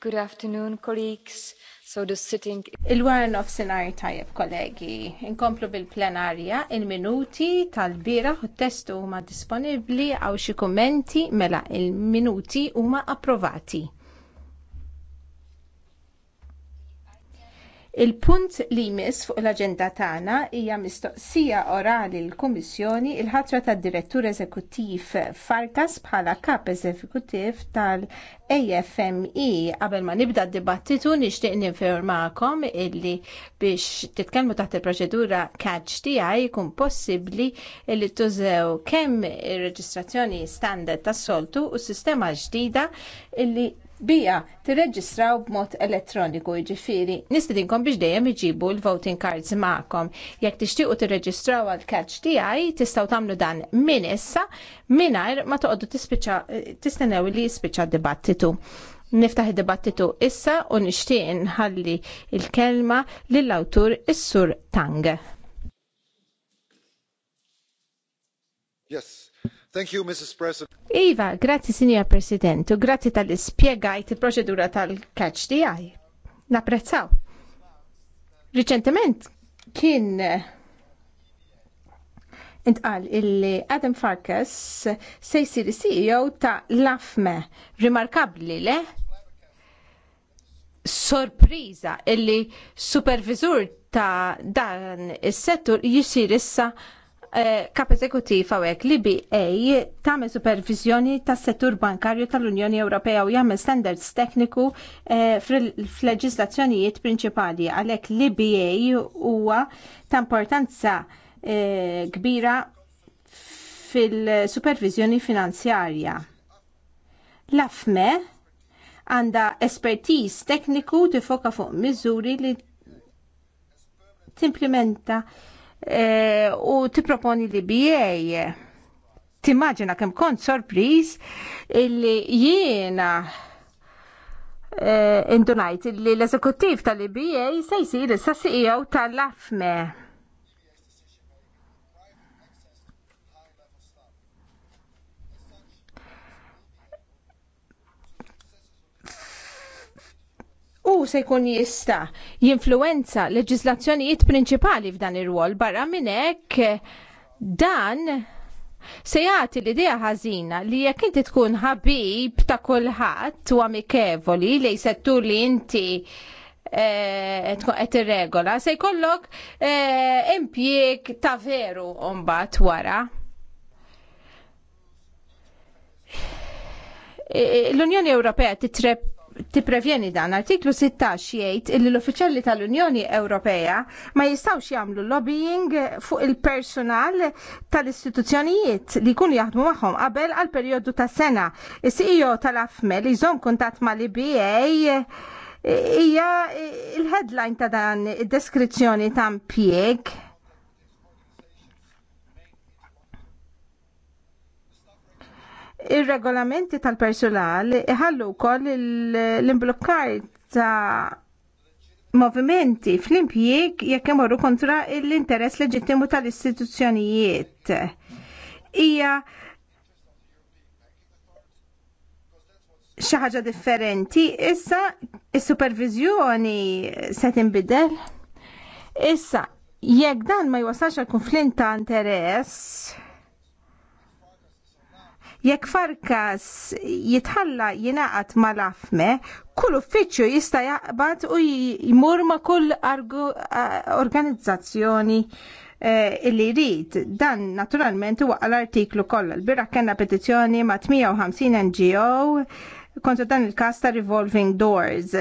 Good afternoon, colleagues. So the sitting... il war nofsinhar tajjeb, kollegi. Inkomplu bil-plenarja, il-minuti tal-bira u testu huma disponibli għaw xi kummenti mela il-minuti huma approvati. Il-punt li jmiss fuq l-aġenda tagħna hija mistoqsija orali l-Kummissjoni il-ħatra tad-Direttur Eżekuttiv Farkas bħala kap eżekuttiv tal-AFME. Qabel ma nibda d-dibattitu nixtieq ninfermakom illi biex titkellmu taħt il-proċedura catch tiegħi jkun possibbli li tużew kemm ir-reġistrazzjoni standard tas-soltu u s sistema ġdida illi bija tirreġistraw b'mod elettroniku jiġifieri. Nistidinkom biex dejjem iġibu l-voting cards magħkom. Jekk tixtiequ tirreġistraw għal catch tiegħi tistgħu tagħmlu dan minn issa mingħajr ma toqgħodu tispiċċa tistennew li jispiċċa dibattitu. Niftaħ id-dibattitu issa u nixtieq nħalli l kelma lill-awtur is-sur Tang. Yes, Thank you, Mrs. President. Iva, grazzi, sinja President, u grazzi tal-ispiegajt il-proċedura tal-catch di għaj. Napprezzaw. Riċentement kien eh, intqal illi Adam Farkas se jsir CEO ta' Lafme. Rimarkabli le? Sorpriza illi supervisur ta' dan is-settur jisir issa Eh, kap eżekutiv hawnhekk li BA tagħmel supervizjoni tas settur bankarju tal-Unjoni Ewropea u jagħmel standards tekniku eh, fil leġislazzjonijiet prinċipali għalhekk li BA huwa ta' importanza eh, kbira fil-supervizjoni finanzjarja. L-AFME għandha espertiż tekniku tifoka fuq miżuri li timplementa E, u tiproponi li BA. Timmaġina kemm kont sorpriz illi jiena e, indunajt li l-eżekuttiv tal-IBA se jsir issa siqiegħu tal lafme u se jkun jista jinfluenza leġislazzjonijiet prinċipali f'dan ir-rwol barra minn hekk dan se jagħti l-idea ħażina li jekk inti tkun ħabib ta' kulħadd u amikevoli li jsettur li inti eh, qed irregola se jkollok eh, impjieg ta' veru mbagħad wara. Eh, L-Unjoni Ewropea titrep tipprevjeni dan. Artiklu 16 jgħid li l-uffiċjali tal-Unjoni Ewropea ma jistgħux jagħmlu lobbying fuq il-personal tal-istituzzjonijiet li jkunu jaħdmu magħhom qabel għal perjodu ta' sena. Is-CEO tal-AFME li jżomm kuntatt mal-IBA hija l headline ta' dan id-deskrizzjoni ta' impjieg Ir-regolamenti tal-personal iħallu wkoll l-imblukkar ta' movimenti fl-impjieg jekk imorru kontra l-interess leġittimu tal-istituzzjonijiet. Hija xaħġa ħaġa differenti. Issa il supervizjoni se tinbidel. Issa jekk dan ma jwasax għal konflint ta' interess, Jekk farkas jitħalla jinaqat mal-afme, kull uffiċċju jista' jaqbad u jmur ma' kull organizzazzjoni e, illi jrid. Dan naturalment huwa l-artiklu kollha. L-bira kellna petizzjoni ma' 58 NGO kontra dan il-kas ta' revolving doors.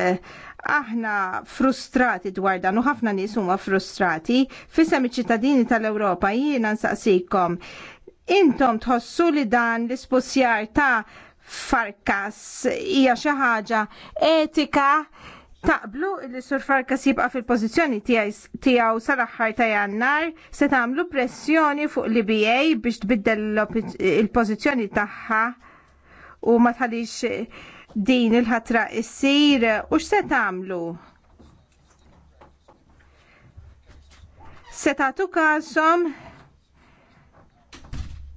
Aħna frustrati dwar dan u ħafna nies huma frustrati. fisem iċ-ċittadini tal-Ewropa jiena nsaqsikom intom tħossu li dan l-ispussjar ta' farkas hija xi ħaġa etika taqblu li sur farkas jibqa' fil-pożizzjoni tiegħu sal-aħħar ta' jannar se tagħmlu pressjoni fuq l-IBA biex tbiddel il-pożizzjoni tagħha u ma tħallix din il-ħatra issir u x'se tagħmlu? Se tagħtu kasom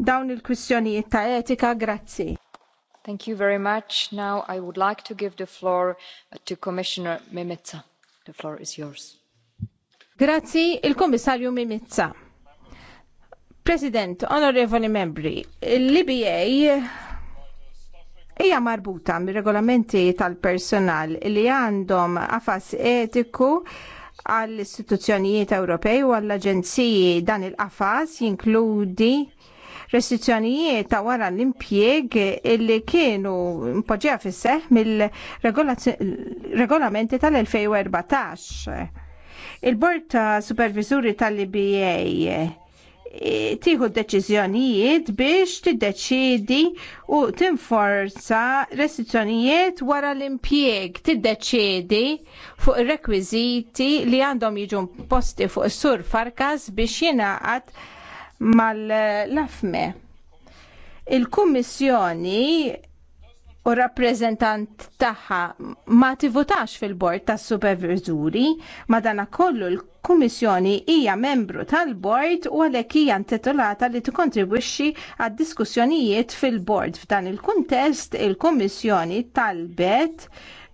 dawn il-kwistjonijiet ta' etika. Grazzi. Thank you very much. Now I would like to give the floor to Commissioner Mimica. The floor is yours. Grazzi, il-Kommissarju Mimica. President, onorevoli membri, l iba hija marbuta mir-regolamenti tal-personal li għandhom afas etiku għall istituzzjonijiet Ewropej u għall aġenziji dan il-qafas jinkludi restrizzjonijiet ta' wara l-impjieg illi kienu mpoġġeja fis seħħ mill-regolamenti tal-2014. Il-Bord ta' Supervisuri tal-IBA e, tiħu deċiżjonijiet biex tiddeċidi u tinforza restrizzjonijiet wara l-impjieg tiddeċidi fuq ir-rekwiżiti li għandhom jiġu posti fuq is-sur Farkas biex jingħaqad mal-lafme. Il-Kummissjoni u rappreżentant tagħha ma tivutax fil-bord tas supervizuri dana kollu l-Kummissjoni hija membru tal-bord u għalhekk hija intitolata li tikkontribwixxi għad diskussjonijiet fil-bord. F'dan il-kuntest il-Kummissjoni talbet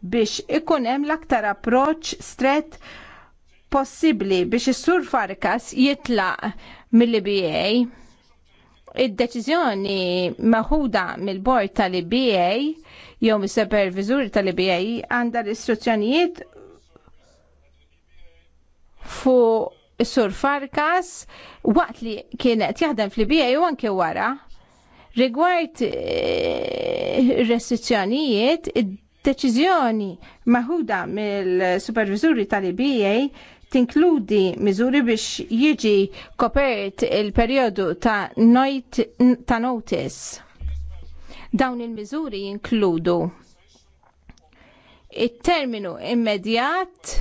biex ikun hemm l-aktar approċċ strett possibbli biex is-sur Farkas jitlaq mill-IBA id-deċiżjoni maħuda mill-bord tal-IBA jew mis-supervizuri tal-IBA għandha l-istruzzjonijiet fuq is-sur Farkas waqt li kienet jaħdem fl-IBA u anke wara rigward eh, restrizzjonijiet id-deċiżjoni maħuda mill-supervizuri tal-IBA tinkludi miżuri biex jiġi kopert il-perjodu ta' noit ta' notice. Dawn il-miżuri jinkludu it-terminu immedjat,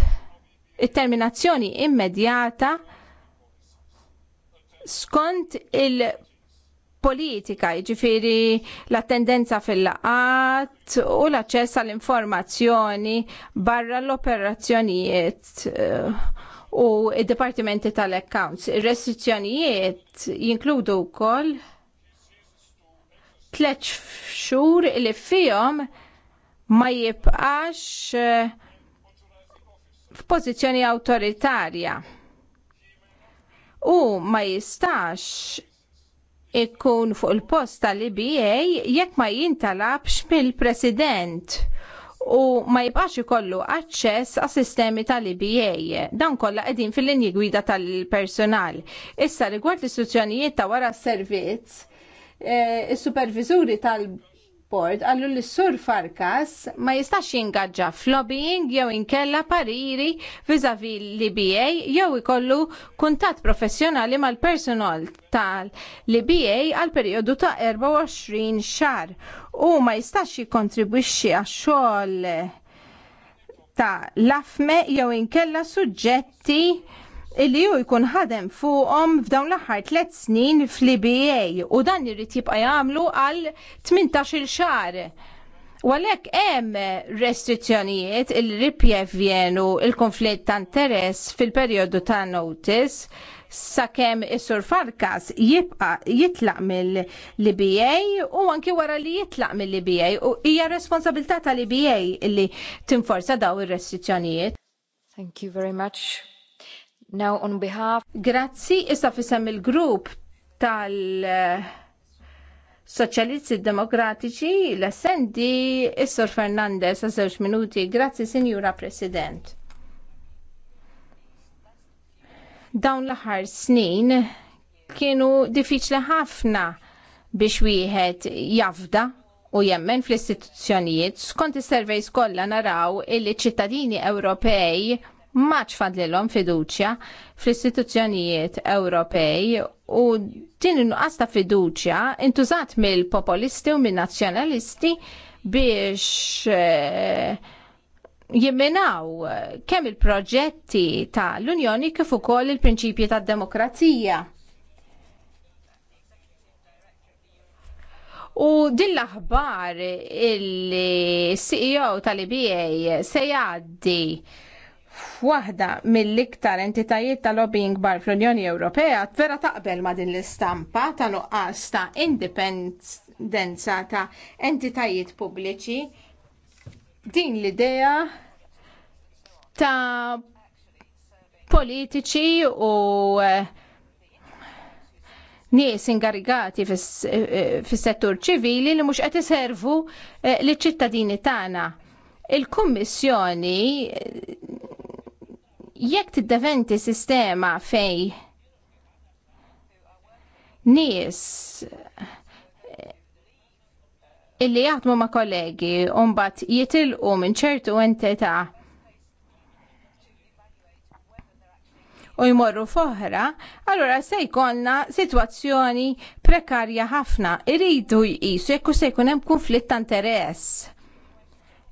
it-terminazzjoni immedjata skont il-politika, ġifiri l-attendenza fil-laqat u l-aċċess għall-informazzjoni barra l-operazzjonijiet eh, u id-Dipartimenti tal-Accounts. Ir-restrizzjonijiet jinkludu wkoll tleċ xhur li fihom ma jibqax eh, f'pożizzjoni awtoritarja u ma jistax ikun fuq il-post tal-IBA jekk ma jintalabx mill-President u ma jibqax ikollu aċċess għas sistemi tal-IBA. Dan kollha qegħdin fil-linji gwida tal-personal. Issa rigward l istruzzjonijiet ta' wara s-servizz, eh, is-superviżuri tal- bord għallu li sur Farkas ma jistax jingaġġa f'lobbying jew inkella pariri vizavi l-IBA jew ikollu kuntat professjonali mal-personal tal-IBA għal periodu ta' 24 xar u ma jistax jikontribwixxi għax xogħol ta' lafme jew inkella suġġetti illi ju jkun ħadem fuqhom f'dawn l-aħħar tliet snin fl-IBA u dan irrid jibqa' jagħmlu għal 18-il xahar. U għalhekk hemm restrizzjonijiet il ripjevjenu il-konflitt ta' interess fil-perjodu ta' notice sakemm is-sur Farkas jibqa' jitlaq mill-IBA u anki wara li jitlaq mill-IBA u hija responsabilità tal-IBA li tinforza daw ir-restrizzjonijiet. Thank you very much. Now on behalf Grazzi issa fisem il-grupp tal Soċjalisti Demokratiċi l-essendi Issor Fernandez għal żewġ minuti. Grazzi Sinjura President. Dawn l-aħħar snin kienu diffiċli ħafna biex wieħed jafda u jemmen fl-istituzzjonijiet skont is-servejs kollha naraw illi ċittadini Ewropej maċ fadlilhom fiduċja fl-istituzzjonijiet Ewropej u din nuqqas ta' fiduċja intużat mill-popolisti u mill-nazzjonalisti biex eh, jimminaw kemm il-proġetti ta' l-Unjoni kif ukoll il-prinċipji tad-demokrazija. U din l-aħbar il-CEO tal-IBA se jgħaddi f'waħda mill-iktar entitajiet tal-lobbying bar fl-Unjoni Ewropea vera taqbel ma' din l-istampa ta' nuqqas ta' indipendenza ta' entitajiet pubbliċi din l-idea ta' politiċi u eh, nies ingarigati fis-settur eh, ċivili li mhux qed iservu eh, liċ ċittadini tagħna. Il-Kummissjoni jekk tiddeventi sistema fej nies eh, illi jaħdmu ma' kollegi umbat jitilqu minn ċertu entità u jmorru foħra, allora se jkollna sitwazzjoni prekarja ħafna, iridu jqisu jekk se jkun hemm konflitt ta' interess.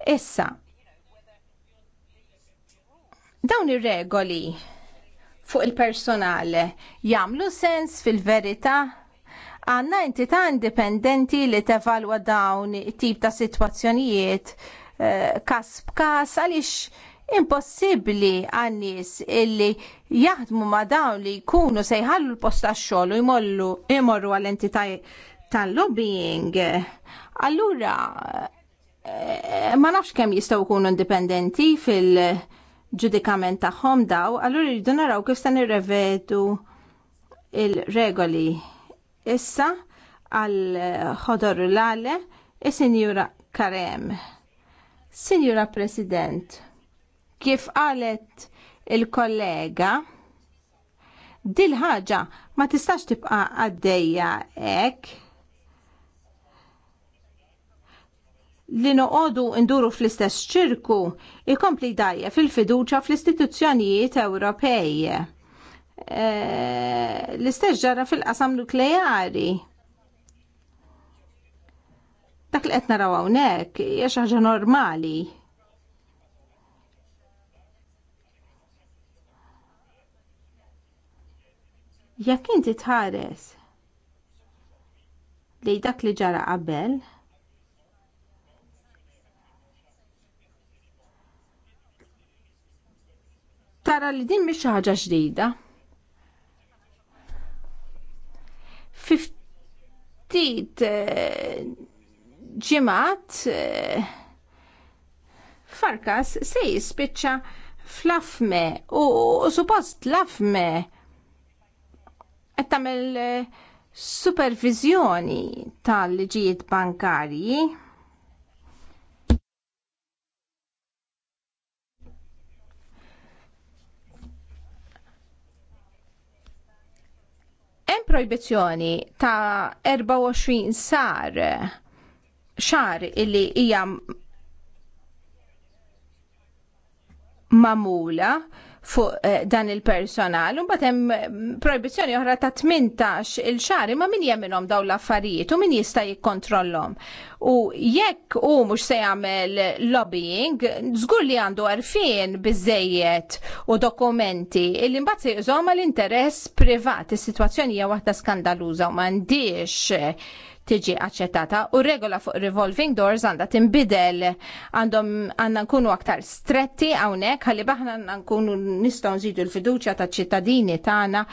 Issa, Dawn ir-regoli fuq il-personale jagħmlu sens fil-verità għandna entità indipendenti li tevalwa dawn it tip ta' sitwazzjonijiet eh, każ b'każ għaliex impossibbli għan-nies illi jaħdmu ma' dawn li jkunu se jħallu l-post tax-xogħol u jmollu imorru għall entità tal-lobbying. Allura eh, ma nafx kemm jistgħu jkunu indipendenti fil- ġudikament tagħhom daw, allura jridu naraw kif se nirrevedu il-regoli. Issa għal ħodor l-għale il sinjura Karem. Sinjura President, kif qalet il-kollega, dil ħaġa ma tistax tibqa għaddejja hekk li noqogħdu nduru fl-istess ċirku ikompli dajja fil-fiduċa fl-istituzzjonijiet Ewropej. E, L-istess ġara fil-qasam nukleari. Dak li qed naraw hawnhekk hija xi ħaġa normali. Jekk inti tħares li dak li ġara qabel, tara li din mhix ħaġa ġdida. Fiftit eh, ġimat eh, Farkas se jispiċċa fl-afme u suppost l-afme qed tagħmel eh, supervizjoni tal-liġijiet bankarji Hemm projbizzjoni ta' 24 sar xar illi hija mamula fuq eh, dan il-personal. Un batem mm, proibizjoni oħra ta' 18 il-xari ma' min jemminom daw l-affarijiet u min jista' jikkontrollhom. U jekk u mux se jagħmel lobbying, żgur li għandu għarfien bizzejiet u dokumenti illi mbagħad se jużhom għall-interess privat. Is-sitwazzjoni hija waħda skandaluża u m'għandix eh, tiġi aċċettata u regola fuq revolving doors għandha tinbidel għandhom għandna nkunu aktar stretti hawnhekk ħalli baħna nkunu nistgħu nżidu l-fiduċja taċ-ċittadini tagħna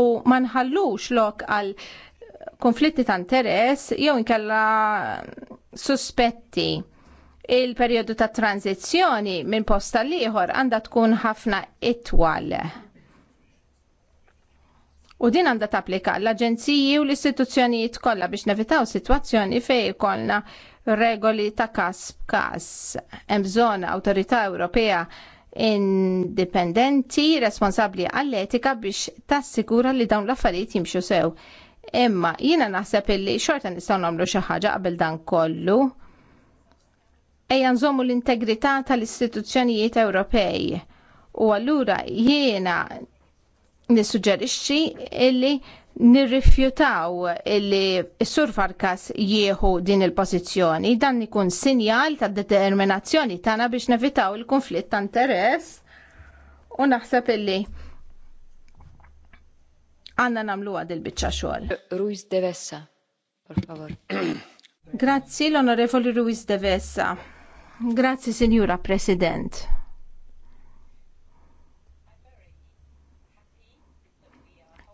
u ma nħallux lok għal konflitti ta' interess jew inkella suspetti il-perjodu ta' tranzizzjoni minn posta liħor għandha tkun ħafna itwal. U din għandha tapplika l-aġenziji u l-istituzzjonijiet kollha biex nevitaw sitwazzjoni fejn ikollna regoli ta' każ b'każ. Hemm bżonn Awtorità Ewropea indipendenti responsabbli għall-etika biex tassigura li dawn l-affarijiet jimxu sew. Imma jiena naħseb illi xorta nistgħu nagħmlu xi ħaġa qabel dan kollu. Ejja nżommu l-integrità tal-istituzzjonijiet Ewropej. U allura jiena nissuġġerixxi illi nirrifjutaw illi s-sur Farkas jieħu din il-pożizzjoni dan ikun sinjal ta' determinazzjoni tagħna biex nevitaw il-konflitt ta' interess u naħseb illi għanna namlu għad il-bicċa xogħol. Ruiz de Vessa, per favor. Grazzi l-Onorevoli Ruiz de Vessa. Grazzi, Signora President.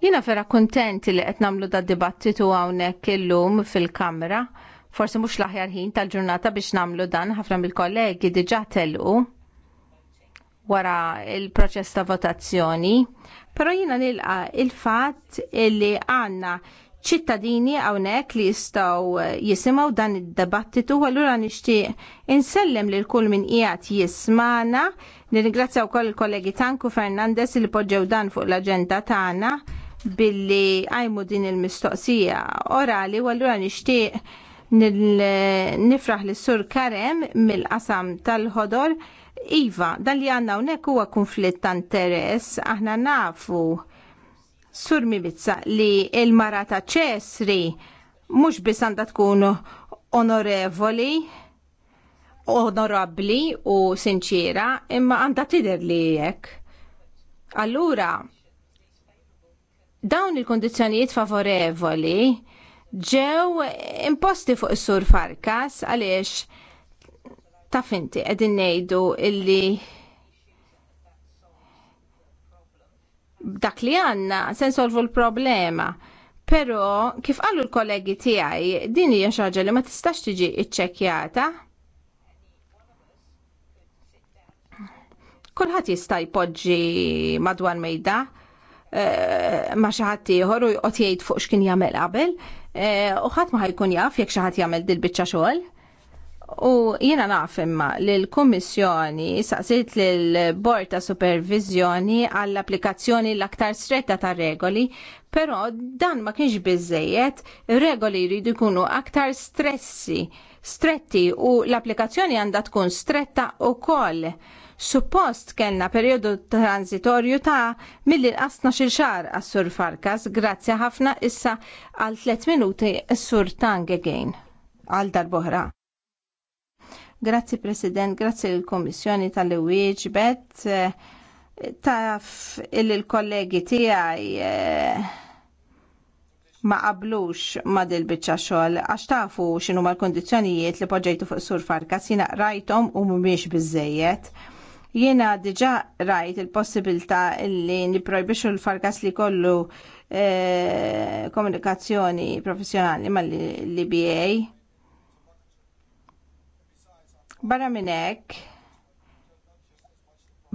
Jiena vera kontent li qed nagħmlu da dibattitu hawnhekk illum fil-Kamra. Forsi mhux l-aħjar ħin tal-ġurnata biex nagħmlu dan ħafna mill-kollegi diġà telqu wara il-proċess ta' votazzjoni, però jiena nilqa il-fatt li għandna ċittadini hawnhekk li jistgħu jisimgħu dan id-dibattitu u allura nixtieq insellem lil kull min qiegħed jismana. Nirringrazzja wkoll il-kollegi Tanku Fernandez li poġġew dan fuq l-aġenda tagħna billi għajmu din il-mistoqsija orali u għallura nishtiq nifraħ li sur Karem mill-qasam tal-ħodor Iva, dan li għanna unek huwa konflitt ta' interess, aħna nafu sur Mibizza li il-mara ta' ċesri mux biss għanda tkun onorevoli, onorabli u sinċira, imma għanda tider li jek. Allura, Dawn il-kondizjonijiet favorevoli ġew imposti fuq is-sur Farkas għaliex taf inti qegħdin ngħidu illi dak li għandna se nsolvu l-problema. Però kif qalu l-kollegi tiegħi din hija xi ħaġa li ma tistax tiġi ċċekkjata. Kulħadd jista' jpoġġi madwar mejda Eh, ma' xi ħadd ieħor u jqgħod jgħid fuq x'kien jagħmel qabel eh, u ħadd ma ħajkun jaf jekk xi ħadd jagħmel dil-biċċa xogħol. U jiena naf imma li l-Kummissjoni saqsit lil bord ta' Supervizjoni għall-applikazzjoni l-aktar stretta ta' regoli, però dan ma kienx biżejjed, regoli jridu jkunu aktar stressi, stretti u l-applikazzjoni għandha tkun stretta u koll Suppost kellna perjodu transitorju ta' milli l-qasna xil għas-sur Farkas, grazzi ħafna issa għal 3 minuti s-sur Tang again għal darboħra. Grazzi President, grazzi l-Komissjoni tal bet eh, taf il-kollegi tijaj eh, ma qablux ma dil biċċa xogħol għax tafu xinu l kondizjonijiet li poġġejtu fuq sur Farkas jina rajtom u mhumiex bizzejiet. Jiena diġa rajt il-possibilità li niprojbixu l-farkas li kollu eh, komunikazzjoni professjonali mal-LBA. Barra minn hekk,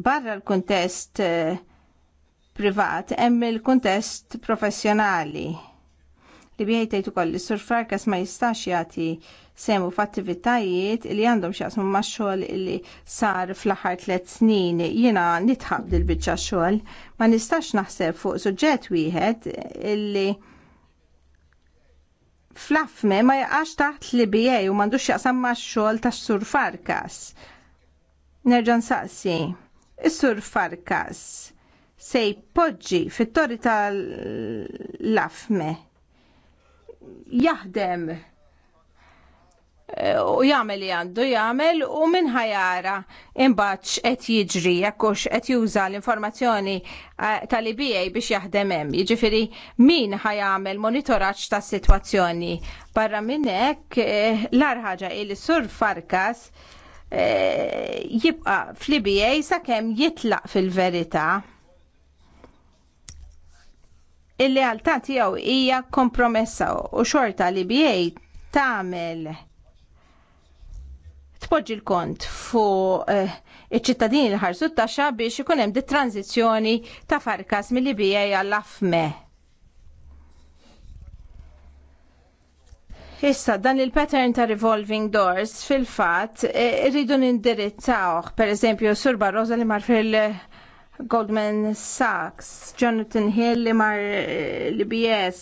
barra l-kuntest eh, privat, hemm il-kuntest professjonali Li bieħi tgħid ukoll li sur Farkas ma jistax jagħti semu f'attivitajiet li għandhom x'jaqsmu max-xogħol li sar fl-aħħar tliet snin jiena nitħab dil-biċċa xogħol ma nistax naħseb fuq suġġett wieħed illi fl-affme ma jaqax taħt li bijaj u mandux jaqsam max-xogħol tax-sur Farkas. Nerġa' nsaqsi. Is-sur Farkas se jpoġġi fit-tori tal-lafme jaħdem eh, u jagħmel li għandu jagħmel u minn ħajara imbagħad qed jiġri jekk hux qed juża l-informazzjoni eh, tal-IBA biex jaħdem hemm. Jiġifieri min ħajamel monitoraġġ tas-sitwazzjoni. Barra minn hekk eh, l-ar ħaġa il sur Farkas jibqa fl-IBA sakemm jitlaq fil-verità il-lealtà tiegħu hija kompromessa u xorta li BA tagħmel tpoġġi l-kont fuq eh, iċ-ċittadini li ħarsu t-taxxa biex ikun hemm it tranzizzjoni ta' farkas mill-libija għall afme Issa dan il-pattern ta' revolving doors fil-fatt irridu eh, nindirizzawh, pereżempju Sur Barroza li mar fil- Goldman Sachs, Jonathan Hill li mar eh, l-BS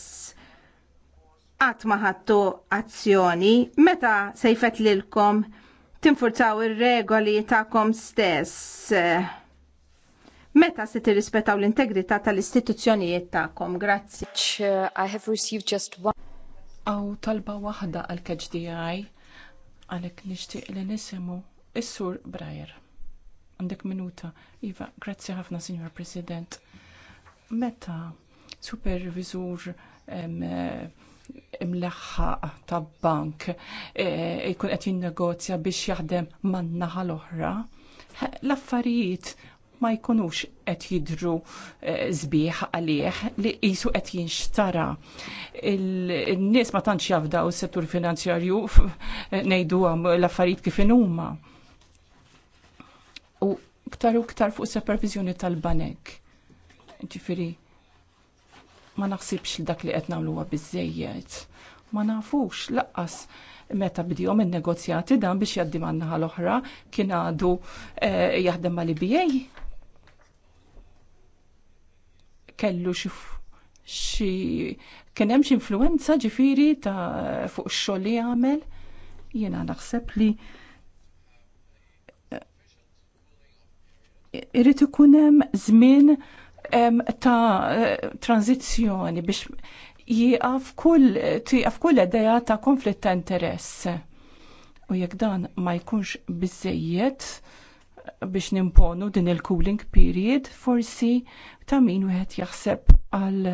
għat maħattu azzjoni, meta sejfet lilkom tinfurzaw ir-regoli ta'kom stess. Meta se tirrispettaw l-integrità tal-istituzzjonijiet ta'kom. Grazzi. I have received just one. Aw talba waħda għal-KHDI għalek nishtiq li nisimu is-sur Brajer. Għandek minuta. Iva, grazzi ħafna, Signor President. Meta supervisur imleħħaq ta' bank jkun e, qed jinnegozja biex jaħdem man-naħa l-oħra, l-affarijiet ma jkunux qed jidru e, zbieħ għalih li qisu qed jinxtara. Il-nies ma tantx jafdaw is-settur finanzjarju ngħidu l-affarijiet kif huma u ktar u ktar fuq supervizjoni tal-banek. Ġifiri, ma naħsibx dak li qed nagħmluha bizzejiet. Ma nafux laqqas meta bidihom in-negozjati dan biex jaddim għanna l-oħra kien għadu eh, jaħdem mal iba Kellu xi kien hemm xi influenza ġifieri ta' fuq ix-xogħol li jagħmel. Jiena naħseb li irrit ikun hemm żmien ta' eh, tranzizjoni biex jieqaf kull tieqaf kull edeja ta' konflitt ta' interess. U jekk dan ma jkunx biżejjed eh, biex nimponu din il-cooling period, forsi ta' min wieħed jaħseb għal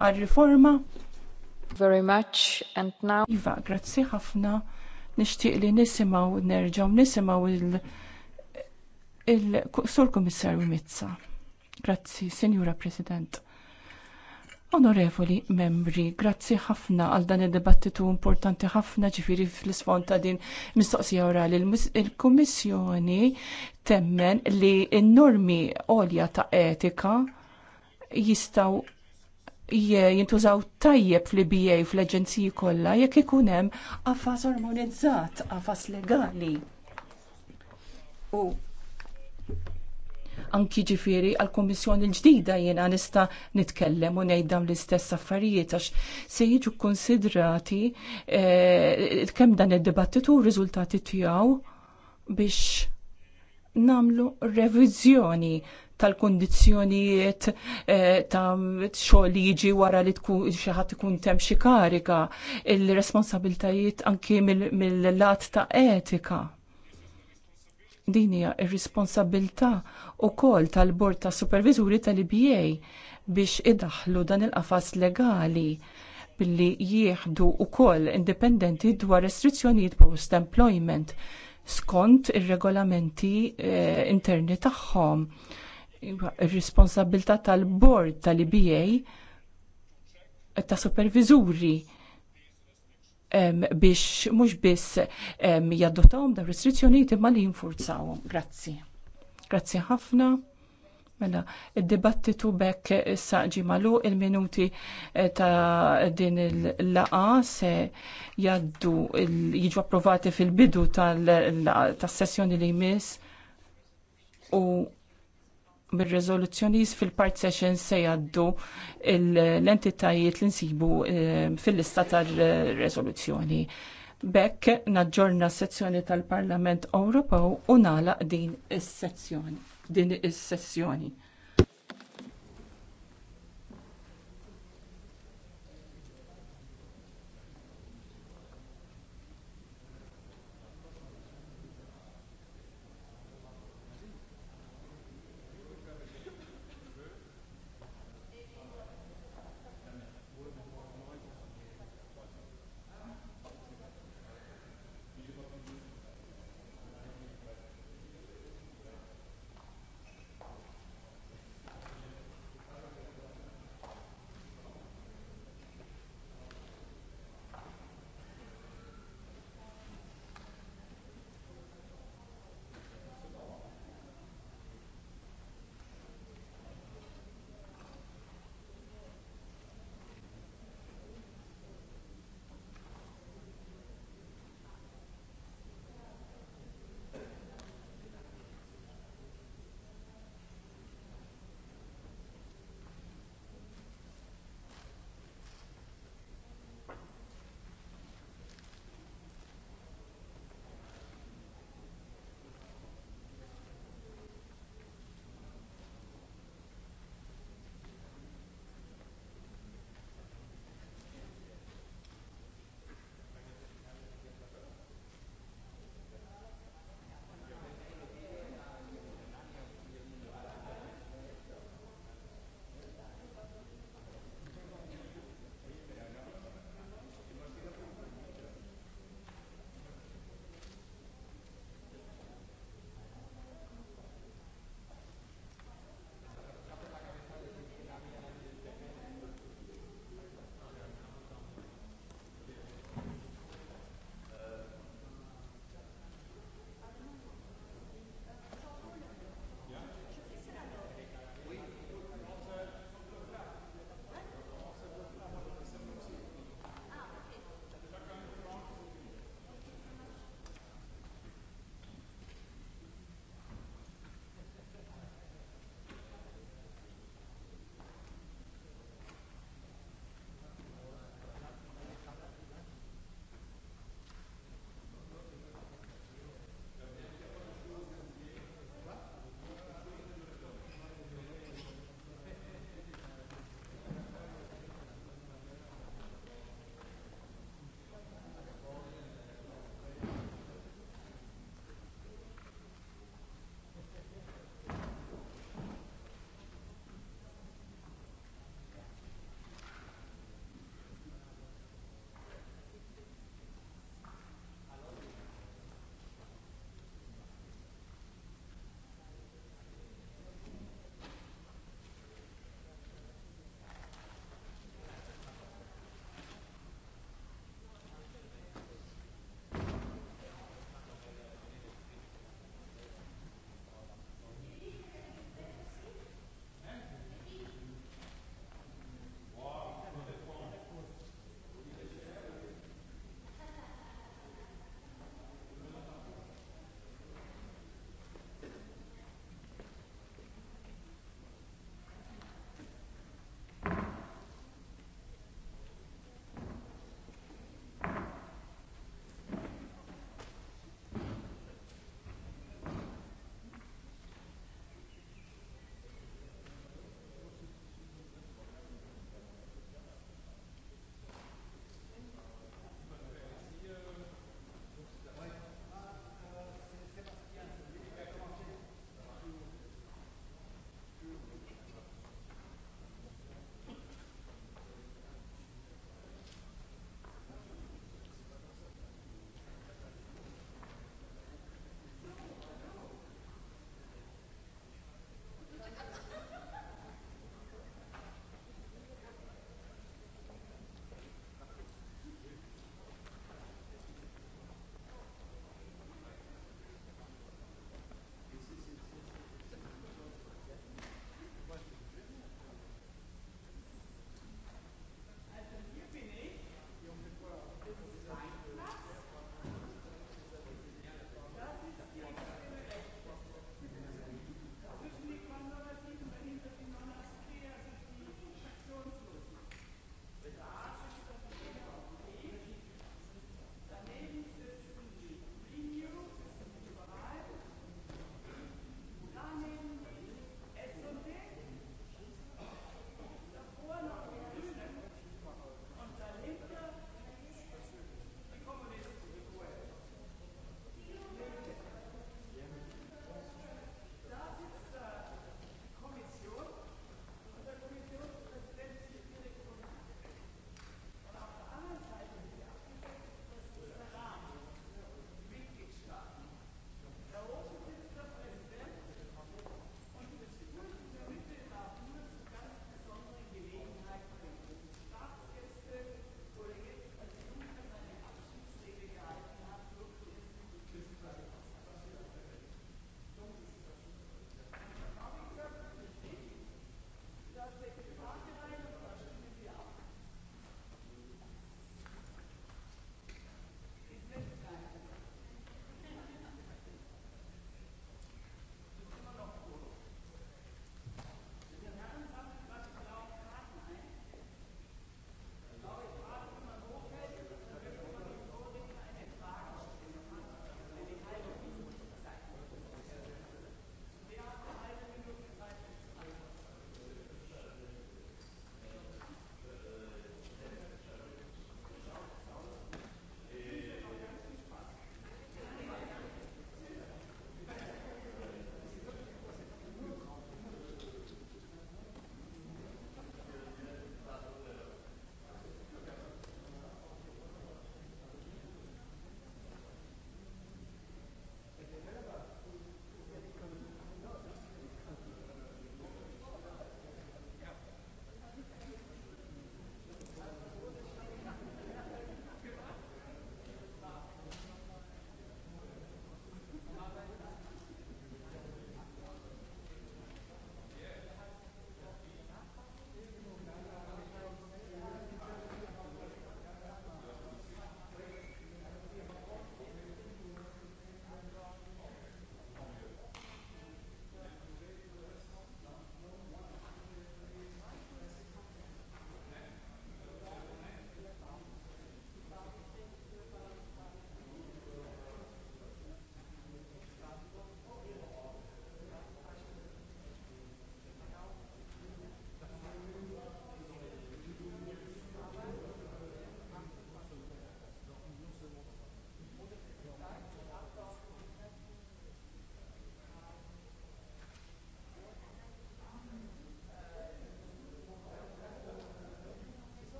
għal riforma. Very much and now. Iva, grazzi ħafna nixtieq li nisimgħu nerġgħu nisimgħu il-Sur Kummissarju Mizza. Grazzi, Signora President. Onorevoli membri, grazzi ħafna għal dan id-dibattitu importanti ħafna ġifiri fl-isfond ta' din mistoqsija orali. Il-Kummissjoni temmen li n-normi għolja ta' etika jistaw jintużaw tajjeb fl-IBA fl-Aġenziji kollha jekk ikun hemm qafas ormonizzat, għafas legali. U anki ġifiri għal komissjoni l-ġdida jiena nista nitkellem u ngħid dawn l-istess affarijiet għax se jiġu konsidrati e, kemm dan id-dibattitu u riżultati tiegħu biex namlu reviżjoni tal-kundizzjonijiet eh, ta' xogħol li jiġi wara li tkun xi ħadd ikun temm xi karika, il-responsabiltajiet anki mill-lat ta' etika. Din hija r-responsabilità wkoll tal-Bord ta' Superviżuri tal-IBA biex idaħħlu dan il-qafas legali billi jieħdu wkoll indipendenti dwar restrizzjonijiet post-employment skont ir-regolamenti eh, interni tagħhom Iva, ir-responsabilità tal-bord tal-IBA ta' superviżuri biex mhux biss jadottawhom dawn restrizzjonijiet imma li jinfurzawhom. Grazzi. Grazzi ħafna. Mela, id-dibattitu bekk issa magħluq il-minuti eh, ta' din il-laqa se jaddu jiġu approvati fil-bidu tas-sessjoni li jmiss u bil-rezoluzzjonijiet fil-part session se jaddu l-entitajiet li nsibu eh, fil-lista tal-rezoluzzjoni. Bekk naġġorna s-sezzjoni tal-Parlament Ewropew u nagħlaq din is-sezzjoni. Din is-sessjoni.